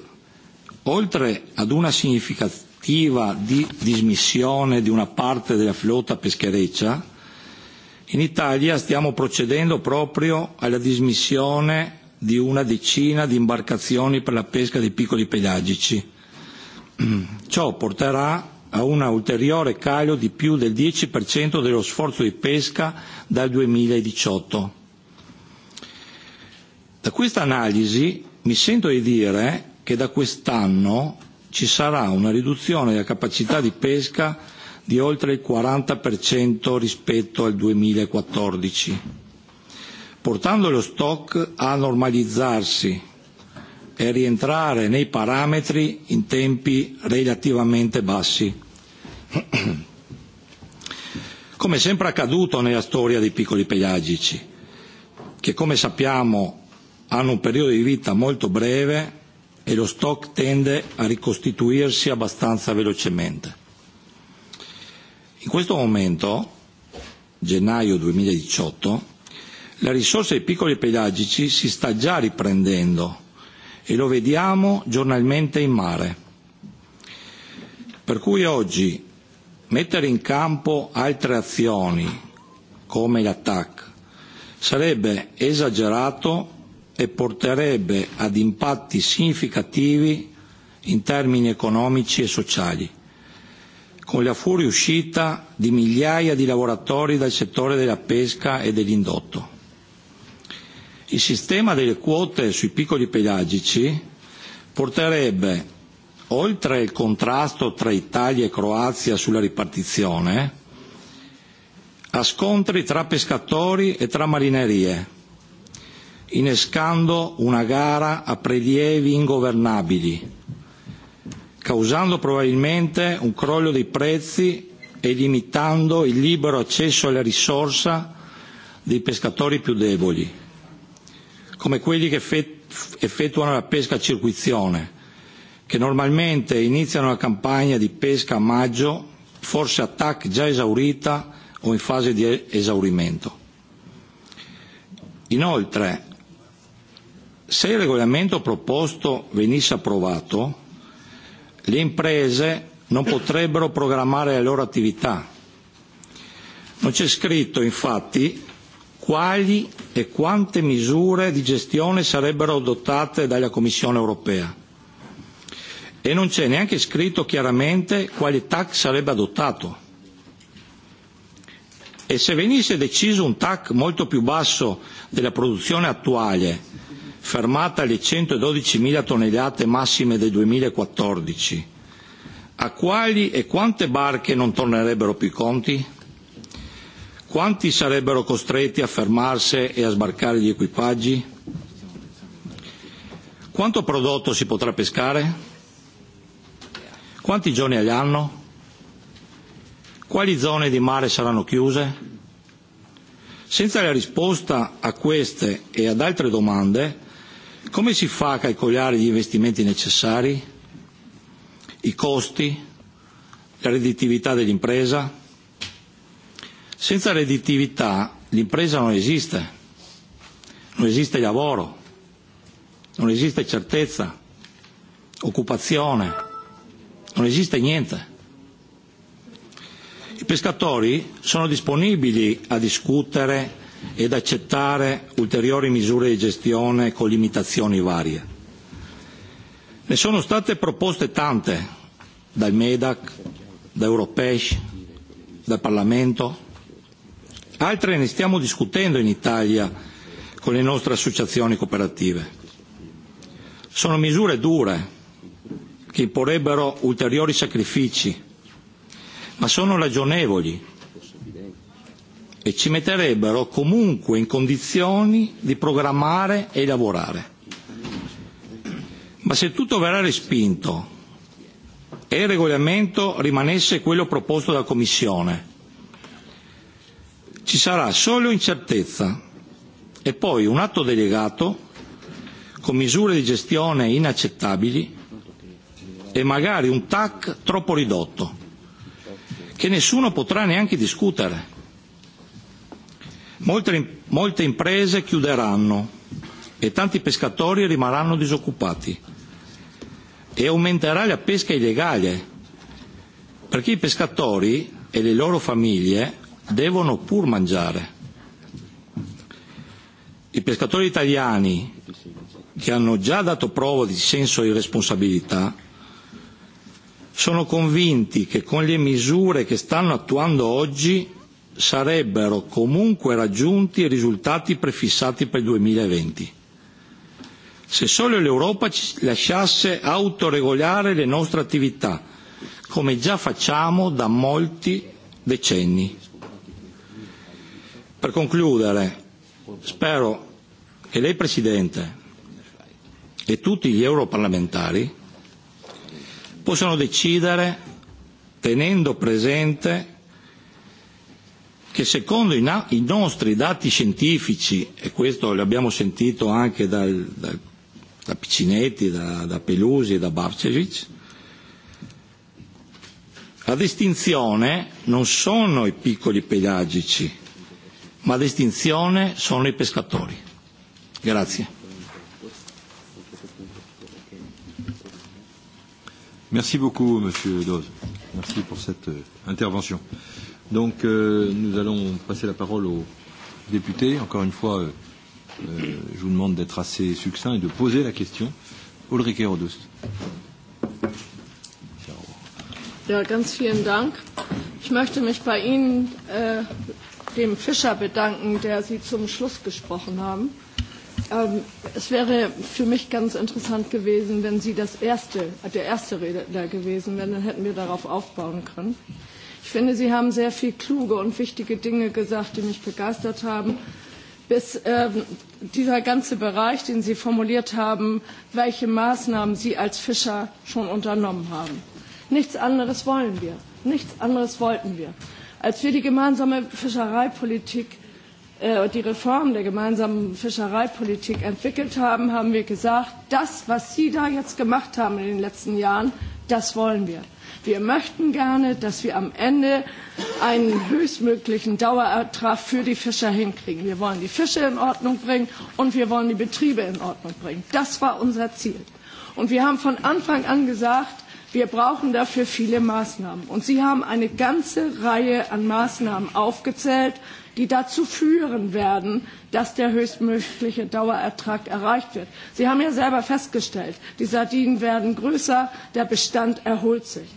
oltre ad una significativa di dismissione di una parte della flotta peschereccia, in Italia stiamo procedendo proprio alla dismissione di una decina di imbarcazioni per la pesca dei piccoli pelagici. Ciò porterà a un ulteriore calo di più del 10% dello sforzo di pesca dal 2018. Da questa analisi mi sento di dire che da quest'anno ci sarà una riduzione della capacità di pesca di oltre il 40% rispetto al 2014, portando lo stock a normalizzarsi e a rientrare nei parametri in tempi relativamente bassi. Come sempre accaduto nella storia dei piccoli pelagici, che come sappiamo hanno un periodo di vita molto breve e lo stock tende a ricostituirsi abbastanza velocemente. In questo momento, gennaio 2018, la risorsa dei piccoli pelagici si sta già riprendendo e lo vediamo giornalmente in mare. Per cui oggi mettere in campo altre azioni come l'attacco sarebbe esagerato e porterebbe ad impatti significativi in termini economici e sociali, con la fuoriuscita di migliaia di lavoratori dal settore della pesca e dell'indotto. Il sistema delle quote sui piccoli pelagici porterebbe, oltre il contrasto tra Italia e Croazia sulla ripartizione, a scontri tra pescatori e tra marinerie, innescando una gara a prelievi ingovernabili, causando probabilmente un crollo dei prezzi e limitando il libero accesso alla risorsa dei pescatori più deboli, come quelli che effettuano la pesca a circuizione, che normalmente iniziano la campagna di pesca a maggio, forse a TAC già esaurita o in fase di e-, esaurimento. Inoltre, se il regolamento proposto venisse approvato, le imprese non potrebbero programmare le loro attività. Non c'è scritto, infatti, quali e quante misure di gestione sarebbero adottate dalla Commissione europea e non c'è neanche scritto chiaramente quale TAC sarebbe adottato. E se venisse deciso un TAC molto più basso della produzione attuale fermata alle 112.000 tonnellate massime del 2014, a quali e quante barche non tornerebbero più i conti? Quanti sarebbero costretti a fermarsi e a sbarcare gli equipaggi? Quanto prodotto si potrà pescare? Quanti giorni all'anno? Quali zone di mare saranno chiuse? Senza la risposta a queste e ad altre domande, Come si fa a calcolare gli investimenti necessari, i costi, la redditività dell'impresa? Senza redditività l'impresa non esiste, non esiste lavoro, non esiste certezza, occupazione, non esiste niente. I pescatori sono disponibili a discutere ed accettare ulteriori misure di gestione con limitazioni varie. Ne sono state proposte tante dal MEDAC, da Europesh, dal Parlamento, altre ne stiamo discutendo in Italia con le nostre associazioni cooperative. Sono misure dure che imporrebbero ulteriori sacrifici, ma sono ragionevoli e ci metterebbero comunque in condizioni di programmare e lavorare. Ma se tutto verrà respinto e il regolamento rimanesse quello proposto dalla Commissione, ci sarà solo incertezza e poi un atto delegato con misure di gestione inaccettabili e magari un TAC troppo ridotto, che nessuno potrà neanche discutere Molte, molte imprese chiuderanno e tanti pescatori rimarranno disoccupati e aumenterà la pesca illegale perché i pescatori e le loro famiglie devono pur mangiare. I pescatori italiani che hanno già dato prova di senso di responsabilità sono convinti che con le misure che stanno attuando oggi sarebbero comunque raggiunti i risultati prefissati per il 2020. Se solo l'Europa ci lasciasse autoregolare le nostre attività, come già facciamo da molti decenni. Per concludere, spero che lei, Presidente, e tutti gli europarlamentari possano decidere tenendo presente che secondo i, na- i nostri dati scientifici, e questo l'abbiamo sentito anche dal, dal, da Piccinetti, da, da Pelusi e da Barcevic, la distinzione non sono i piccoli pelagici, ma la distinzione sono i pescatori. Grazie. Merci beaucoup, Monsieur Doz. Merci pour cette euh, intervention. Donc euh, nous allons passer la parole aux députés. Encore une fois, euh, euh, je vous demande d'être assez succinct et de poser la question. Ulrike Rodust. Ja, ganz vielen Dank. Ich möchte mich bei Ihnen, äh, dem Fischer, bedanken, der Sie zum Schluss gesprochen haben. Ähm, es wäre für mich ganz interessant gewesen, wenn Sie das erste, der erste Redner gewesen wären, dann hätten wir darauf aufbauen können. Ich finde, Sie haben sehr viel kluge und wichtige Dinge gesagt, die mich begeistert haben. Bis äh, dieser ganze Bereich, den Sie formuliert haben, welche Maßnahmen Sie als Fischer schon unternommen haben. Nichts anderes wollen wir. Nichts anderes wollten wir. Als wir die gemeinsame Fischereipolitik und äh, die Reform der gemeinsamen Fischereipolitik entwickelt haben, haben wir gesagt, das, was Sie da jetzt gemacht haben in den letzten Jahren, das wollen wir. Wir möchten gerne, dass wir am Ende einen höchstmöglichen Dauerertrag für die Fischer hinkriegen. Wir wollen die Fische in Ordnung bringen und wir wollen die Betriebe in Ordnung bringen. Das war unser Ziel. Und wir haben von Anfang an gesagt, Wir brauchen dafür viele Maßnahmen. Und Sie haben eine ganze Reihe an Maßnahmen aufgezählt, die dazu führen werden, dass der höchstmögliche Dauerertrag erreicht wird. Sie haben ja selber festgestellt, die Sardinen werden größer, der Bestand erholt sich.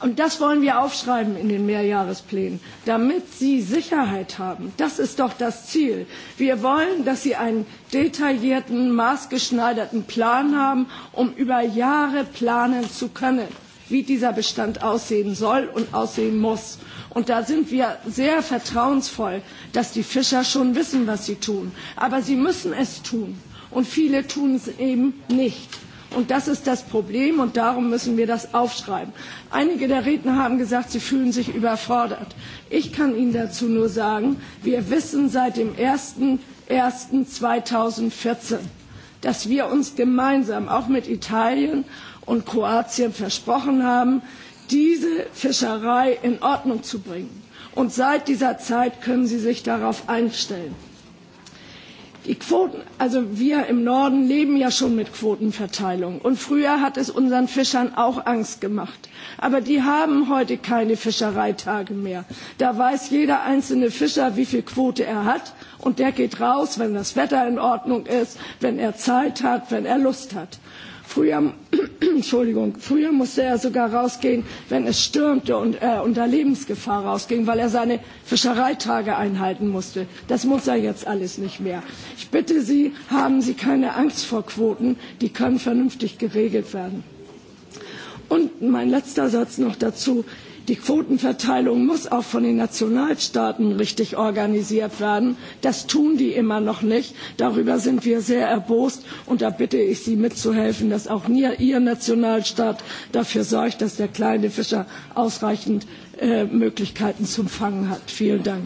Und das wollen wir aufschreiben in den Mehrjahresplänen, damit Sie Sicherheit haben. Das ist doch das Ziel. Wir wollen, dass Sie einen detaillierten, maßgeschneiderten Plan haben, um über Jahre planen zu können, wie dieser Bestand aussehen soll und aussehen muss. Und da sind wir sehr vertrauensvoll, dass die Fischer schon wissen, was sie tun. Aber sie müssen es tun. Und viele tun es eben nicht. Und das ist das Problem und darum müssen wir das aufschreiben. Einige der Redner haben gesagt, sie fühlen sich überfordert. Ich kann Ihnen dazu nur sagen, wir wissen seit dem 01.01.2014, dass wir uns gemeinsam auch mit Italien und Kroatien versprochen haben, diese Fischerei in Ordnung zu bringen. Und seit dieser Zeit können Sie sich darauf einstellen. Die Quoten, also wir im Norden leben ja schon mit Quotenverteilung. Und früher hat es unseren Fischern auch Angst gemacht. Aber die haben heute keine Fischereitage mehr. Da weiß jeder einzelne Fischer, wie viel Quote er hat. Und der geht raus, wenn das Wetter in Ordnung ist, wenn er Zeit hat, wenn er Lust hat. Früher, Entschuldigung, früher musste er sogar rausgehen, wenn es stürmte und er unter Lebensgefahr rausging, weil er seine Fischereitage einhalten musste. Das muss er jetzt alles nicht mehr. Ich bitte Sie, haben Sie keine Angst vor Quoten. Die können vernünftig geregelt werden. Und mein letzter Satz noch dazu. Die Quotenverteilung muss auch von den Nationalstaaten richtig organisiert werden. Das tun die immer noch nicht. Darüber sind wir sehr erbost und da bitte ich Sie mitzuhelfen, dass auch Ihr Nationalstaat dafür sorgt, dass der kleine Fischer ausreichend äh, Möglichkeiten zum Fangen hat. Vielen Dank.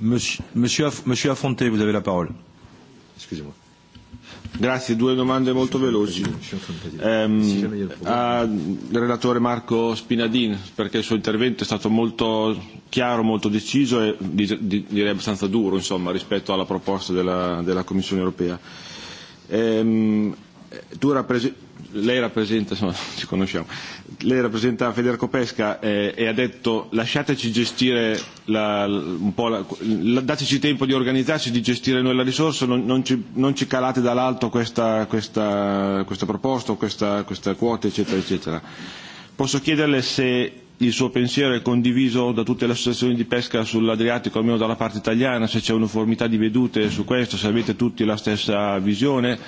Monsieur, Monsieur vous avez la parole. Excusez-moi. Grazie, due domande molto veloci. Ehm, al relatore Marco Spinadin, perché il suo intervento è stato molto chiaro, molto deciso e direi abbastanza duro insomma, rispetto alla proposta della, della Commissione europea. Ehm, tu rappresenti lei rappresenta, insomma, ci conosciamo, lei rappresenta Federcopesca eh, e ha detto lasciateci gestire la, un po' la, la, dateci tempo di organizzarci, di gestire noi la risorsa, non, non, ci, non ci calate dall'alto questa, questa, questa proposta, questa, questa quota, eccetera, eccetera. Posso chiederle se il suo pensiero è condiviso da tutte le associazioni di pesca sull'Adriatico, almeno dalla parte italiana, se c'è uniformità di vedute su questo, se avete tutti la stessa visione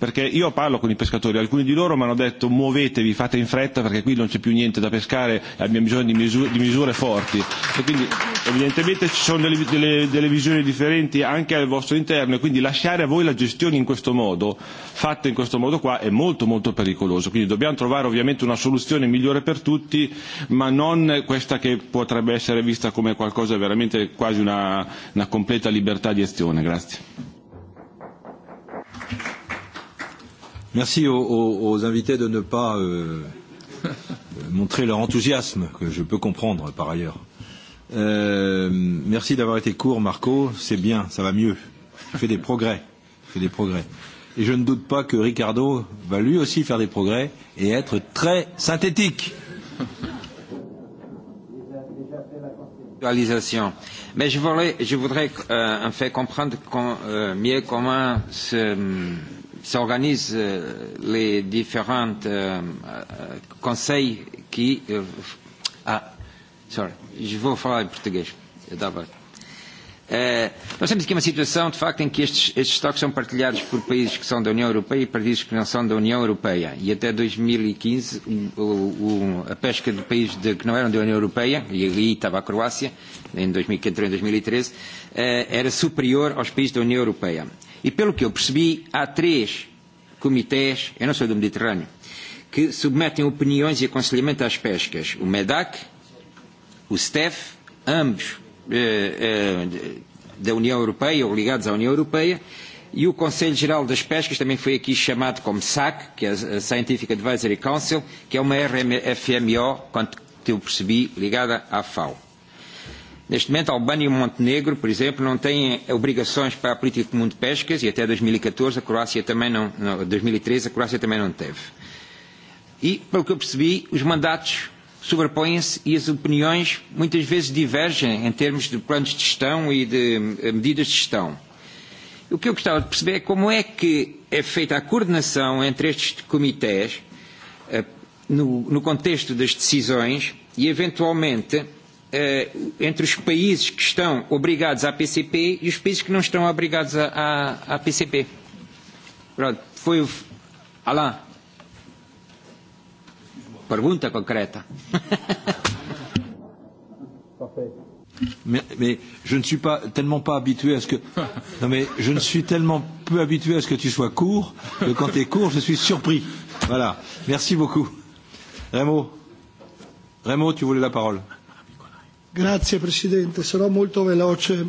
perché io parlo con i pescatori, alcuni di loro mi hanno detto muovetevi, fate in fretta perché qui non c'è più niente da pescare e abbiamo bisogno di, misure, di misure forti. E quindi evidentemente ci sono delle, delle, delle visioni differenti anche al vostro interno e quindi lasciare a voi la gestione in questo modo, fatta in questo modo qua, è molto molto pericoloso. Quindi dobbiamo trovare ovviamente una soluzione migliore per tutti, ma non questa che potrebbe essere vista come qualcosa veramente quasi una, una completa libertà di azione. Grazie. Merci aux, aux, aux invités de ne pas euh, euh, montrer leur enthousiasme, que je peux comprendre par ailleurs. Euh, merci d'avoir été court, Marco. C'est bien, ça va mieux. Tu fais des progrès. Tu fais des progrès. Et je ne doute pas que Ricardo va lui aussi faire des progrès et être très synthétique. Réalisation. Mais je voudrais, je voudrais euh, en fait comprendre com, euh, mieux comment ce, euh, s'organisent euh, les différents euh, euh, conseils qui... Euh, ah, sorry, je vais falar em português. Eu estava... nós temos aqui uma situação, de facto, em que estes, estes estoques são partilhados por países que são da União Europeia e países que não são da União Europeia. E até 2015, e um, o, o, a pesca de países de, que não eram da União Europeia, e ali estava a Croácia, em 2000, que entrou em 2013, uh, e eh, era superior aos países da União Europeia. E pelo que eu percebi, há três comitês, eu não sou do Mediterrâneo, que submetem opiniões e aconselhamento às pescas. O MEDAC, o STEF, ambos eh, eh, da União Europeia, ou ligados à União Europeia, e o Conselho Geral das Pescas também foi aqui chamado como SAC, que é a Scientific Advisory Council, que é uma RFMO, quanto eu percebi, ligada à FAO. Neste momento, a Albânia e o Montenegro, por exemplo, não têm eh, obrigações para a política comum de pescas e até 2014 e a Croácia também não, não 2013 e a Croácia também não teve. E, pelo que eu percebi, os mandatos sobrepõem-se e as opiniões muitas vezes divergem em termos de planos de gestão e de eh, medidas de gestão. O que eu gostava de perceber é como é que é feita a coordenação entre estes comitês eh, no, no contexto das decisões e, eventualmente, Eh, entre os países que estão obrigados à PCP e os países que não estão obrigados à, à, à PCP. Pronto, foi o... Alain. Pergunta concreta. mais, mais je ne suis pas tellement pas habitué à ce que non mais je ne suis tellement peu habitué à ce que tu sois court que quand tu es court je suis surpris. Voilà. Merci beaucoup. Raymond. Raymond, tu voulais la parole. Grazie Presidente, sarò molto veloce.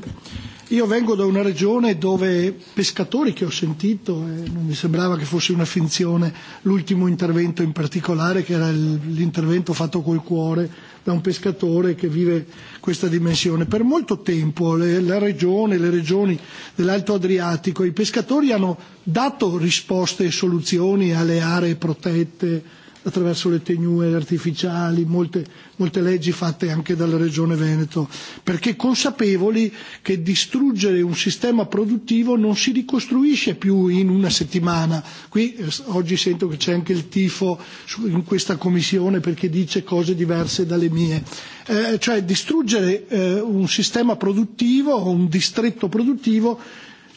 Io vengo da una regione dove pescatori che ho sentito, e eh, non mi sembrava che fosse una finzione, l'ultimo intervento in particolare, che era l'intervento fatto col cuore da un pescatore che vive questa dimensione. Per molto tempo le, la regione, le regioni dell'Alto Adriatico, i pescatori hanno dato risposte e soluzioni alle aree protette, attraverso le tenue artificiali, molte, molte leggi fatte anche dalla Regione Veneto, perché consapevoli che distruggere un sistema produttivo non si ricostruisce più in una settimana. Qui eh, oggi sento che c'è anche il tifo in questa commissione perché dice cose diverse dalle mie. Eh, cioè distruggere eh, un sistema produttivo, un distretto produttivo,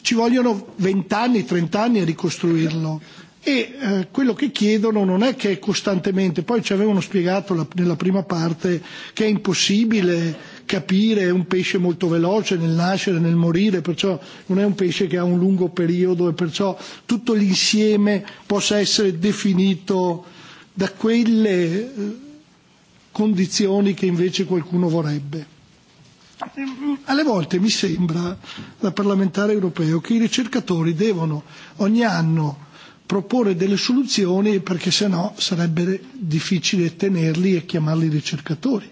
ci vogliono vent'anni, trent'anni a ricostruirlo e eh, quello che chiedono non è che costantemente, poi ci avevano spiegato la, nella prima parte che è impossibile capire, è un pesce molto veloce nel nascere, nel morire, perciò non è un pesce che ha un lungo periodo e perciò tutto l'insieme possa essere definito da quelle eh, condizioni che invece qualcuno vorrebbe. Alle volte mi sembra, da parlamentare europeo, che i ricercatori devono ogni anno proporre delle soluzioni perché sennò sarebbe difficile tenerli e chiamarli ricercatori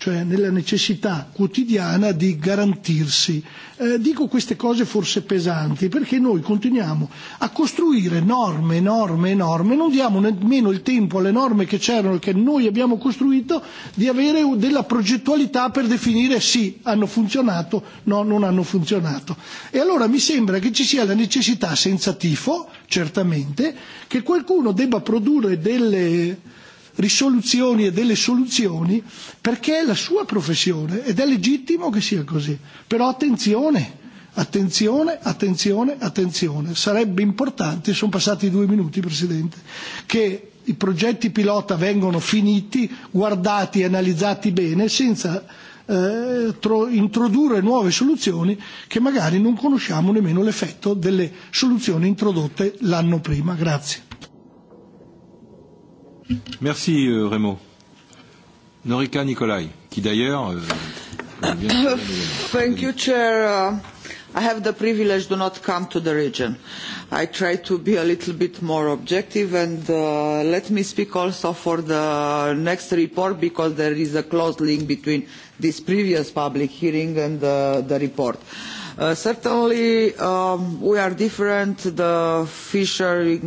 cioè nella necessità quotidiana di garantirsi. Eh, dico queste cose forse pesanti perché noi continuiamo a costruire norme, norme, norme, non diamo nemmeno il tempo alle norme che c'erano e che noi abbiamo costruito di avere della progettualità per definire sì, hanno funzionato, no, non hanno funzionato. E allora mi sembra che ci sia la necessità senza tifo, certamente, che qualcuno debba produrre delle risoluzioni e delle soluzioni perché è la sua professione ed è legittimo che sia così. Però attenzione, attenzione, attenzione, attenzione. Sarebbe importante, sono passati due minuti Presidente, che i progetti pilota vengano finiti, guardati e analizzati bene senza eh, introdurre nuove soluzioni che magari non conosciamo nemmeno l'effetto delle soluzioni introdotte l'anno prima. Grazie. Merci euh, Raymond. Norika Nicolai, qui d'ailleurs. Euh, Thank you, Chair. Uh, I have the privilege to not come to the region. I try to be a little bit more objective and uh, let me speak also for the next report because there is a close link between this previous public hearing and uh, the report. Uh, Uh, certainly, um, we are different. The fishery,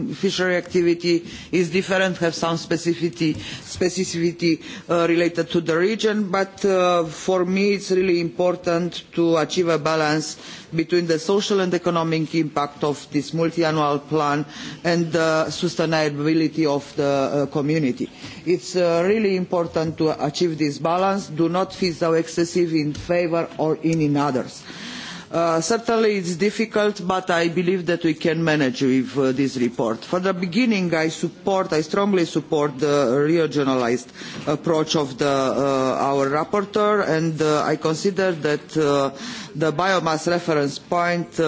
activity is different, has some specificity, uh, related to the region, but uh, for me it's really important to achieve a balance between the social and economic impact of this multiannual plan and the sustainability of the community. It's uh, really important to achieve this balance. Do not feel so excessive in favour or in, others. Uh, certainly it is difficult but i believe that we can manage with uh, this report. from the beginning i support i strongly support the regionalised approach of uh, our rapporteur and i consider that the biomass reference point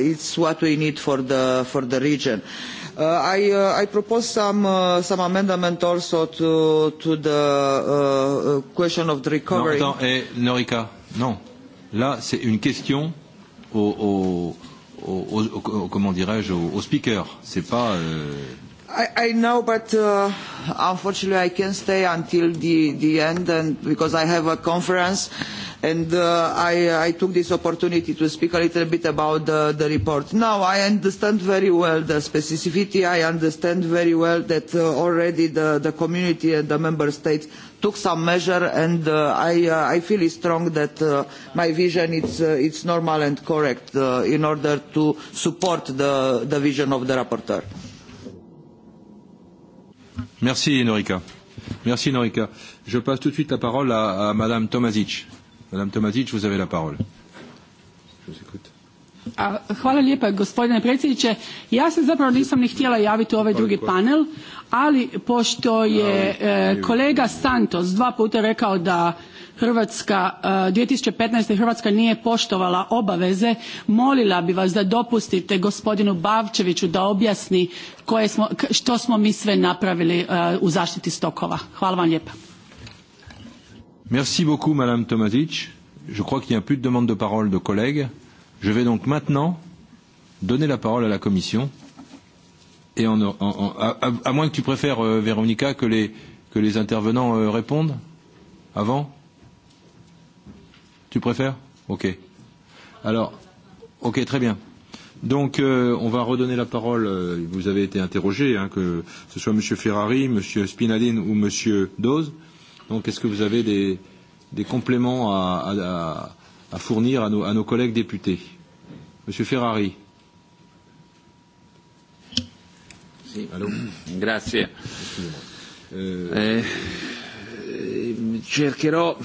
is what we need for the, region. I, propose some, amendments also to, the question of the recovery. Eh, au, au, au, au comment dirais-je, au, au speaker. C'est pas euh, I, I know, but uh, unfortunately I can't stay until the, the end and because I have a conference and uh, I, I took this opportunity to speak a little bit about the, the report. Now, I understand very well the specificity. I understand very well that uh, already the, the community and the member states took some measure and uh, I, uh, I feel strong that uh, my vision is uh, it's normal and correct uh, in order to support the, the vision of the rapporteur. Merci Enrica. Merci Enrica. Je passe tout de suite la parole à, à Madame Tomazic. Madame Tomazic, vous avez la parole. Je vous écoute. A, hvala lijepa gospodine predsjedniče. Ja se zapravo nisam ni htjela javiti u ovaj drugi panel, ali pošto je e, kolega Santos dva puta rekao da Hrvatska 2015. E, Hrvatska nije poštovala obaveze, molila bi vas da dopustite gospodinu Bavčeviću da objasni koje smo, što mi sve napravili e, u zaštiti stokova. Hvala vam lijepa. Merci beaucoup, Madame Tomazic. Je crois qu'il n'y a plus de demande de parole de collègues. Je vais donc maintenant donner la parole à la Commission. Et en, en, en, à, à, à moins que tu préfères, euh, Véronica, que les, que les intervenants euh, répondent avant Tu préfères Ok. Alors, ok, très bien. Donc, euh, on va redonner la parole. Euh, vous avez été interrogé, hein, que ce soit M. Ferrari, M. Spinadine ou M. Dose. Donc, est-ce que vous avez des, des compléments à, à, à fournir à nos, à nos collègues députés M. Ferrari. Sì. Allô. Grazie. Euh, eh, eh, cercherò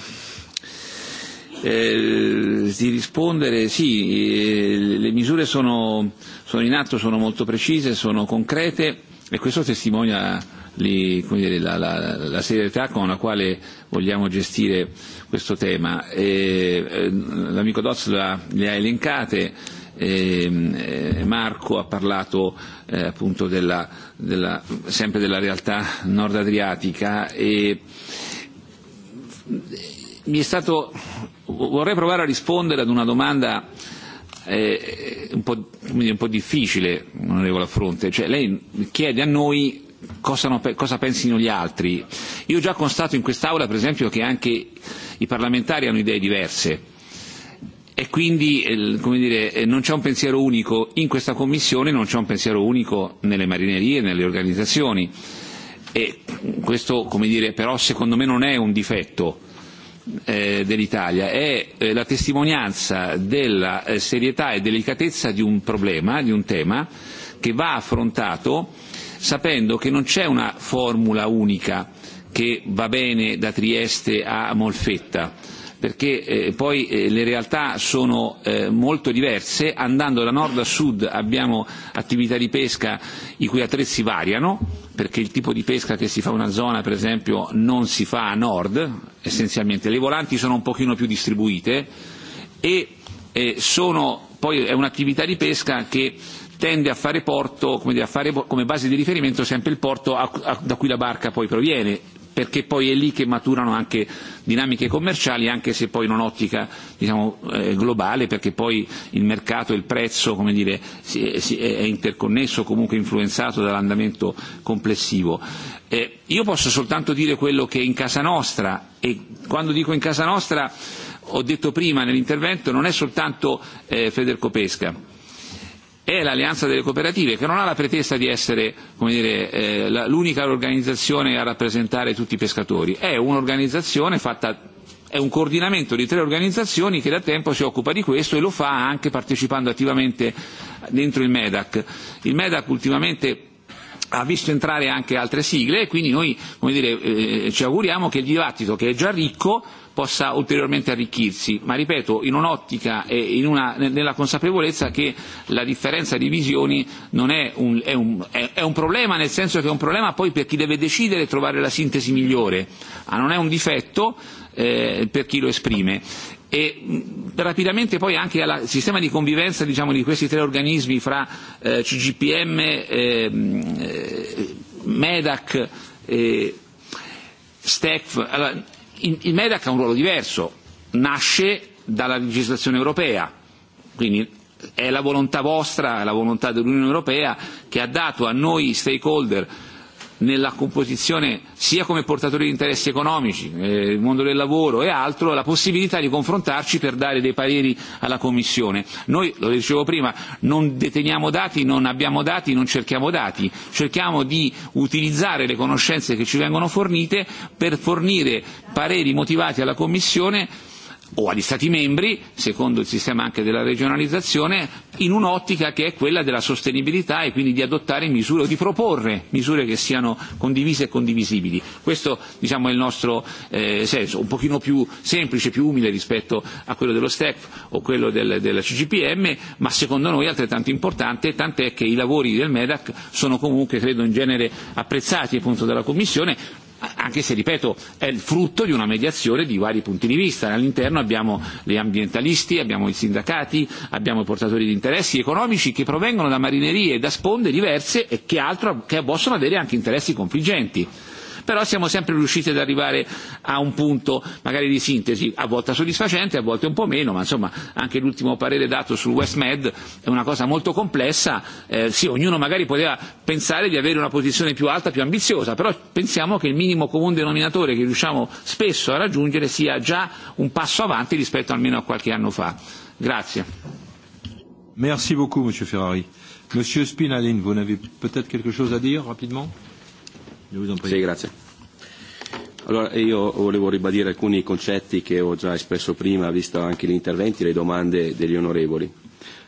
eh, di rispondere, sì, eh, le misure sono, sono in atto, sono molto precise, sono concrete e questo testimonia li, come dire, la, la, la serietà con la quale vogliamo gestire questo tema. E, eh, l'amico Doz la, le ha elencate, ehm, eh, Marco ha parlato eh, appunto della, della, sempre della realtà nord adriatica e mi è stato, vorrei provare a rispondere ad una domanda eh, un, po', un po' difficile, onorevole Affronte. Cioè, lei chiede a noi cosa, cosa pensino gli altri. Io già constato in quest'Aula, per esempio, che anche i parlamentari hanno idee diverse e quindi eh, come dire, eh, non c'è un pensiero unico in questa Commissione, non c'è un pensiero unico nelle marinerie, nelle organizzazioni. E questo come dire, però secondo me non è un difetto eh, dell'Italia è eh, la testimonianza della eh, serietà e delicatezza di un problema, di un tema che va affrontato sapendo che non c'è una formula unica che va bene da Trieste a Molfetta perché eh, poi eh, le realtà sono eh, molto diverse, andando da nord a sud abbiamo attività di pesca i cui attrezzi variano, perché il tipo di pesca che si fa in una zona per esempio non si fa a nord essenzialmente, le volanti sono un pochino più distribuite e eh, sono, poi è un'attività di pesca che tende a fare porto, come, dire, a fare come base di riferimento sempre il porto a, a, da cui la barca poi proviene, perché poi è lì che maturano anche dinamiche commerciali, anche se poi in un'ottica diciamo, eh, globale, perché poi il mercato e il prezzo come dire, si, eh, si, eh, è interconnesso, comunque influenzato dall'andamento complessivo. Eh, io posso soltanto dire quello che è in casa nostra e quando dico in casa nostra ho detto prima nell'intervento non è soltanto eh, Pesca è l'alleanza delle cooperative che non ha la pretesa di essere come dire, eh, la, l'unica organizzazione a rappresentare tutti i pescatori, è un'organizzazione fatta è un coordinamento di tre organizzazioni che da tempo si occupa di questo e lo fa anche partecipando attivamente dentro il MEDAC. Il MEDAC ultimamente ha visto entrare anche altre sigle e quindi noi come dire, eh, ci auguriamo che il dibattito che è già ricco possa ulteriormente arricchirsi, ma ripeto in un'ottica e in una, nella consapevolezza che la differenza di visioni non è un, è, un, è, è un problema, nel senso che è un problema poi per chi deve decidere e trovare la sintesi migliore, ma non è un difetto eh, per chi lo esprime e mh, rapidamente poi anche al sistema di convivenza diciamo, di questi tre organismi fra eh, CGPM, eh, eh, MEDAC, eh, STECF. Allora, il MEDAC ha un ruolo diverso, nasce dalla legislazione europea, quindi è la volontà vostra, è la volontà dell'Unione Europea che ha dato a noi stakeholder nella composizione sia come portatori di interessi economici, eh, il mondo del lavoro e altro, la possibilità di confrontarci per dare dei pareri alla Commissione. Noi, lo dicevo prima, non deteniamo dati, non abbiamo dati, non cerchiamo dati, cerchiamo di utilizzare le conoscenze che ci vengono fornite per fornire pareri motivati alla Commissione o agli Stati membri, secondo il sistema anche della regionalizzazione, in un'ottica che è quella della sostenibilità e quindi di adottare misure o di proporre misure che siano condivise e condivisibili. Questo diciamo, è il nostro eh, senso, un pochino più semplice, più umile rispetto a quello dello STEP o quello del, della CGPM, ma secondo noi altrettanto importante, tant'è che i lavori del MEDAC sono comunque, credo, in genere apprezzati appunto dalla Commissione, anche se ripeto è il frutto di una mediazione di vari punti di vista. All'interno abbiamo gli ambientalisti, abbiamo i sindacati, abbiamo i portatori di interessi economici che provengono da marinerie e da sponde diverse e che, altro, che possono avere anche interessi confliggenti però siamo sempre riusciti ad arrivare a un punto magari di sintesi, a volte soddisfacente, a volte un po' meno, ma insomma anche l'ultimo parere dato sul West Med è una cosa molto complessa, eh, sì, ognuno magari poteva pensare di avere una posizione più alta, più ambiziosa, però pensiamo che il minimo comune denominatore che riusciamo spesso a raggiungere sia già un passo avanti rispetto almeno a qualche anno fa. Grazie. Merci beaucoup, Monsieur Ferrari. Monsieur Spinalin, vous n'avez peut-être quelque chose à dire rapidement Sì, grazie. Allora, io volevo ribadire alcuni concetti che ho già espresso prima, visto anche gli interventi e le domande degli onorevoli.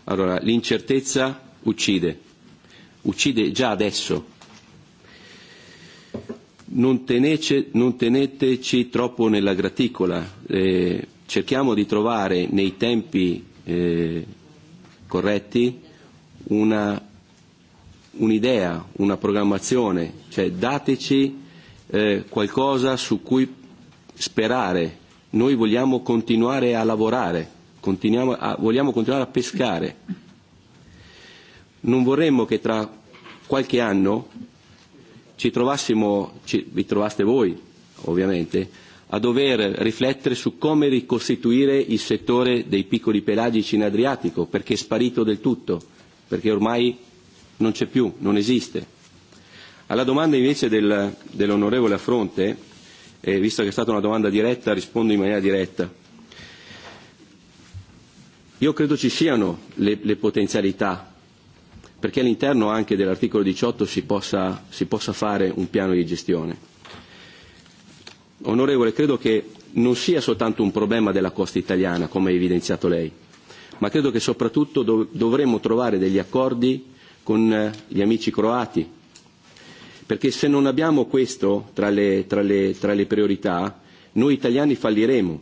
Allora, l'incertezza uccide, uccide già adesso. Non, tenece, non teneteci troppo nella graticola, eh, cerchiamo di trovare nei tempi eh, corretti una un'idea, una programmazione, cioè dateci eh, qualcosa su cui sperare. Noi vogliamo continuare a lavorare, continuiamo a, vogliamo continuare a pescare. Non vorremmo che tra qualche anno ci trovassimo, ci, vi trovaste voi ovviamente, a dover riflettere su come ricostituire il settore dei piccoli pelagici in Adriatico, perché è sparito del tutto, perché ormai non c'è più, non esiste. Alla domanda invece del, dell'onorevole Affronte, eh, visto che è stata una domanda diretta, rispondo in maniera diretta. Io credo ci siano le, le potenzialità, perché all'interno anche dell'articolo 18 si possa, si possa fare un piano di gestione. Onorevole, credo che non sia soltanto un problema della costa italiana, come ha evidenziato lei, ma credo che soprattutto dov- dovremmo trovare degli accordi con eh, gli amici croati. Perché se non abbiamo questo tra le, tra le, tra le priorità, noi italiani falliremo,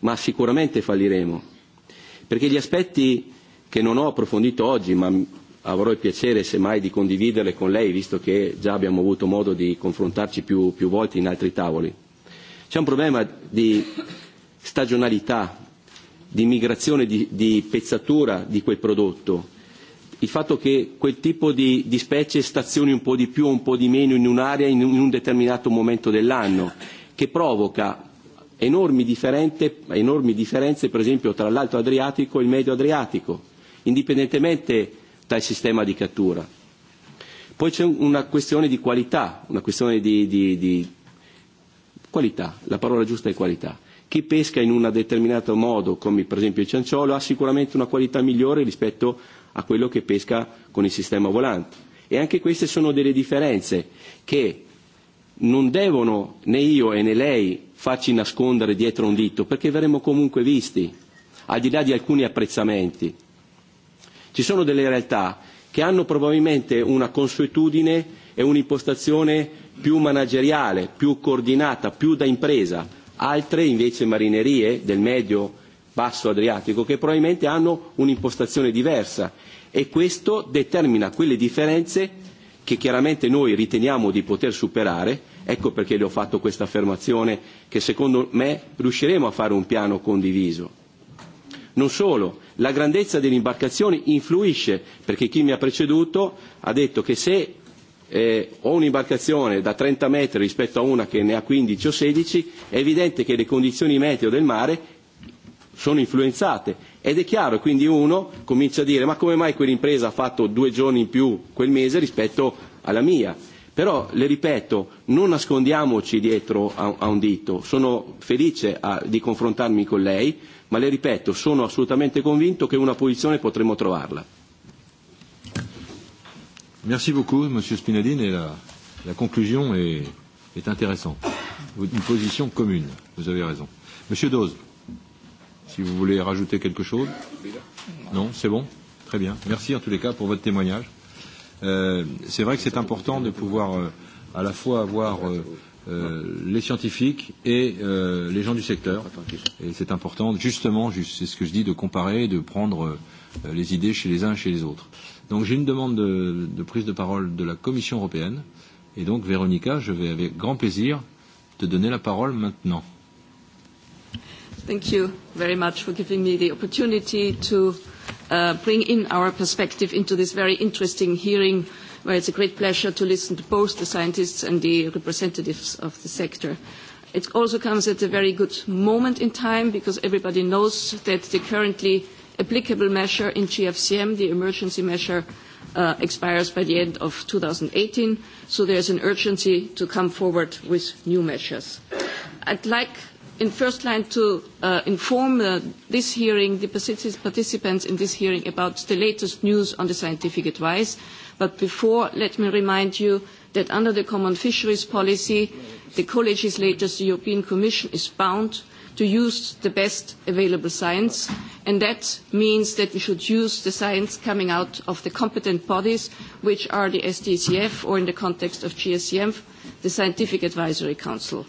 ma sicuramente falliremo. Perché gli aspetti che non ho approfondito oggi, ma avrò il piacere semmai di condividerle con lei, visto che già abbiamo avuto modo di confrontarci più, più volte in altri tavoli. C'è un problema di stagionalità, di migrazione, di, di pezzatura di quel prodotto il fatto che quel tipo di, di specie stazioni un po' di più o un po' di meno in un'area in un determinato momento dell'anno, che provoca enormi, enormi differenze per esempio tra l'Alto Adriatico e il Medio Adriatico, indipendentemente dal sistema di cattura. Poi c'è una questione di qualità, una questione di, di, di qualità, la parola giusta è qualità. Chi pesca in un determinato modo, come per esempio il cianciolo, ha sicuramente una qualità migliore rispetto a quello che pesca con il sistema volante. E anche queste sono delle differenze che non devono né io e né lei farci nascondere dietro un dito, perché verremo comunque visti, al di là di alcuni apprezzamenti. Ci sono delle realtà che hanno probabilmente una consuetudine e un'impostazione più manageriale, più coordinata, più da impresa, altre invece marinerie del medio basso adriatico che probabilmente hanno un'impostazione diversa e questo determina quelle differenze che chiaramente noi riteniamo di poter superare, ecco perché le ho fatto questa affermazione che secondo me riusciremo a fare un piano condiviso. Non solo, la grandezza delle imbarcazioni influisce, perché chi mi ha preceduto ha detto che se eh, ho un'imbarcazione da 30 metri rispetto a una che ne ha 15 o 16, è evidente che le condizioni meteo del mare sono influenzate ed è chiaro, quindi uno comincia a dire ma come mai quell'impresa ha fatto due giorni in più quel mese rispetto alla mia? Però, le ripeto, non nascondiamoci dietro a, un dito, sono felice a, di confrontarmi con lei, ma le ripeto, sono assolutamente convinto che una posizione potremo trovarla. Merci beaucoup, Monsieur Spinadine, et la, la conclusion est, est intéressante. Une position commune, vous avez raison. Monsieur Dose. Si vous voulez rajouter quelque chose Non, c'est bon Très bien. Merci en tous les cas pour votre témoignage. Euh, c'est vrai que c'est important de pouvoir euh, à la fois avoir euh, euh, les scientifiques et euh, les gens du secteur. Et c'est important, justement, c'est ce que je dis, de comparer, de prendre euh, les idées chez les uns et chez les autres. Donc j'ai une demande de, de prise de parole de la Commission européenne. Et donc, Véronica, je vais avec grand plaisir te donner la parole maintenant. Thank you very much for giving me the opportunity to uh, bring in our perspective into this very interesting hearing where it's a great pleasure to listen to both the scientists and the representatives of the sector. It also comes at a very good moment in time because everybody knows that the currently applicable measure in GFCM, the emergency measure, uh, expires by the end of 2018, so there's an urgency to come forward with new measures. I'd like in first line to uh, inform uh, this hearing, the participants in this hearing about the latest news on the scientific advice. But before, let me remind you that under the Common Fisheries Policy, the co-legislators, the European Commission, is bound to use the best available science, and that means that we should use the science coming out of the competent bodies, which are the SDCF or in the context of GSCM, the Scientific Advisory Council.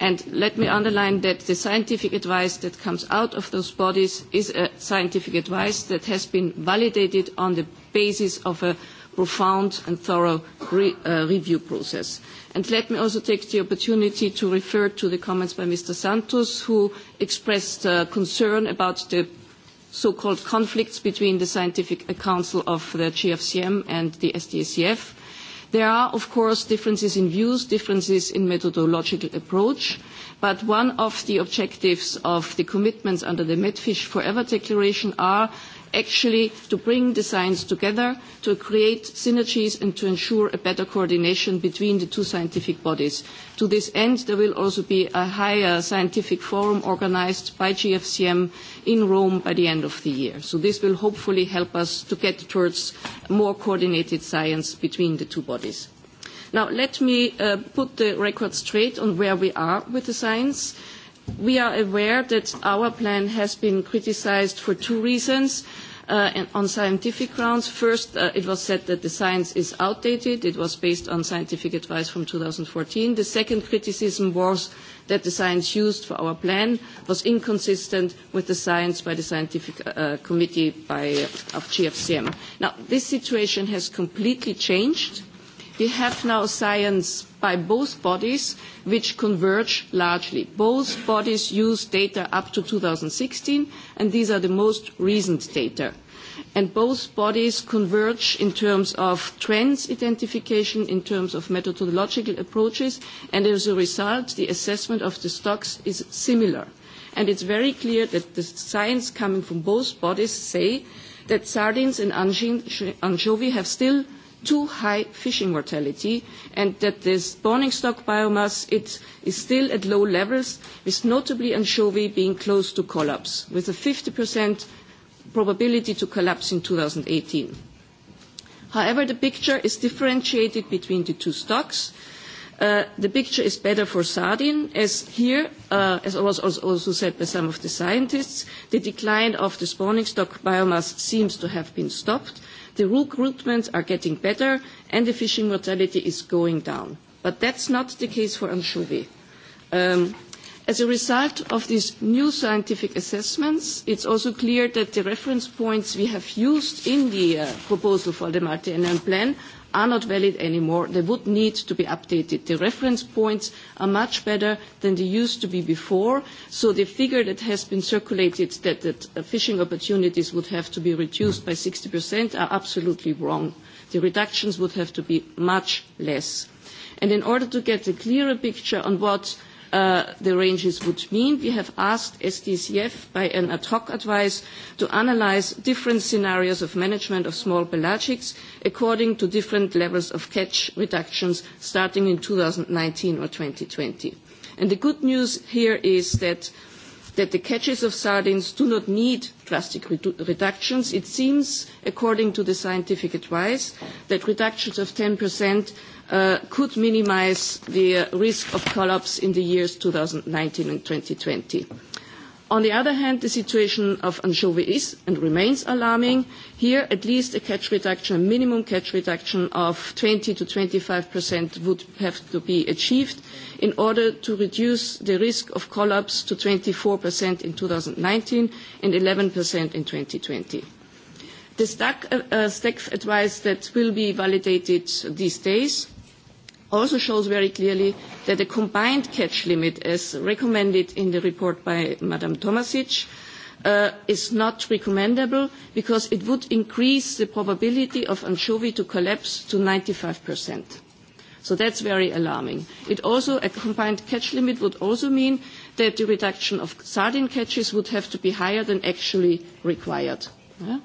And let me underline that the scientific advice that comes out of those bodies is a scientific advice that has been validated on the basis of a profound and thorough re, uh, review process. And let me also take the opportunity to refer to the comments by Mr. Santos, who expressed uh, concern about the so-called conflicts between the Scientific Council of the GFCM and the SDSCF. E There are, of course, differences in views, differences in methodological approach, but one of the objectives of the commitments under the Medfish Forever Declaration are actually to bring the science together, to create synergies and to ensure a better coordination between the two scientific bodies. To this end, there will also be a higher scientific forum organized by GFCM in Rome by the end of the year. So this will hopefully help us to get towards more coordinated science between the two bodies. Now let me uh, put the record straight on where we are with the science. We are aware that our plan has been criticized for two reasons. Uh, on scientific grounds. First, uh, it was said that the science is outdated. It was based on scientific advice from 2014. The second criticism was that the science used for our plan was inconsistent with the science by the scientific uh, uh committee by, uh, of GFCM. Now, this situation has completely changed. We have now science by both bodies which converge largely. Both bodies use data up to 2016 and these are the most recent data. And both bodies converge in terms of trends identification, in terms of methodological approaches, and as a result, the assessment of the stocks is similar. And it's very clear that the science coming from both bodies say that sardines and anchovy have still too high fishing mortality and that the spawning stock biomass it is still at low levels, with notably anchovy being close to collapse, with a 50% probability to collapse in 2018. However, the picture is differentiated between the two stocks. Uh, the picture is better for sardine, as here, uh, as was also said by some of the scientists, the decline of the spawning stock biomass seems to have been stopped, The recruitments are getting better and the fishing mortality is going down. But that's not the case for anchovy. Um, as a result of these new scientific assessments, it's also clear that the reference points we have used in the uh, proposal for the multi-annual plan are not valid anymore. They would need to be updated. The reference points are much better than they used to be before. So the figure that has been circulated that, that fishing uh, opportunities would have to be reduced by 60% are absolutely wrong. The reductions would have to be much less. And in order to get a clearer picture on what Uh, the ranges would mean. We have asked SDCF by an ad hoc advice to analyze different scenarios of management of small pelagics according to different levels of catch reductions starting in 2019 or 2020. And the good news here is that that the catches of sardines do not need drastic redu reductions. It seems, according to the scientific advice, that reductions of 10% Uh, could minimize the uh, risk of collapse in the years 2019 and 2020. On the other hand, the situation of anchovy is and remains alarming. Here, at least a catch reduction, a minimum catch reduction of 20 to 25 percent would have to be achieved in order to reduce the risk of collapse to 24 percent in 2019 and 11 percent in 2020. The STAC, uh, uh STAC advice that will be validated these days also shows very clearly that a combined catch limit, as recommended in the report by Madam Tomasic, uh, is not recommendable because it would increase the probability of anchovy to collapse to 95%. So that's very alarming. It also, a combined catch limit would also mean that the reduction of sardine catches would have to be higher than actually required. Yeah?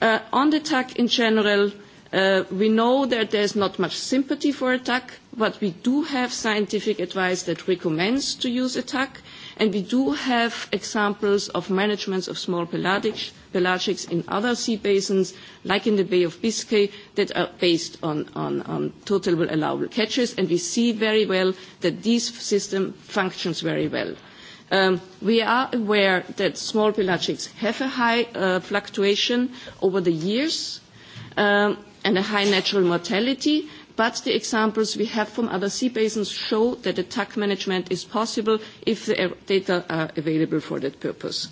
Uh, on the TAC in general, Uh, we know that there's not much sympathy for attack, but we do have scientific advice that recommends to use attack, and we do have examples of managements of small pelagic, pelagics in other sea basins, like in the Bay of Biscay, that are based on, on, on total allowable catches, and we see very well that this system functions very well. Um, we are aware that small pelagics have a high uh, fluctuation over the years, um, and a high natural mortality, but the examples we have from other sea basins show that attack management is possible if the data are available for that purpose.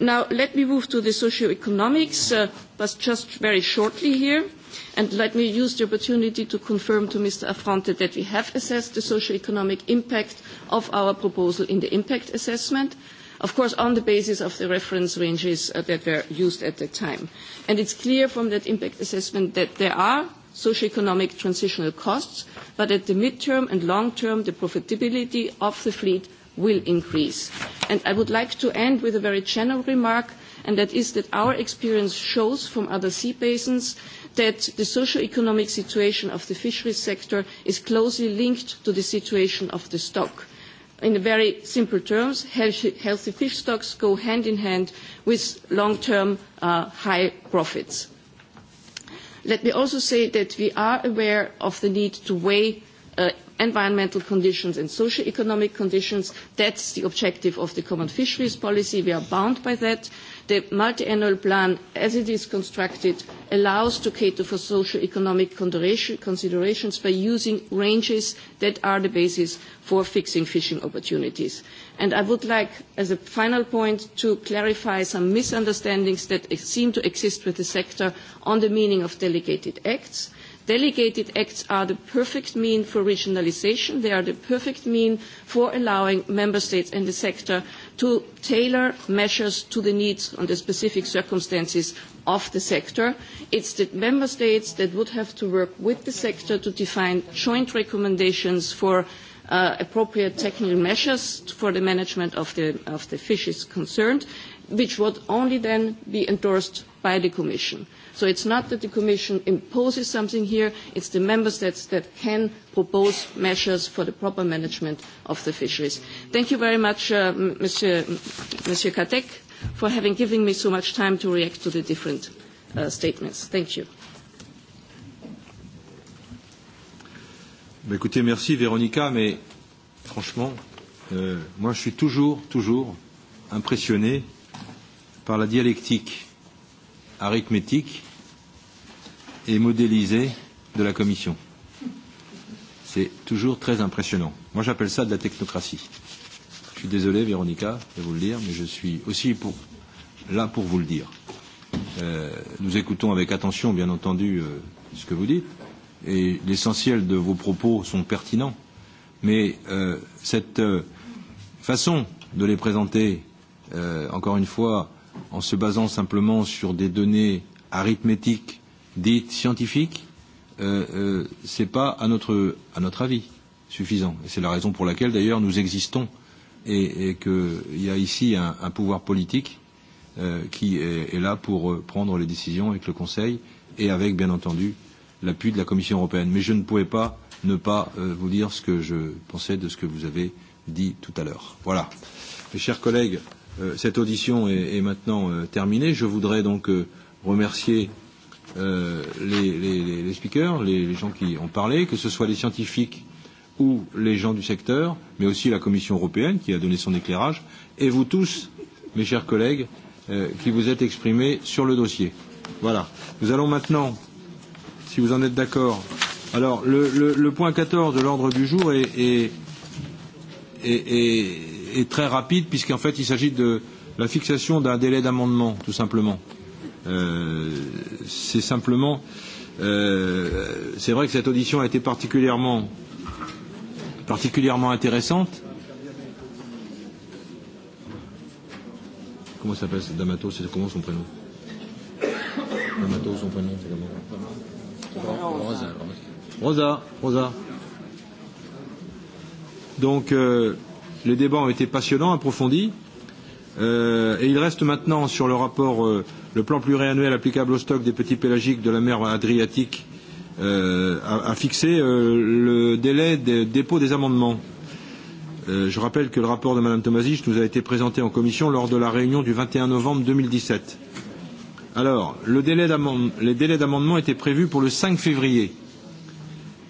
Now, let me move to the socio-economics, uh, but just very shortly here. And let me use the opportunity to confirm to Mr. Affronte that we have assessed the socio-economic impact of our proposal in the impact assessment of course on the basis of the reference ranges uh, that were used at the time. And it's clear from that impact assessment that there are socioeconomic transitional costs, but at the midterm and long term, the profitability of the fleet will increase. And I would like to end with a very general remark, and that is that our experience shows from other sea basins that the socio-economic situation of the fisheries sector is closely linked to the situation of the stock in very simple terms, healthy, healthy fish stocks go hand in hand with long-term uh, high profits. Let me also say that we are aware of the need to weigh uh, environmental conditions and socio-economic conditions. That's the objective of the common fisheries policy. We are bound by that. The multi-annual plan, as it is constructed, allows to cater for socio-economic considerations by using ranges that are the basis for fixing fishing opportunities. And I would like, as a final point, to clarify some misunderstandings that seem to exist with the sector on the meaning of delegated acts. Delegated acts are the perfect mean for regionalisation. They are the perfect mean for allowing member states and the sector to tailor measures to the needs and the specific circumstances of the sector. It's the member states that would have to work with the sector to define joint recommendations for uh, appropriate technical measures for the management of the, of the fishes concerned, which would only then be endorsed by the Commission. So it's not that the Commission imposes something here, it's the member states that can propose measures for the proper management of the fisheries. Thank you very much, uh, Monsieur, Monsieur Katek, for having given me so much time to react to the different uh, statements. Thank you. Bah écoutez, merci Véronica, mais franchement, euh, moi je suis toujours, toujours impressionné par la dialectique arithmétique et modélisée de la Commission. C'est toujours très impressionnant. Moi, j'appelle ça de la technocratie. Je suis désolé, Véronica, de vous le dire, mais je suis aussi pour, là pour vous le dire. Euh, nous écoutons avec attention, bien entendu, euh, ce que vous dites, et l'essentiel de vos propos sont pertinents. Mais euh, cette euh, façon de les présenter, euh, encore une fois, en se basant simplement sur des données arithmétiques dite scientifique, euh, euh, ce n'est pas, à notre, à notre avis, suffisant. C'est la raison pour laquelle, d'ailleurs, nous existons et, et qu'il y a ici un, un pouvoir politique euh, qui est, est là pour euh, prendre les décisions avec le Conseil et avec, bien entendu, l'appui de la Commission européenne. Mais je ne pouvais pas ne pas euh, vous dire ce que je pensais de ce que vous avez dit tout à l'heure. Voilà. Mes chers collègues, euh, cette audition est, est maintenant euh, terminée. Je voudrais donc euh, remercier euh, euh, les, les, les speakers, les, les gens qui ont parlé, que ce soit les scientifiques ou les gens du secteur, mais aussi la Commission européenne qui a donné son éclairage, et vous tous, mes chers collègues, euh, qui vous êtes exprimés sur le dossier. Voilà. Nous allons maintenant, si vous en êtes d'accord, alors le, le, le point 14 de l'ordre du jour est, est, est, est, est très rapide puisqu'en fait il s'agit de la fixation d'un délai d'amendement, tout simplement. Euh, Euh, c'est simplement, euh, c'est vrai que cette audition a été particulièrement, particulièrement intéressante. Comment s'appelle D'Amato, c'est comment son prénom D'Amato, son prénom, c'est comment Rosa. Rosa, Rosa. Donc, euh, les débats ont été passionnants, approfondis. Euh, et il reste maintenant sur le rapport, euh, le plan pluriannuel applicable au stock des petits pélagiques de la mer Adriatique euh, à, à fixer euh, le délai de dépôt des amendements. Euh, je rappelle que le rapport de Mme Tomasic nous a été présenté en commission lors de la réunion du 21 novembre 2017. Alors, le délai les délais d'amendement étaient prévus pour le 5 février,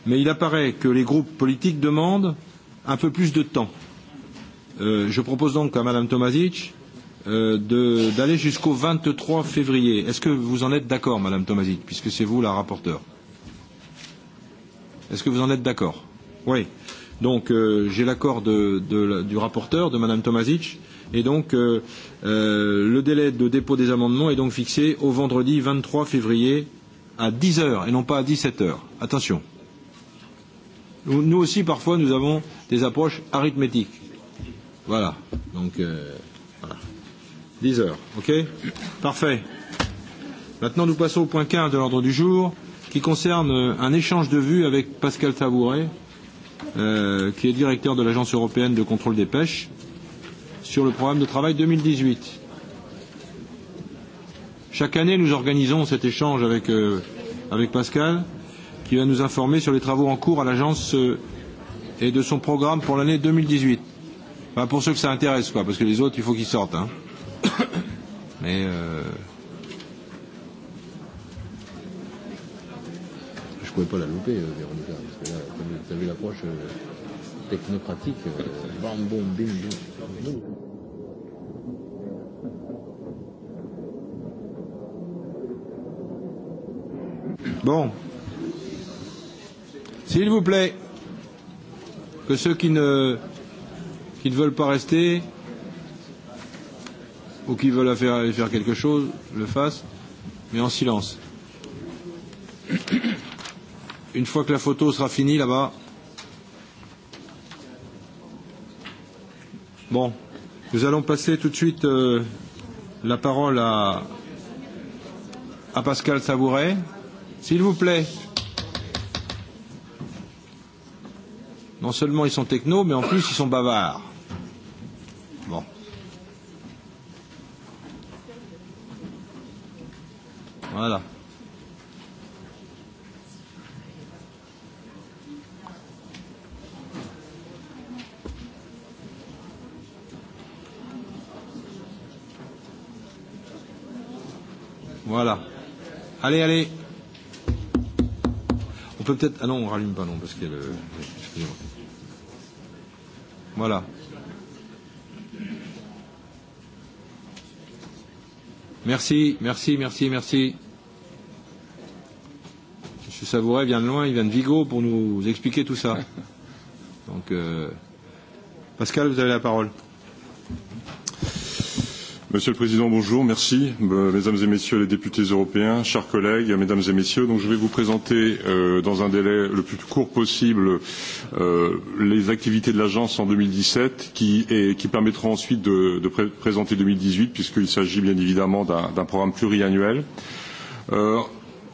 mais il apparaît que les groupes politiques demandent un peu plus de temps. Euh, je propose donc à Mme Tomasic Euh, d'aller jusqu'au 23 février. Est-ce que vous en êtes d'accord, Madame Tomasic, puisque c'est vous la rapporteure Est-ce que vous en êtes d'accord Oui. Donc euh, j'ai l'accord de, de, du rapporteur, de Madame Tomasic, et donc euh, euh, le délai de dépôt des amendements est donc fixé au vendredi 23 février à 10 heures et non pas à 17 heures. Attention. Nous, nous aussi parfois nous avons des approches arithmétiques. Voilà. Donc euh, 10 heures. OK Parfait. Maintenant, nous passons au point 15 de l'ordre du jour qui concerne euh, un échange de vues avec Pascal Tabouret, euh, qui est directeur de l'Agence européenne de contrôle des pêches, sur le programme de travail 2018. Chaque année, nous organisons cet échange avec, euh, avec Pascal, qui va nous informer sur les travaux en cours à l'Agence euh, et de son programme pour l'année 2018. Enfin, pour ceux que ça intéresse, quoi, parce que les autres, il faut qu'ils sortent. Hein. Mais euh, je pouvais pas la louper, euh, Véronica, parce que là, comme vous avez l'approche euh, technocratique, euh, bam, bam, bim. bim. Bon. S'il vous plaît, que ceux qui ne, qui ne veulent pas rester ou qui veulent faire, faire quelque chose le fassent, mais en silence. Une fois que la photo sera finie là-bas. Bon, nous allons passer tout de suite euh, la parole à, à Pascal Savouret. S'il vous plaît. Non seulement ils sont techno, mais en plus ils sont bavards. Bon. Voilà. Voilà. Allez, allez. On peut peut-être. Ah non, on rallume pas, non, parce qu'il y a le. Excusez-moi. Voilà. Merci, merci, merci, merci. M. Savouret vient de loin, il vient de Vigo pour nous expliquer tout ça. Donc, euh, Pascal, vous avez la parole. Monsieur le Président, bonjour, merci. Mesdames et Messieurs les députés européens, chers collègues, Mesdames et Messieurs, donc je vais vous présenter euh, dans un délai le plus court possible euh, les activités de l'agence en 2017 qui, et, qui permettront ensuite de, de pré présenter 2018 puisqu'il s'agit bien évidemment d'un programme pluriannuel. Euh,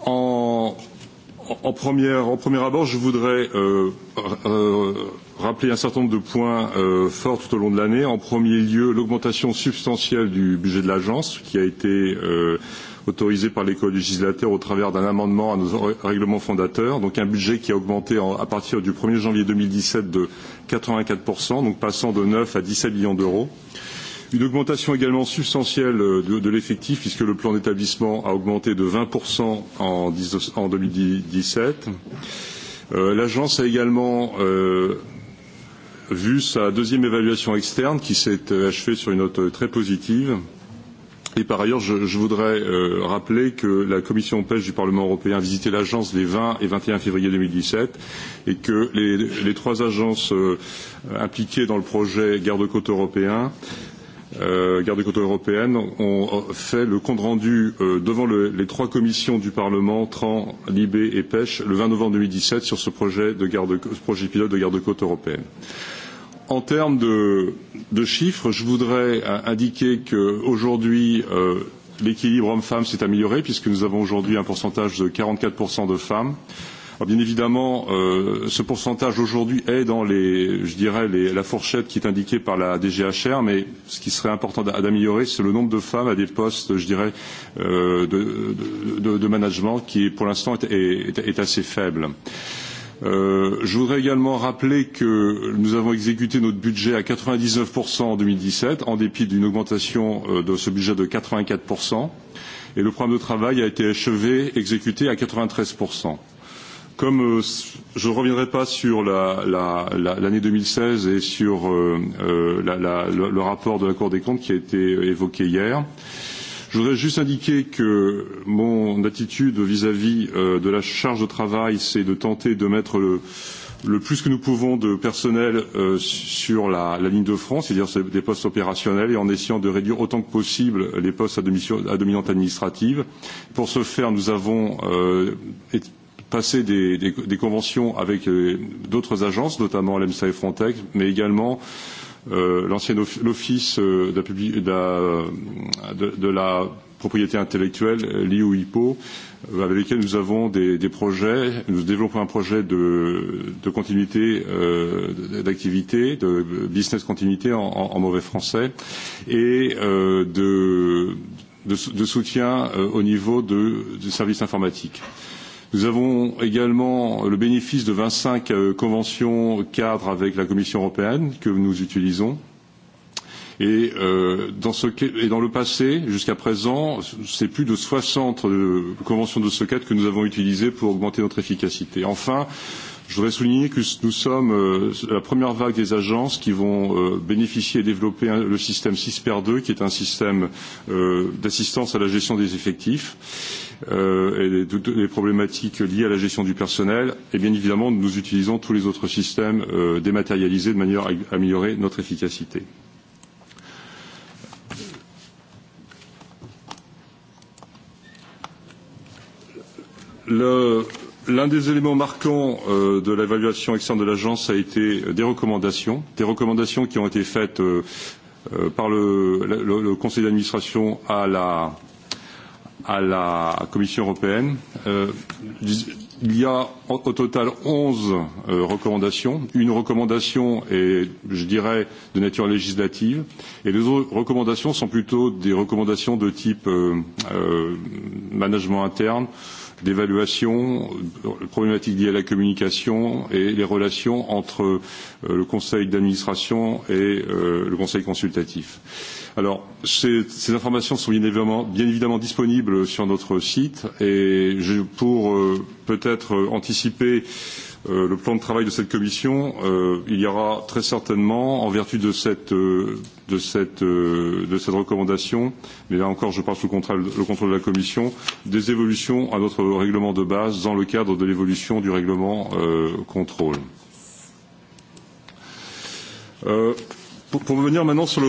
en en, première, en premier abord, je voudrais euh, euh, rappeler un certain nombre de points euh, forts tout au long de l'année. En premier lieu, l'augmentation substantielle du budget de l'agence qui a été euh, autorisée par les co au travers d'un amendement à nos règlements fondateurs. Donc un budget qui a augmenté en, à partir du 1er janvier 2017 de 84%, donc passant de 9 à 17 millions d'euros. Euh, Une augmentation également substantielle euh, de, de l'effectif, puisque le plan d'établissement a augmenté de 20% en, en 2017. Euh, L'agence a également euh, vu sa deuxième évaluation externe, qui s'est euh, achevée sur une note euh, très positive. Et par ailleurs, je, je voudrais euh, rappeler que la commission pêche du Parlement européen a visité l'agence les 20 et 21 février 2017 et que les, les trois agences euh, impliquées dans le projet garde-côte européen euh, garde-côtes européenne ont euh, fait le compte rendu euh, devant le, les trois commissions du Parlement, Tran, Libé et Pêche, le 20 novembre 2017 sur ce projet, de garde, ce projet pilote de garde-côtes européenne. En termes de, de chiffres, je voudrais euh, indiquer qu'aujourd'hui, euh, l'équilibre homme-femme s'est amélioré puisque nous avons aujourd'hui un pourcentage de 44% de femmes. Alors bien évidemment, euh, ce pourcentage aujourd'hui est dans les, je dirais, les, la fourchette qui est indiquée par la DGHR, mais ce qui serait important d'améliorer, c'est le nombre de femmes à des postes, je dirais, euh, de, de, de management qui, pour l'instant, est, est, est assez faible. Euh, je voudrais également rappeler que nous avons exécuté notre budget à 99% en 2017, en dépit d'une augmentation euh, de ce budget de 84%, et le programme de travail a été achevé, exécuté à 93%. Comme euh, je ne reviendrai pas sur l'année la, la, la, 2016 et sur euh, euh, la, la, le, le rapport de la Cour des comptes qui a été euh, évoqué hier, je voudrais juste indiquer que mon attitude vis-à-vis -vis, euh, de la charge de travail, c'est de tenter de mettre le, le plus que nous pouvons de personnel euh, sur la, la ligne de front, c'est-à-dire des postes opérationnels, et en essayant de réduire autant que possible les postes à, à dominante administrative. Pour ce faire, nous avons euh, passé des, des, des conventions avec euh, d'autres agences, notamment l'EMSA et Frontex, mais également euh, l'ancien l'office euh, de, la, euh, de, de la propriété intellectuelle euh, (LIOIPO), euh, avec lesquels nous avons des, des projets, nous développons un projet de, de continuité euh, d'activité, de business continuité en, en, en mauvais français, et euh, de, de, de soutien euh, au niveau de, du service informatique. Euh, Nous avons également le bénéfice de 25 euh, conventions cadres avec la Commission européenne que nous utilisons. Et, euh, dans, ce, et dans le passé, jusqu'à présent, c'est plus de 60 euh, conventions de ce cadre que nous avons utilisées pour augmenter notre efficacité. Enfin, Je voudrais souligner que nous sommes euh, la première vague des agences qui vont euh, bénéficier et développer le système CISPER 2, qui est un système euh, d'assistance à la gestion des effectifs et des, des problématiques liées à la gestion du personnel. Et bien évidemment, nous utilisons tous les autres systèmes dématérialisés de manière à améliorer notre efficacité. Le, L'un des éléments marquants euh, de l'évaluation externe de l'agence a été euh, des recommandations, des recommandations qui ont été faites euh, euh, par le, le, le conseil d'administration à la, à la Commission européenne. Euh, il y a au total 11 euh, recommandations. Une recommandation est, je dirais, de nature législative et les autres recommandations sont plutôt des recommandations de type euh, euh, management interne, euh, d'évaluation, problématiques liées à la communication et les relations entre euh, le conseil d'administration et euh, le conseil consultatif. Alors, ces, ces informations sont bien évidemment, bien évidemment disponibles sur notre site et je, pour euh, peut-être anticiper euh, euh, le plan de travail de cette commission, euh, il y aura très certainement, en vertu de cette, euh, de cette, euh, de cette recommandation, mais là encore je parle sous contrôle, le contrôle de la commission, des évolutions à notre règlement de base dans le cadre de l'évolution du règlement euh, contrôle. Euh, Pour, revenir maintenant sur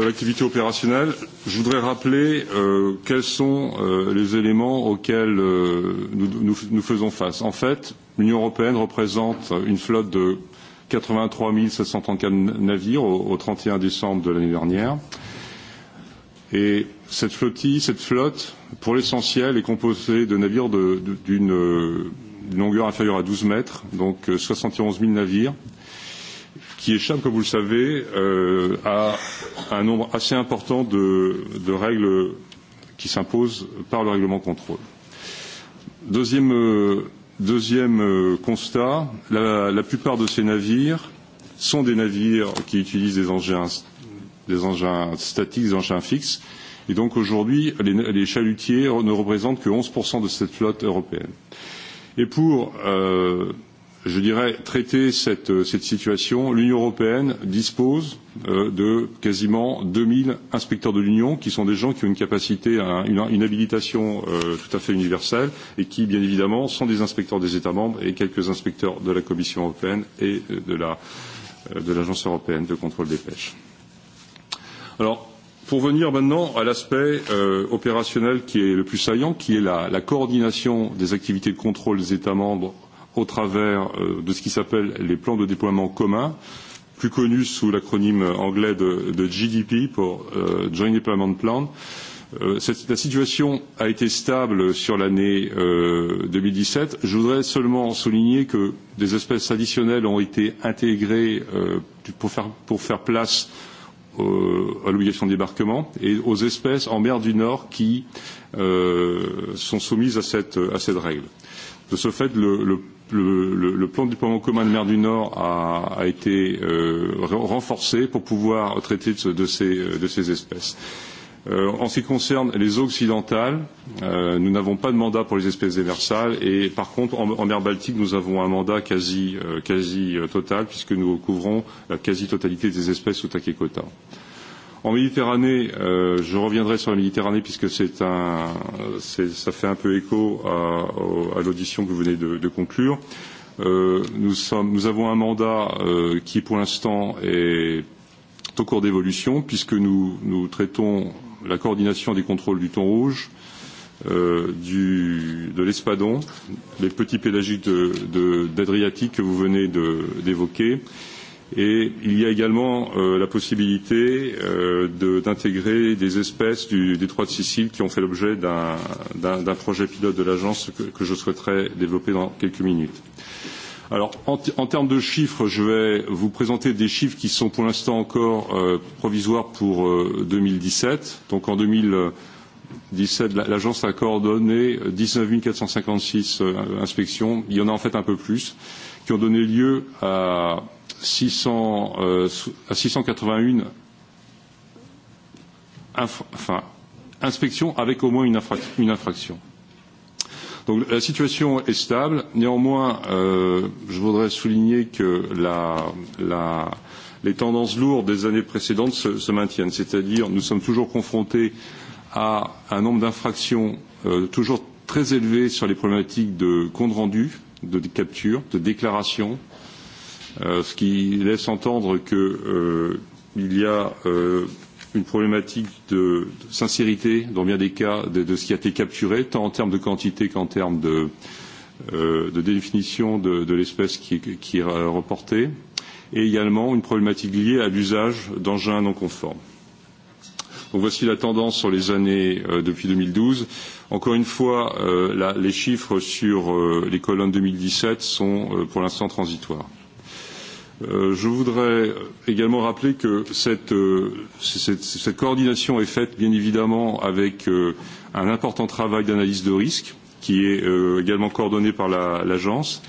l'activité opérationnelle, je voudrais rappeler euh, quels sont euh, les éléments auxquels euh, nous, nous, nous faisons face. En fait, L'Union européenne représente une flotte de 83 734 navires au, au 31 décembre de l'année dernière. Et cette flottille, cette flotte, pour l'essentiel, est composée de navires d'une longueur inférieure à 12 mètres, donc 71 euh, 000 navires, qui échappent, comme vous le savez, euh, à un nombre assez important de, de règles qui s'imposent par le règlement contrôle. Deuxième euh, Deuxième euh, constat, la, la plupart de ces navires sont des navires qui utilisent des engins, des engins statiques, des engins fixes. Et donc aujourd'hui, les, les chalutiers ne représentent que 11% de cette flotte européenne. Et pour euh, je dirais, traiter cette, euh, cette situation, l'Union européenne dispose euh, de quasiment 2000 inspecteurs de l'Union, qui sont des gens qui ont une capacité, une, une habilitation euh, tout à fait universelle, et qui, bien évidemment, sont des inspecteurs des États membres et quelques inspecteurs de la Commission européenne et de l'Agence la, de européenne de contrôle des pêches. Alors, pour venir maintenant à l'aspect euh, opérationnel qui est le plus saillant, qui est la, la coordination des activités de contrôle des États membres au travers euh, de ce qui s'appelle les plans de déploiement communs, plus connus sous l'acronyme anglais de, de GDP pour euh, Joint Deployment Plan. Euh, cette, la situation a été stable sur l'année euh, 2017. Je voudrais seulement souligner que des espèces additionnelles ont été intégrées euh, pour, faire, pour faire place euh, à l'obligation de débarquement et aux espèces en mer du Nord qui euh, sont soumises à cette, à cette règle. De ce fait, le, le le, le, le plan de déploiement commun de mer du Nord a, a été euh, renforcé pour pouvoir traiter de, de, ces, de ces espèces. Euh, en ce qui concerne les eaux occidentales, euh, nous n'avons pas de mandat pour les espèces démersales et par contre en, en mer Baltique nous avons un mandat quasi, euh, quasi euh, total puisque nous couvrons la quasi-totalité des espèces sous Takekota. Euh, En Méditerranée, euh, je reviendrai sur la Méditerranée puisque c'est un, ça fait un peu écho à, à l'audition que vous venez de, de conclure. Euh, nous, sommes, nous avons un mandat euh, qui, pour l'instant, est au cours d'évolution puisque nous, nous traitons la coordination des contrôles du thon rouge, euh, du, de l'espadon, les petits pélagiques d'Adriatique de, de, que vous venez d'évoquer. Euh, Et il y a également euh, la possibilité euh, d'intégrer de, des espèces du détroit de Sicile qui ont fait l'objet d'un projet pilote de l'agence que, que je souhaiterais développer dans quelques minutes. Alors, en, en termes de chiffres, je vais vous présenter des chiffres qui sont pour l'instant encore euh, provisoires pour euh, 2017. Donc en 2017, l'agence a coordonné 19 456 euh, inspections. Il y en a en fait un peu plus qui ont donné lieu à 681 euh, enfin, inspections avec au moins une, une infraction. Donc la situation est stable. Néanmoins, euh, je voudrais souligner que la, la, les tendances lourdes des années précédentes se, se maintiennent. C'est-à-dire, nous sommes toujours confrontés à un nombre d'infractions euh, toujours très élevé sur les problématiques de compte rendu, de capture, de déclaration, Euh, ce qui laisse entendre qu'il euh, y a euh, une problématique de, de sincérité dans bien des cas de, de ce qui a été capturé, tant en termes de quantité qu'en termes de, euh, de définition de, de l'espèce qui, qui est reportée, et également une problématique liée à l'usage d'engins non conformes. Donc voici la tendance sur les années euh, depuis 2012. Encore une fois, euh, la, les chiffres sur euh, les colonnes 2017 sont euh, pour l'instant transitoires. Euh, je voudrais également rappeler que cette, euh, cette, cette coordination est faite bien évidemment avec euh, un important travail d'analyse de risque qui est également coordonné par l'agence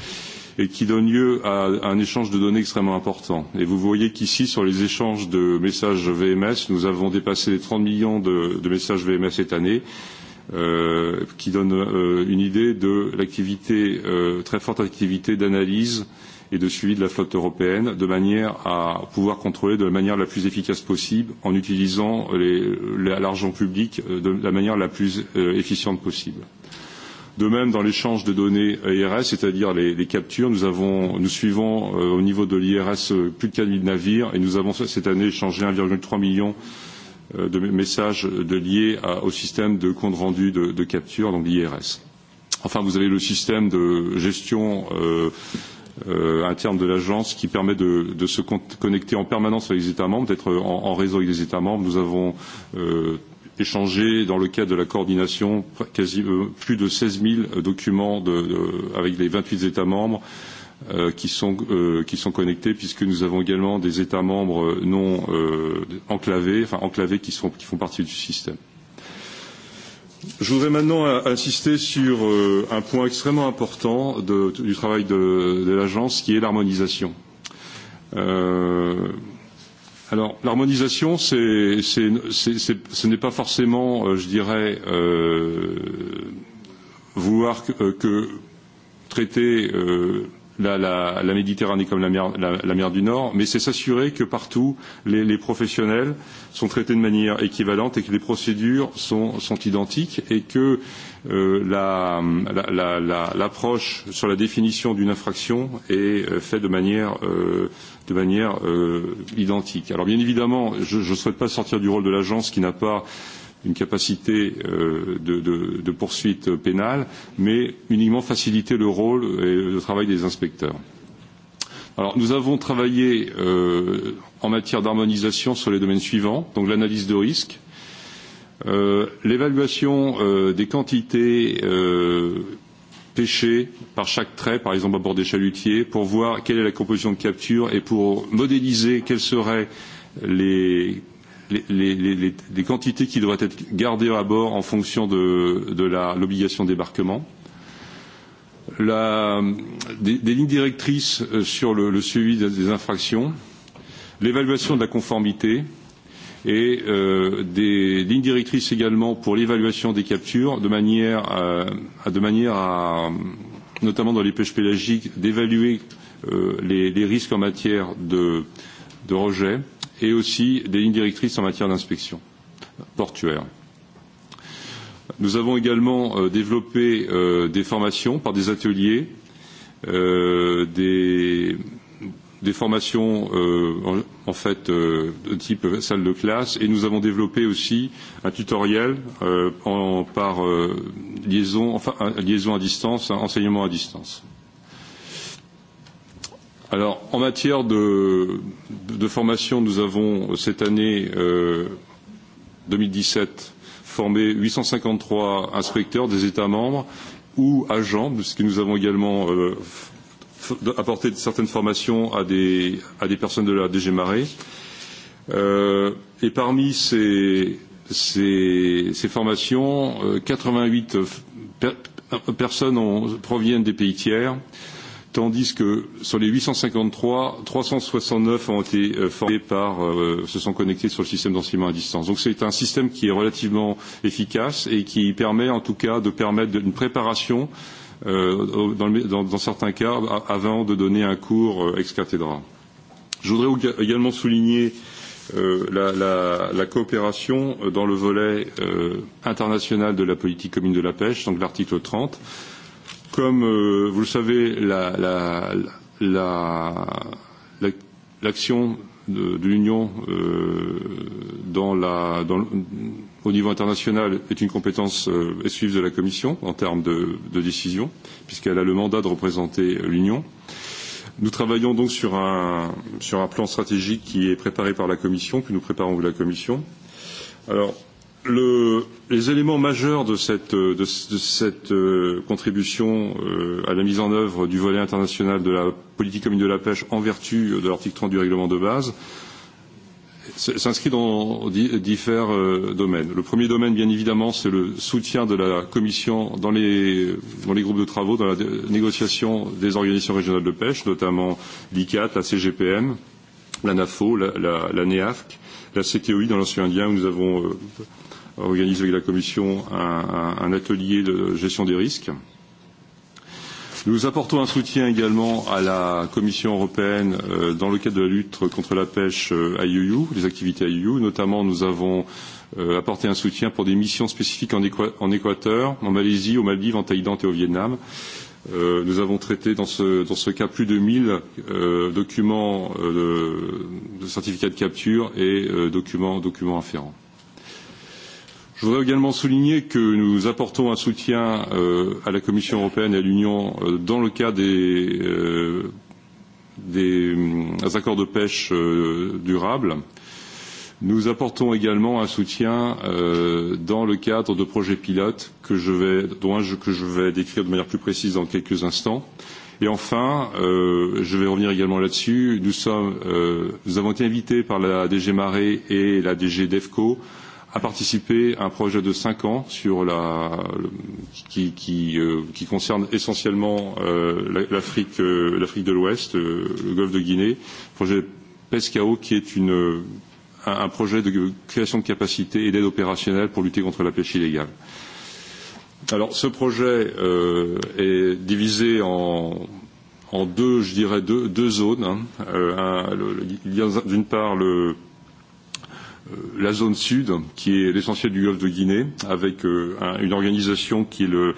la, et qui donne lieu à, un échange de données extrêmement important. Et vous voyez qu'ici, sur les échanges de messages VMS, nous avons dépassé les 30 millions de, de messages VMS cette année. Euh, qui donne euh, une idée de l'activité, euh, très forte activité d'analyse euh, et de suivi de la flotte européenne de manière à pouvoir contrôler de la manière la plus efficace possible en utilisant l'argent public euh, de la manière la plus euh, efficiente possible. De même, dans l'échange de données IRS, c'est-à-dire les, les captures, nous, avons, nous suivons euh, au niveau de l'IRS euh, plus de 4 000 navires et nous avons cette année échangé 1,3 million de messages de liés à, au système de compte rendu de, de capture, donc l'IRS. Enfin, vous avez le système de gestion euh, euh, un de l'agence qui permet de, de se connecter en permanence avec les États membres, d'être en, en réseau avec les États membres. Nous avons euh, échangé dans le cadre de la coordination quasi, euh, plus de 16 000 euh, documents de, de, avec les 28 États membres euh, qui, sont, euh, qui sont connectés puisque nous avons également des États membres euh, non euh, enclavés, enfin enclavés qui, sont, qui font partie du système. Je voudrais maintenant insister sur euh, un point extrêmement important de, du travail de, de l'agence, qui est l'harmonisation. Euh, alors, l'harmonisation, ce n'est pas forcément, euh, je dirais, euh, vouloir que, que traiter euh, la, la, la Méditerranée comme la mer, la, la mer du Nord, mais c'est s'assurer que partout les, les professionnels sont traités de manière équivalente et que les procédures sont, sont identiques et que euh, l'approche la, la, la, la sur la définition d'une infraction est euh, faite de manière, euh, de manière euh, identique. Alors bien évidemment, je ne souhaite pas sortir du rôle de l'agence qui n'a pas euh, une capacité euh, de, de, de poursuite pénale, mais uniquement faciliter le rôle et le travail des inspecteurs. Alors, nous avons travaillé euh, en matière d'harmonisation sur les domaines suivants, donc l'analyse de risque, euh, l'évaluation euh, des quantités euh, pêchées par chaque trait, par exemple à bord des chalutiers, pour voir quelle est la composition de capture et pour modéliser quelles seraient les les, les, les, les quantités qui devraient être gardées à bord en fonction de, de l'obligation débarquement. La, des, des lignes directrices euh, sur le, le suivi des infractions, l'évaluation de la conformité et euh, des lignes directrices également pour l'évaluation des captures de manière, à, euh, à, de manière à, notamment dans les pêches pélagiques, d'évaluer euh, les, les risques en matière de, de rejet et aussi des lignes directrices en matière d'inspection portuaire. Nous avons également euh, développé euh, des formations par des ateliers, euh, des, des formations euh, en, en fait euh, de type salle de classe et nous avons développé aussi un tutoriel euh, en, par euh, liaison, enfin, liaison à distance, enseignement à distance. Alors, en matière de, de formation, nous avons euh, cette année euh, 2017 formé 853 inspecteurs des États membres ou agents, puisque nous avons également euh, apporté certaines formations à des, à des personnes de la DG Marais. Euh, et parmi ces, ces, ces formations, euh, 88 euh, per, personnes ont, proviennent des pays tiers tandis que sur les 853, 369 ont été euh, formés par, euh, se sont connectés sur le système d'enseignement à distance. Donc c'est un système qui est relativement efficace et qui permet en tout cas de permettre une préparation euh, dans, le, dans, dans certains cas avant de donner un cours euh, ex cathedra. Je voudrais également souligner euh, la, la, la coopération euh, dans le volet euh, international de la politique commune de la pêche, donc l'article 30. Euh, Comme euh, vous le savez, la, la, la, la, l'action de, de l'Union euh, dans la, dans, au niveau international est une compétence euh, exclusive de la Commission en termes de, de décision, puisqu'elle a le mandat de représenter l'Union. Nous travaillons donc sur un, sur un plan stratégique qui est préparé par la Commission, que nous préparons avec la Commission. Alors, le, les éléments majeurs de cette, euh, de, de cette euh, contribution euh, à la mise en œuvre du volet international de la politique commune de la pêche en vertu de l'article 30 du règlement de base s'inscrit dans différents euh, domaines. Le premier domaine, bien évidemment, c'est le soutien de la Commission dans les, dans les groupes de travaux, dans la négociation des organisations régionales de pêche, notamment l'ICAT, la CGPM, la NAFO, la, la, la NEAFC, la CTOI dans l'océan Indien, où nous avons euh, organise avec la Commission un, un, un atelier de gestion des risques. Nous apportons un soutien également à la Commission européenne euh, dans le cadre de la lutte contre la pêche euh, IUU, les activités à IUU. Notamment, nous avons euh, apporté un soutien pour des missions spécifiques en, équa en Équateur, en Malaisie, aux Maldives, en Thaïlande et au Vietnam. Euh, nous avons traité dans ce, dans ce cas plus de 1000 euh, documents euh, de, de certificats de capture et euh, documents, documents afférents. Je voudrais également souligner que nous apportons un soutien euh, à la Commission européenne et à l'Union euh, dans le cas des, euh, des euh, accords de pêche euh, durables. Nous apportons également un soutien euh, dans le cadre de projets pilotes que je vais, dont un, que je vais décrire de manière plus précise dans quelques instants. Et enfin, euh, je vais revenir également là-dessus, nous, euh, nous avons été invités par la DG Marais et la DG DEFCO a participé à un projet de cinq ans sur la, qui, qui, euh, qui concerne essentiellement euh, l'Afrique euh, de l'Ouest, euh, le golfe de Guinée, projet PESCAO qui est une, un, un projet de création de capacités et d'aide opérationnelle pour lutter contre la pêche illégale. Alors ce projet euh, est divisé en en deux, je dirais, deux, deux zones. Hein. Euh, un, le, le, il y a d'une part le, la zone sud, qui est l'essentiel du golfe de Guinée, avec euh, un, une organisation qui est le,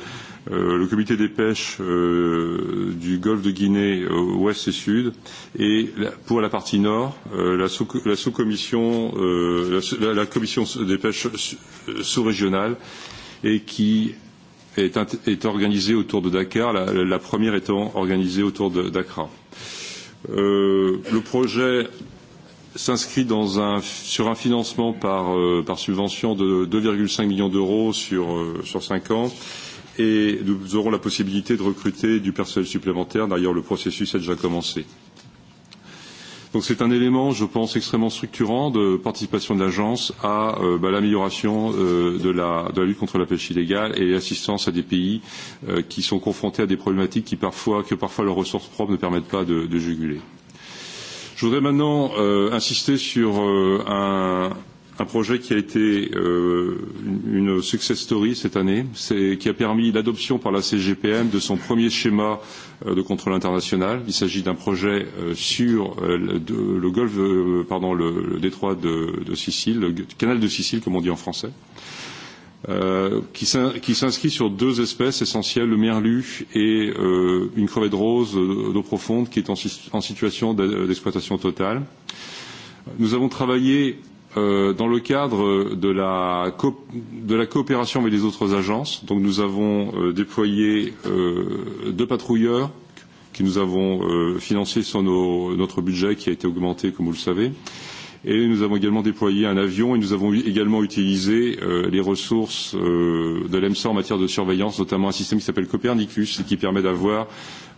euh, le comité des pêches euh, du golfe de Guinée euh, ouest et sud, et pour la partie nord, euh, la sous la sous commission euh, la, la commission des pêches sous-régionale, et qui est, est organisée autour de Dakar, la, la première étant organisée autour d'Accra. Euh, le projet s'inscrit dans un, sur un financement par, euh, par subvention de 2,5 millions d'euros sur, euh, sur 5 ans et nous aurons la possibilité de recruter du personnel supplémentaire. D'ailleurs, le processus a déjà commencé. Donc c'est un élément, je pense, extrêmement structurant de participation de l'agence à euh, bah, l'amélioration euh, de, la, de la lutte contre la pêche illégale et l'assistance à des pays euh, qui sont confrontés à des problématiques qui parfois, que parfois leurs ressources propres ne permettent pas de, de juguler. Je voudrais maintenant euh, insister sur euh, un, un projet qui a été euh, une success story cette année, qui a permis l'adoption par la CGPM de son premier schéma euh, de contrôle international. Il s'agit d'un projet euh, sur euh, de, le golfe, euh, pardon, le, le détroit de, de Sicile, le canal de Sicile, comme on dit en français. Euh, euh, qui s'inscrit sur deux espèces essentielles, le merlu et euh, une crevette rose d'eau profonde qui est en, en situation d'exploitation totale. Nous avons travaillé euh, dans le cadre de la, co de la coopération avec les autres agences. Donc nous avons euh, déployé euh, deux patrouilleurs qui nous avons euh, financés sur nos, notre budget qui a été augmenté, comme vous le savez. Euh, Et nous avons également déployé un avion et nous avons également utilisé euh, les ressources euh, de l'EMSA en matière de surveillance, notamment un système qui s'appelle Copernicus et qui permet d'avoir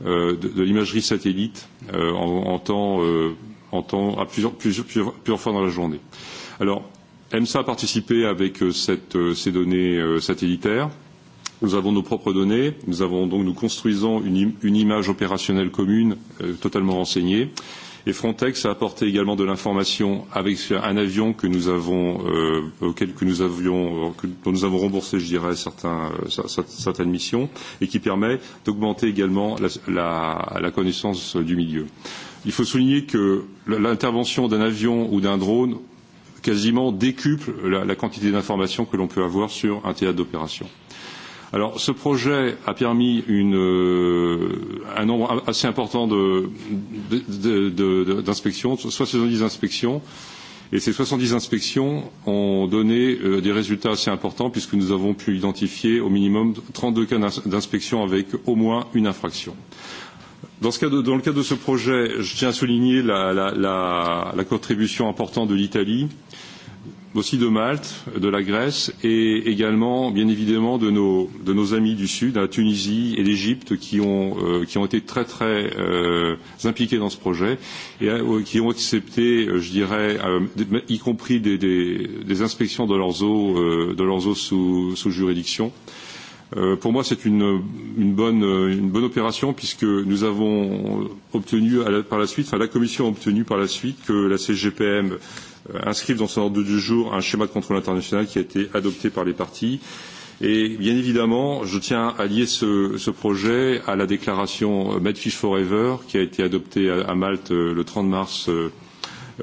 euh, de, de l'imagerie satellite euh, en, en temps, euh, en temps à plusieurs, plusieurs, plusieurs, plusieurs fois dans la journée. Alors, EMSA a participé avec euh, cette, euh, ces données euh, satellitaires. Nous avons nos propres données, nous avons donc nous construisons une, une image opérationnelle commune euh, totalement renseignée. Euh, Et Frontex a apporté également de l'information avec un avion que nous avons, euh, auquel que nous avions, euh, que, dont nous avons remboursé, je dirais, certains, euh, certaines missions, et qui permet d'augmenter également la, la, la connaissance du milieu. Il faut souligner que l'intervention d'un avion ou d'un drone quasiment décuple la, la quantité d'informations que l'on peut avoir sur un théâtre d'opération. Alors, ce projet a permis une, euh, un nombre assez important d'inspections, de, de, de, 70 inspections, et ces 70 inspections ont donné euh, des résultats assez importants puisque nous avons pu identifier au minimum 32 cas d'inspection avec au moins une infraction. Dans, ce cas de, dans le cadre de ce projet, je tiens à souligner la, la, la, la contribution importante de l'Italie. Euh, aussi de Malte, de la Grèce et également, bien évidemment, de nos, de nos amis du Sud, la Tunisie et l'Égypte, qui, ont, euh, qui ont été très très euh, impliqués dans ce projet et euh, qui ont accepté, euh, je dirais, euh, y compris des, des, des inspections de leurs eaux, euh, de leurs eaux sous, sous juridiction. Euh, pour moi, c'est une, une, bonne, une bonne opération puisque nous avons obtenu à la, par la suite, enfin la Commission a obtenu par la suite que la CGPM euh, Euh, inscrive dans son ordre du jour un schéma de contrôle international qui a été adopté par les parties. Et bien évidemment, je tiens à lier ce, ce projet à la déclaration Medfish Forever qui a été adoptée à, à Malte euh, le 30 mars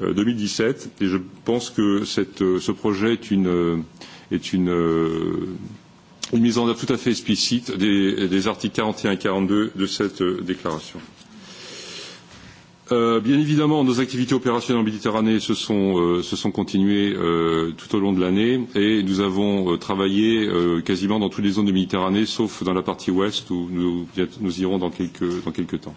2017. Euh, et je pense que cette, ce projet est une, est une, une mise en œuvre tout à fait explicite des, des articles 41 et 42 de cette déclaration. Euh, bien évidemment, nos activités opérationnelles en Méditerranée se sont, euh, se sont continuées euh, tout au long de l'année et nous avons euh, travaillé euh, quasiment dans toutes les zones de Méditerranée, sauf dans la partie ouest où nous, nous irons dans quelques, dans quelques temps.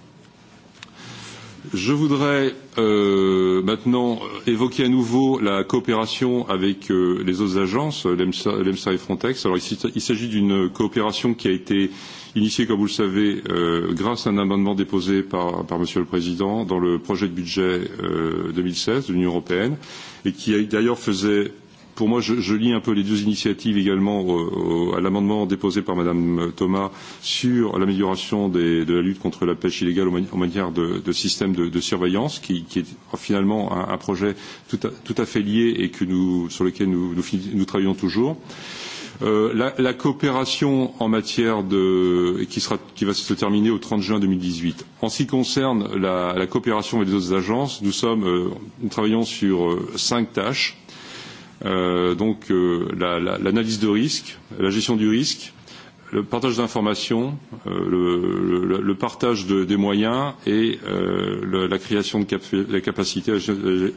Je voudrais euh, maintenant évoquer à nouveau la coopération avec euh, les autres agences, l'EMSA, et Frontex. Alors, il s'agit d'une coopération qui a été initiée, comme vous le savez, euh, grâce à un amendement déposé par, par Monsieur le Président dans le projet de budget euh, 2016 de l'Union européenne et qui d'ailleurs faisait pour moi, je, je lis un peu les deux initiatives également au, au, à l'amendement déposé par Madame Thomas sur l'amélioration de la lutte contre la pêche illégale en matière de, de système de, de surveillance, qui, qui est finalement un, un projet tout à, tout à fait lié et que nous, sur lequel nous, nous, nous travaillons toujours. Euh, la, la coopération en matière de qui, sera, qui va se terminer au 30 juin 2018. En ce qui concerne la, la coopération avec les autres agences, nous sommes euh, nous travaillons sur euh, cinq tâches Euh, donc euh, l'analyse la, la, de risque, la gestion du risque, le partage d'informations, euh, le, le, le partage de, des moyens et euh, la, la création de cap la capacité, la,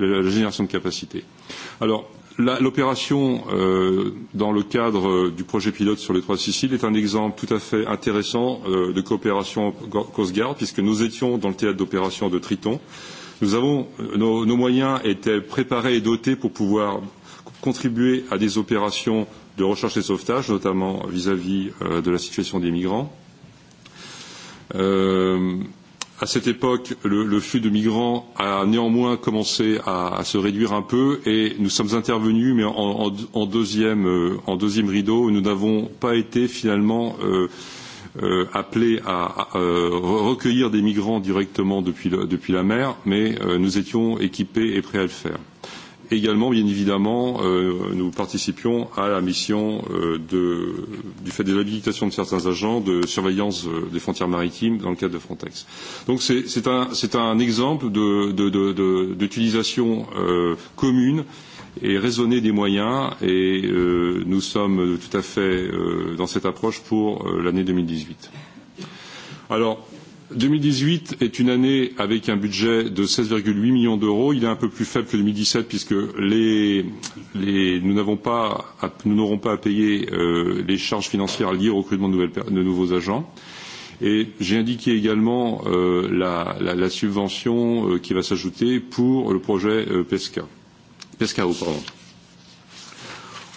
la, la génération de capacités. Alors, l'opération euh, dans le cadre euh, du projet pilote sur les trois Siciles est un exemple tout à fait intéressant euh, de coopération Coast Guard, puisque nous étions dans le théâtre d'opération de Triton. Nous avons euh, nos, nos moyens étaient préparés et dotés pour pouvoir contribuer à des opérations de recherche et sauvetage, notamment vis-à-vis -vis, euh, de la situation des migrants. Euh, à cette époque, le, le flux de migrants a néanmoins commencé à, à se réduire un peu et nous sommes intervenus, mais en, en, en, deuxième, euh, en deuxième rideau, nous n'avons pas été finalement euh, euh, appelés à, à euh, recueillir des migrants directement depuis, le, depuis la mer, mais euh, nous étions équipés et prêts à le faire également, bien évidemment, euh, nous participions à la mission euh, de, du fait des habilitations de certains agents de surveillance euh, des frontières maritimes dans le cadre de Frontex. Donc c'est un, un exemple d'utilisation euh, commune et raisonnée des moyens et euh, nous sommes tout à fait euh, dans cette approche pour euh, l'année 2018. Alors, 2018 est une année avec un budget de 16,8 millions d'euros. Il est un peu plus faible que 2017 puisque les, les, nous n'avons pas, nous n'aurons pas à payer euh, les charges financières liées au recrutement de, nouvelles, de nouveaux agents. Et j'ai indiqué également euh, la, la, la subvention euh, qui va s'ajouter pour le projet euh, PESCA. PESCAO, pardon.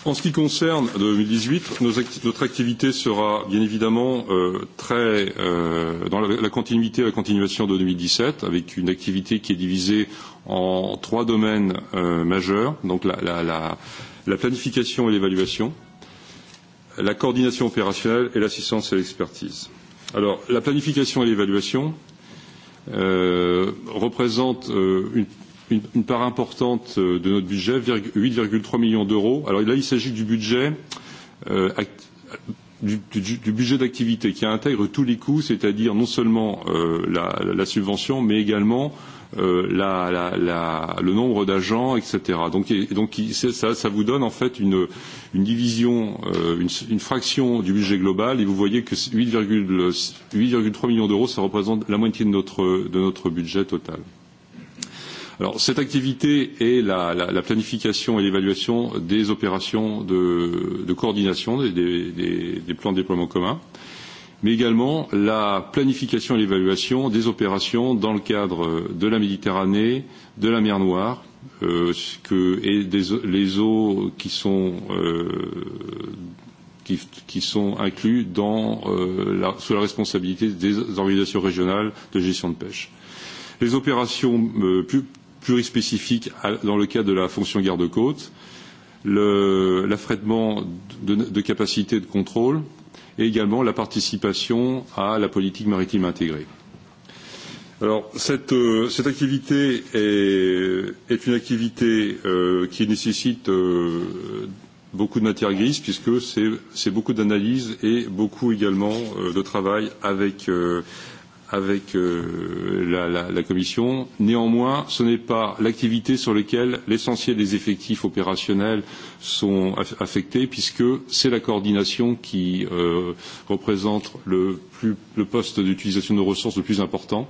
En ce qui concerne 2018, nos act notre activité sera bien évidemment euh, très euh, dans la, la continuité et la continuation de 2017, avec une activité qui est divisée en trois domaines euh, majeurs, donc la, la, la, la planification et l'évaluation, la coordination opérationnelle et l'assistance et l'expertise. Alors, la planification et l'évaluation euh, représentent euh, une une, une part importante euh, de notre budget, 8,3 millions d'euros. Alors là, il s'agit du budget euh, act, du, du, du budget d'activité qui intègre tous les coûts, c'est-à-dire non seulement euh, la, la subvention, mais également euh, la, la, la, le nombre d'agents, etc. Donc, et, donc ça, ça vous donne en fait une, une division, euh, une, une fraction du budget global, et vous voyez que 8,3 millions d'euros, ça représente la moitié de notre, de notre budget total. Alors, cette activité est la, la, la planification et l'évaluation des opérations de, de coordination des, des, des, des plans de déploiement commun, mais également la planification et l'évaluation des opérations dans le cadre de la Méditerranée, de la mer Noire, euh, que, et des, les eaux qui sont, euh, qui, qui sont inclus dans, euh, la, sous la responsabilité des organisations régionales de gestion de pêche. Les opérations euh, plus plurispécifique dans le cadre de la fonction garde-côte, l'affrètement de, de capacités de contrôle et également la participation à la politique maritime intégrée. Alors, cette, euh, cette activité est, est une activité euh, qui nécessite euh, beaucoup de matière grise, puisque c'est beaucoup d'analyse et beaucoup également euh, de travail avec, euh, avec euh, la, la, la Commission. Néanmoins, ce n'est pas l'activité sur laquelle l'essentiel des effectifs opérationnels sont aff affectés, puisque c'est la coordination qui euh, représente le, plus, le poste d'utilisation de ressources le plus important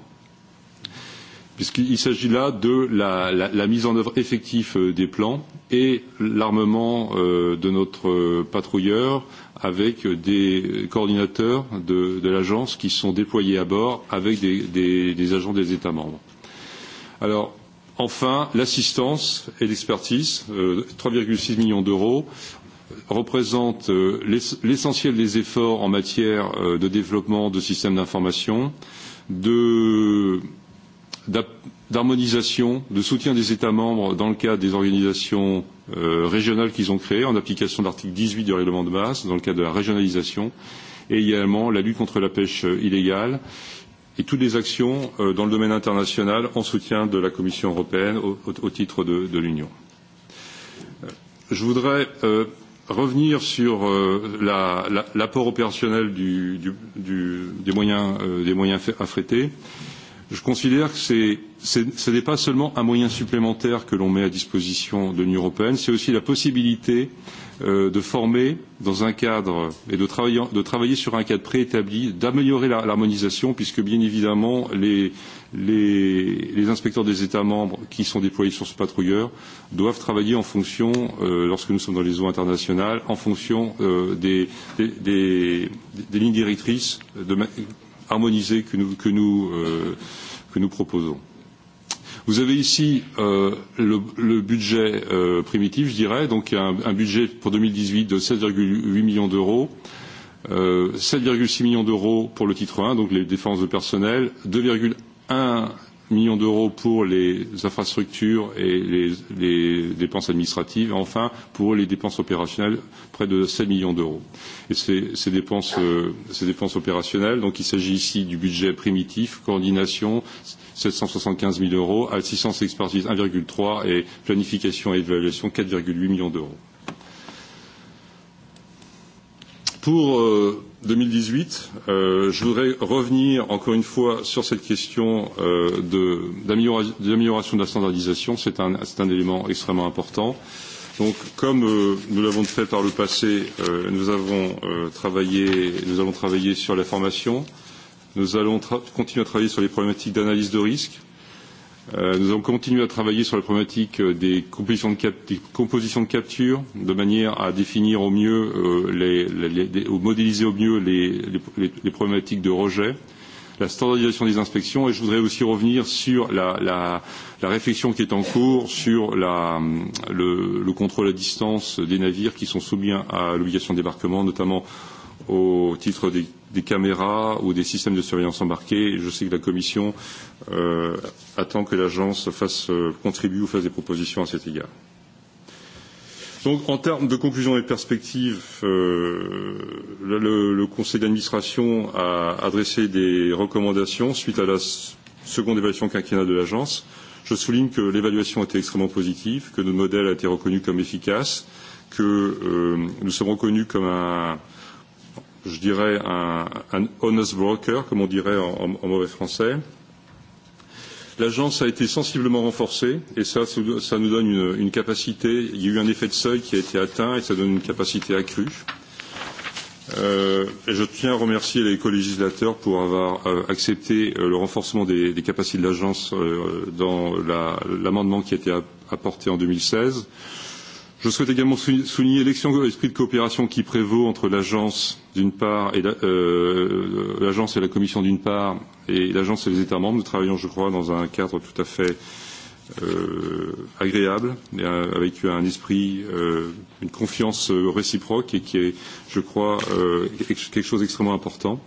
puisqu'il s'agit là de la, la, la mise en œuvre effective euh, des plans et l'armement euh, de notre euh, patrouilleur, euh, avec des coordinateurs de, de l'agence qui sont déployés à bord avec des, des, des agents des États membres. Alors, enfin, l'assistance et l'expertise, euh, 3,6 millions d'euros, représente euh, l'essentiel des efforts en matière euh, de développement de systèmes d'information, d'harmonisation, de soutien des États membres dans le cadre des organisations euh, régionales qu'ils ont créées en application de l'article 18 du règlement de base, dans le cadre de la régionalisation, et également la lutte contre la pêche euh, illégale et toutes les actions euh, dans le domaine international en soutien de la Commission européenne au, au, au titre de, de l'Union. Euh, je voudrais euh, revenir sur euh, l'apport la, la, opérationnel du, du, du, des moyens, euh, moyens affrétés. Euh, Je considère que c'est, c'est, ce n'est pas seulement un moyen supplémentaire que l'on met à disposition de l'Union européenne, c'est aussi la possibilité euh, de former dans un cadre et de travailler, de travailler sur un cadre préétabli, d'améliorer la, l'harmonisation, puisque bien évidemment les, les, les inspecteurs des États membres qui sont déployés sur ce patrouilleur doivent travailler en fonction, euh, lorsque nous sommes dans les eaux internationales, en fonction euh, des, des, des, des lignes directrices de, harmonisée que nous, que nous, euh, que nous proposons. Vous avez ici euh, le, le budget euh, primitif, je dirais, donc un, un budget pour 2018 de 7,8 millions d'euros, euh, 7,6 millions d'euros pour le titre 1, donc les défenses de personnel, 2,1 millions d'euros pour les infrastructures et les, les dépenses administratives, et enfin pour les dépenses opérationnelles, près de 7 millions d'euros. Et ces, ces, dépenses, euh, ces dépenses opérationnelles, donc il s'agit ici du budget primitif, coordination 775 000 euros, assistance expertise 1,3 et planification et évaluation 4,8 millions d'euros. Pour euh, 2018, euh, je voudrais revenir encore une fois sur cette question euh, d'amélioration de, de la standardisation. C'est un, un élément extrêmement important. Donc, comme euh, nous l'avons fait par le passé, euh, nous, avons, euh, travaillé, nous allons travailler sur la formation. Nous allons continuer à travailler sur les problématiques d'analyse de risque. Euh, nous allons continuer à travailler sur la problématique euh, des compositions de, cap des compositions de capture, de manière à définir au mieux, euh, les, les, les, ou modéliser au mieux les, les, les, les problématiques de rejet, la standardisation des inspections, et je voudrais aussi revenir sur la, la, la réflexion qui est en cours sur la, le, le contrôle à distance des navires qui sont soumis à l'obligation de débarquement, notamment au titre des des caméras ou des systèmes de surveillance embarqués. Je sais que la Commission euh, attend que l'agence fasse, euh, contribue ou fasse des propositions à cet égard. Donc, en termes de conclusion et de perspectives, euh, le, le le conseil d'administration a adressé des recommandations suite à la seconde évaluation quinquennale de l'agence. Je souligne que l'évaluation était extrêmement positive, que notre modèle a été reconnu comme efficace, que euh, nous sommes reconnus comme un, je dirais, un, un honest broker, comme on dirait en, en, en mauvais français. L'agence a été sensiblement renforcée et ça, ça nous donne une, une capacité. Il y a eu un effet de seuil qui a été atteint et ça donne une capacité accrue. Euh, et je tiens à remercier les co-législateurs pour avoir euh, accepté euh, le renforcement des, des capacités de l'agence euh, dans l'amendement la, qui a été apporté en 2016. Je souhaite également souligner l'esprit euh, de coopération qui prévaut entre l'agence d'une part et l'agence la, euh, et la commission d'une part et l'agence et les États membres. Nous travaillons, je crois, dans un cadre tout à fait euh, agréable, et un, euh, avec un esprit, euh, une confiance euh, réciproque et qui est, je crois, euh, quelque chose d'extrêmement important.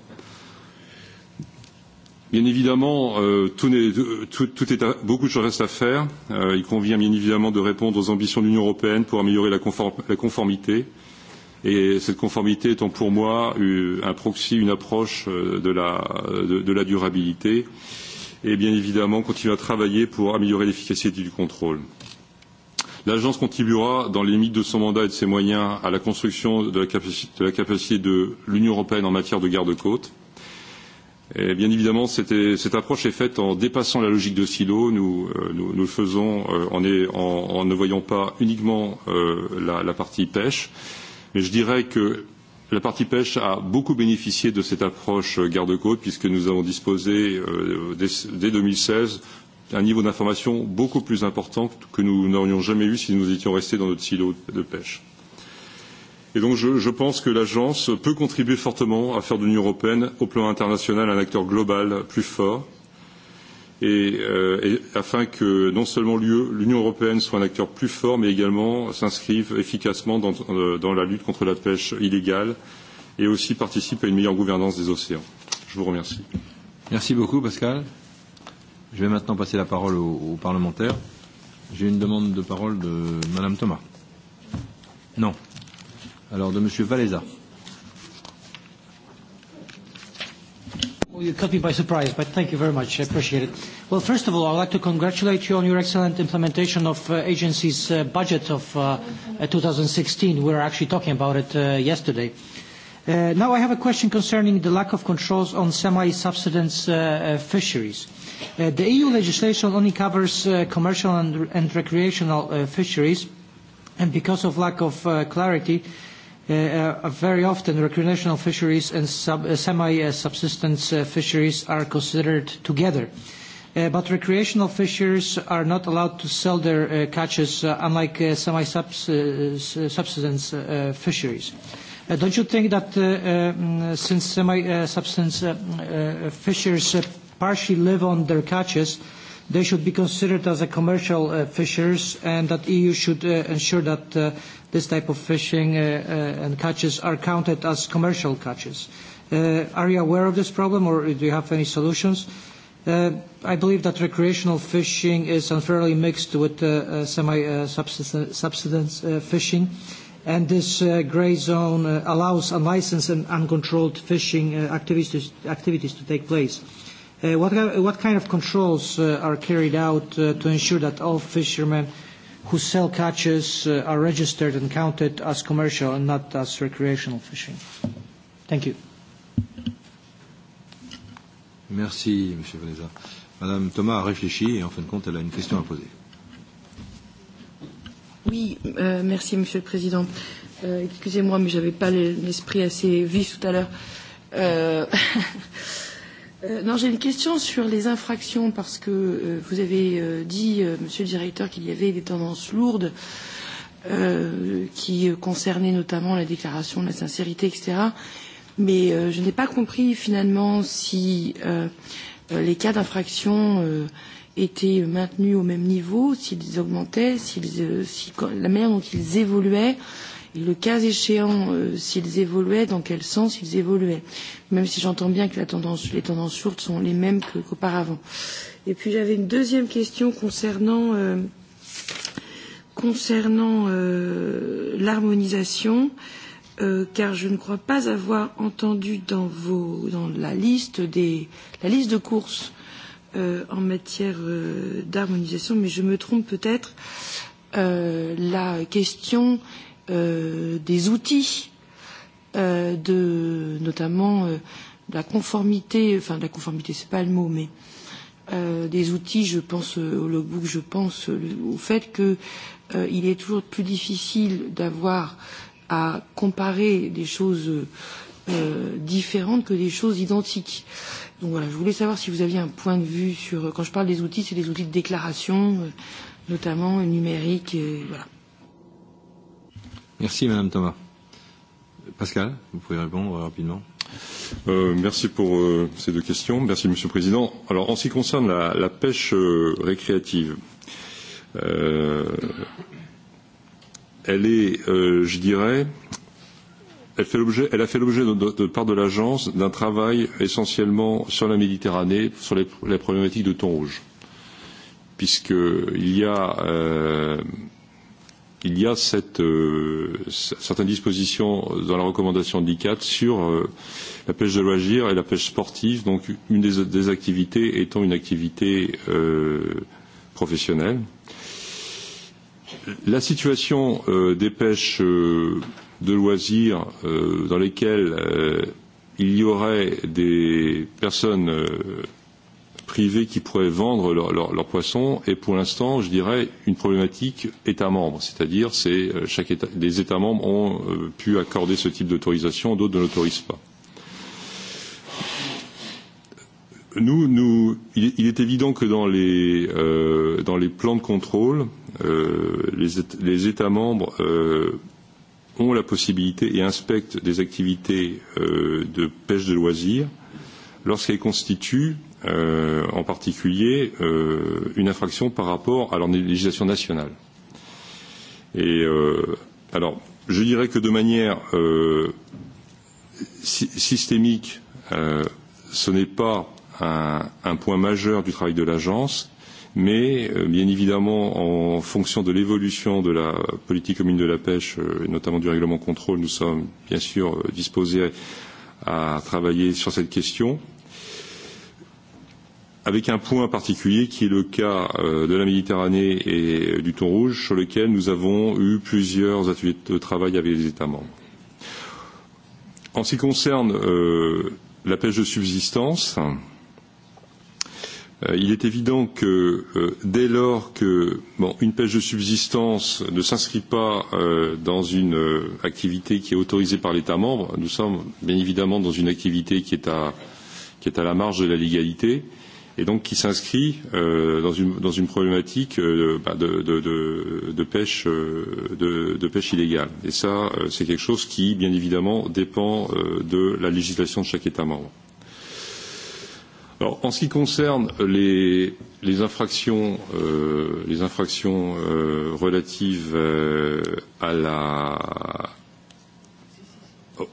Bien évidemment, euh, tout est, tout, tout est à, beaucoup de choses restent à faire. Euh, il convient bien évidemment de répondre aux ambitions de l'Union européenne pour améliorer la, conform, la conformité. Et cette conformité étant pour moi un proxy, une approche euh, de la, de, de la durabilité. Et bien évidemment, continuer à travailler pour améliorer l'efficacité du contrôle. L'agence contribuera, dans les limites de son mandat et de ses moyens, à la construction de la, capaci de la capacité de l'Union européenne en matière de garde-côtes. Et bien évidemment, cette approche est faite en dépassant la logique de silo. Nous, euh, nous, nous le faisons euh, en, est, en, en ne voyant pas uniquement euh, la, la partie pêche. Mais je dirais que la partie pêche a beaucoup bénéficié de cette approche euh, garde-côte, puisque nous avons disposé euh, dès, dès 2016 un niveau d'information beaucoup plus important que nous n'aurions jamais eu si nous étions restés dans notre silo de pêche. Et donc je, je pense que l'agence peut contribuer fortement à faire de l'Union européenne, au plan international, un acteur global plus fort, et, euh, et afin que non seulement e, l'Union européenne soit un acteur plus fort, mais également s'inscrive efficacement dans, dans la lutte contre la pêche illégale et aussi participe à une meilleure gouvernance des océans. Je vous remercie. Merci beaucoup, Pascal. Je vais maintenant passer la parole aux, aux parlementaires. J'ai une demande de parole de Madame Thomas. Non, Alors de Monsieur Valéza. Well, you caught me by surprise, but thank you very much. I appreciate it. Well, first of all, I'd like to congratulate you on your excellent implementation of uh, agency's uh, budget of uh, 2016. Uh, We were actually talking about it uh, yesterday. Uh, now I have a question concerning the lack of controls on semi-subsidence uh, uh, fisheries. Uh, the EU legislation only covers uh, commercial and, and recreational uh, fisheries, and because of lack of uh, clarity, uh, Uh, uh, very often recreational fisheries and sub, uh, semi-subsistence uh, fisheries are considered together. Uh, but recreational fishers are not allowed to sell their uh, catches, unlike semi-subsistence fisheries. don't you think that um, since semi-subsistence fishers partially live on their catches, they should be considered as a commercial uh, fishers and that EU should uh, ensure that uh, this type of fishing uh, uh, and catches are counted as commercial catches. Uh, are you aware of this problem or do you have any solutions? Uh, I believe that recreational fishing is unfairly mixed with uh, uh, semi-subsistence uh, uh, fishing and this uh, grey zone uh, allows unlicensed and uncontrolled fishing uh, activities, activities to take place. Uh, Uh, what, uh, what kind of controls uh, are carried out uh, to ensure that all fishermen who sell catches uh, are registered and counted as commercial and not as recreational fishing? Thank you. Merci, Monsieur Vanessa. Madame Thomas a réfléchi et en fin de compte, elle a une question à poser. Oui, euh, merci, Monsieur le Président. Euh, Excusez-moi, mais je n'avais pas l'esprit assez vif tout à l'heure. Euh, Euh, non, j'ai une question sur les infractions parce que euh, vous avez euh, dit, euh, Monsieur le Directeur, qu'il y avait des tendances lourdes euh, qui euh, concernaient notamment la déclaration de la sincérité, etc. Mais euh, je n'ai pas compris finalement si euh, euh, les cas d'infraction euh, étaient maintenus au même niveau, s'ils augmentaient, s'ils, euh, si, la manière dont ils évoluaient. Euh, et le cas échéant, euh, s'ils évoluaient, dans quel sens ils évoluaient, même si j'entends bien que la tendance, les tendances lourdes sont les mêmes qu'auparavant. Qu et puis j'avais une deuxième question concernant, euh, concernant euh, l'harmonisation. Euh, car je ne crois pas avoir entendu dans, vos, dans la, liste des, la liste de courses euh, en matière euh, d'harmonisation, mais je me trompe peut-être, euh, la question euh, Euh, des outils, euh, de, notamment euh, de la conformité, enfin de la conformité, c'est pas le mot, mais euh, des outils, je pense euh, au logbook, je pense euh, au fait qu'il euh, il est toujours plus difficile d'avoir à comparer des choses euh, différentes que des choses identiques. Donc voilà, je voulais savoir si vous aviez un point de vue sur, quand je parle des outils, c'est des outils de déclaration, euh, notamment numérique, et voilà. Merci Madame Thomas. Pascal, vous pouvez répondre rapidement. Euh, merci pour euh, ces deux questions. Merci Monsieur le Président. Alors en ce qui concerne la, la pêche euh, récréative, euh, elle est, euh, je dirais, elle, fait elle a fait l'objet de, de, de part de l'agence d'un travail essentiellement sur la Méditerranée, sur les, la problématique de thon rouge, puisqu'il y a euh, qu'il y a cette, euh, certaines dispositions dans la recommandation d'ICAT sur euh, la pêche de loisirs et la pêche sportive, donc une des, des activités étant une activité euh, professionnelle. La situation euh, des pêches euh, de loisirs euh, dans lesquelles euh, il y aurait des personnes euh, privés qui pourraient vendre leurs leur, leur poissons est pour l'instant, je dirais, une problématique État membre. C'est-à-dire, c'est euh, chaque État, les États membres ont euh, pu accorder ce type d'autorisation, d'autres ne l'autorisent pas. Nous, nous, il, il est évident que dans les, euh, dans les plans de contrôle, euh, les, les États membres euh, ont la possibilité et inspectent des activités euh, de pêche de loisirs lorsqu'elles constituent euh, en particulier euh, une infraction par rapport à leur législation nationale. Et euh, alors, je dirais que de manière euh, systémique, euh, ce n'est pas un, un point majeur du travail de l'agence, mais euh, bien évidemment, en fonction de l'évolution de la politique commune de la pêche, euh, et notamment du règlement contrôle, nous sommes bien sûr euh, disposés à, à travailler sur cette question. Euh, avec un point particulier qui est le cas euh, de la Méditerranée et euh, du thon rouge, sur lequel nous avons eu plusieurs ateliers de travail avec les États membres. En ce qui concerne euh, la pêche de subsistance, euh, il est évident que euh, dès lors que bon, une pêche de subsistance ne s'inscrit pas euh, dans une euh, activité qui est autorisée par l'État membre, nous sommes bien évidemment dans une activité qui est à, qui est à la marge de la légalité. Euh, et donc qui s'inscrit euh, dans, une, dans une problématique euh, bah, de, de, de, de, pêche, euh, de, de pêche illégale. Et ça, euh, c'est quelque chose qui, bien évidemment, dépend euh, de la législation de chaque État membre. Alors, en ce qui concerne les, les infractions, euh, les infractions euh, relatives euh, à la,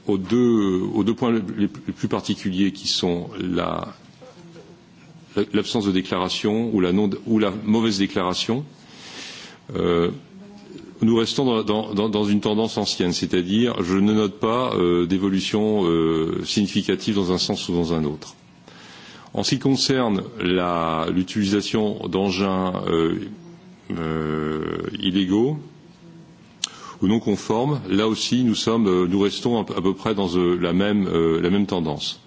aux, deux, aux deux points les plus particuliers qui sont la l'absence de déclaration ou la, non, ou la mauvaise déclaration, euh, nous restons dans, dans, dans une tendance ancienne, c'est-à-dire je ne note pas euh, d'évolution euh, significative dans un sens ou dans un autre. En ce qui concerne la, l'utilisation d'engins euh, euh, illégaux ou non conformes, là aussi nous, sommes, euh, nous restons à peu près dans euh, la, même, euh, la même tendance.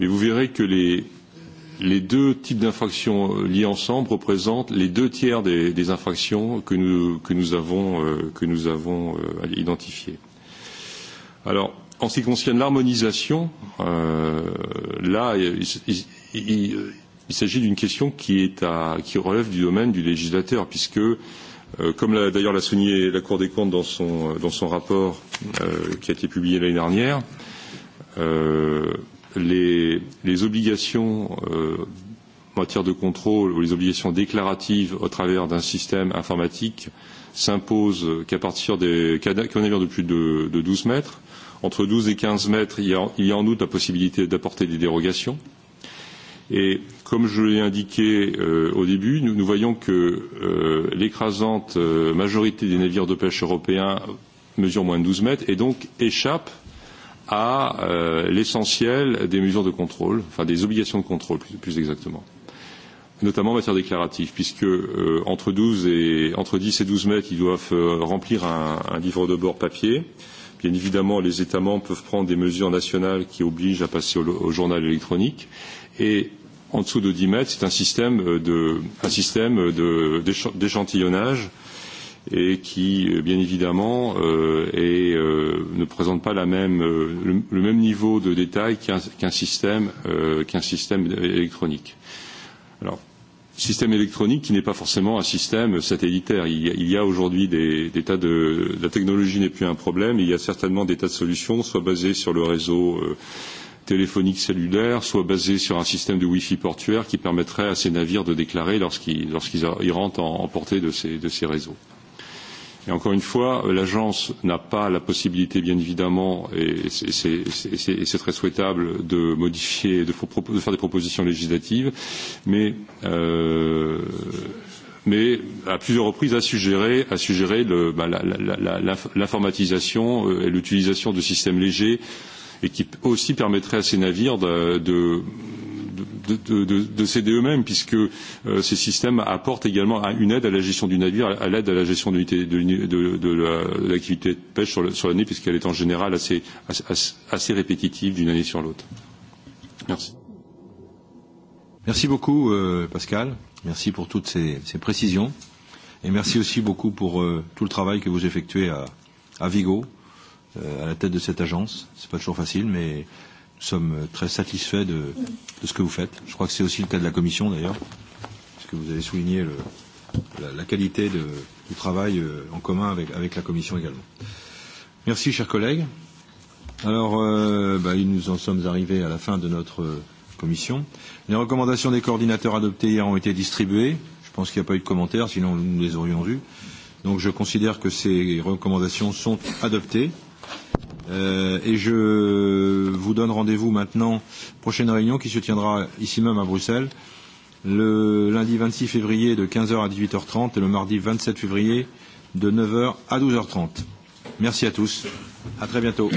Mais vous verrez que les, les deux types d'infractions liées ensemble représentent les deux tiers des, des infractions que nous, que nous avons, euh, que nous avons euh, identifiées. Alors, en ce qui concerne l'harmonisation, euh, là, il, il, il, il s'agit d'une question qui, est à, qui relève du domaine du législateur, puisque, euh, comme d'ailleurs l'a souligné la Cour des comptes dans son, dans son rapport euh, qui a été publié l'année dernière, euh, les, les obligations euh, en matière de contrôle ou les obligations déclaratives au travers d'un système informatique s'imposent qu'à partir des qu'un de plus de, de 12 mètres. Entre 12 et 15 mètres, il y a, il y a en outre la possibilité d'apporter des dérogations. Et comme je l'ai indiqué euh, au début, nous, nous voyons que euh, l'écrasante euh, majorité des navires de pêche européens mesurent moins de 12 mètres et donc échappent à euh, l'essentiel des mesures de contrôle, enfin des obligations de contrôle plus, plus exactement, notamment en matière déclarative, puisque euh, entre, 12 et, entre 10 et 12 mètres, ils doivent euh, remplir un, un livre de bord papier. Bien évidemment, les États membres peuvent prendre des mesures nationales qui obligent à passer au, au journal électronique. Et en dessous de 10 mètres, c'est un système euh, d'échantillonnage de, et qui, euh, bien évidemment, euh, est, euh, ne présente pas la même, euh, le, le même niveau de détail qu'un qu système, euh, qu système électronique. Alors, système électronique qui n'est pas forcément un système satellitaire. Il y a, a aujourd'hui des, des tas de la technologie n'est plus un problème. Il y a certainement des tas de solutions, soit basées sur le réseau euh, téléphonique cellulaire, soit basées sur un système de Wi-Fi portuaire qui permettrait à ces navires de déclarer lorsqu'ils lorsqu rentrent en, en portée de ces, de ces réseaux. Et encore une fois, l'agence n'a pas la possibilité, bien évidemment, et c'est très souhaitable, de modifier, de, de faire des propositions législatives, mais, euh, mais à plusieurs reprises a suggéré, a suggéré l'informatisation bah, euh, et l'utilisation de systèmes légers et qui aussi permettrait à ces navires de, de de, de, de, céder eux-mêmes, puisque euh, ces systèmes apportent également une aide à la gestion du navire, à l'aide à la gestion de, de, de, de, l'activité la, de, de pêche sur, l'année, puisqu'elle est en général assez, assez, assez répétitive d'une année sur l'autre. Merci. Merci beaucoup, euh, Pascal. Merci pour toutes ces, ces précisions. Et merci aussi beaucoup pour euh, tout le travail que vous effectuez à, à Vigo, euh, à la tête de cette agence. Ce n'est pas toujours facile, mais sommes euh, très satisfaits de, de ce que vous faites. Je crois que c'est aussi le cas de la Commission d'ailleurs, puisque vous avez souligné le, la, la qualité de, du travail euh, en commun avec, avec la Commission également. Merci, chers collègues. Alors, euh, bah, nous en sommes arrivés à la fin de notre euh, commission. Les recommandations des coordinateurs adoptées hier ont été distribuées. Je pense qu'il n'y a pas eu de commentaires, sinon nous les aurions vus. Donc je considère que ces recommandations sont adoptées. Euh, et je vous donne rendez-vous maintenant, prochaine réunion qui se tiendra ici même à Bruxelles, le lundi 26 février de 15h à 18h30 et le mardi 27 février de 9h à 12h30. Merci à tous. À très bientôt.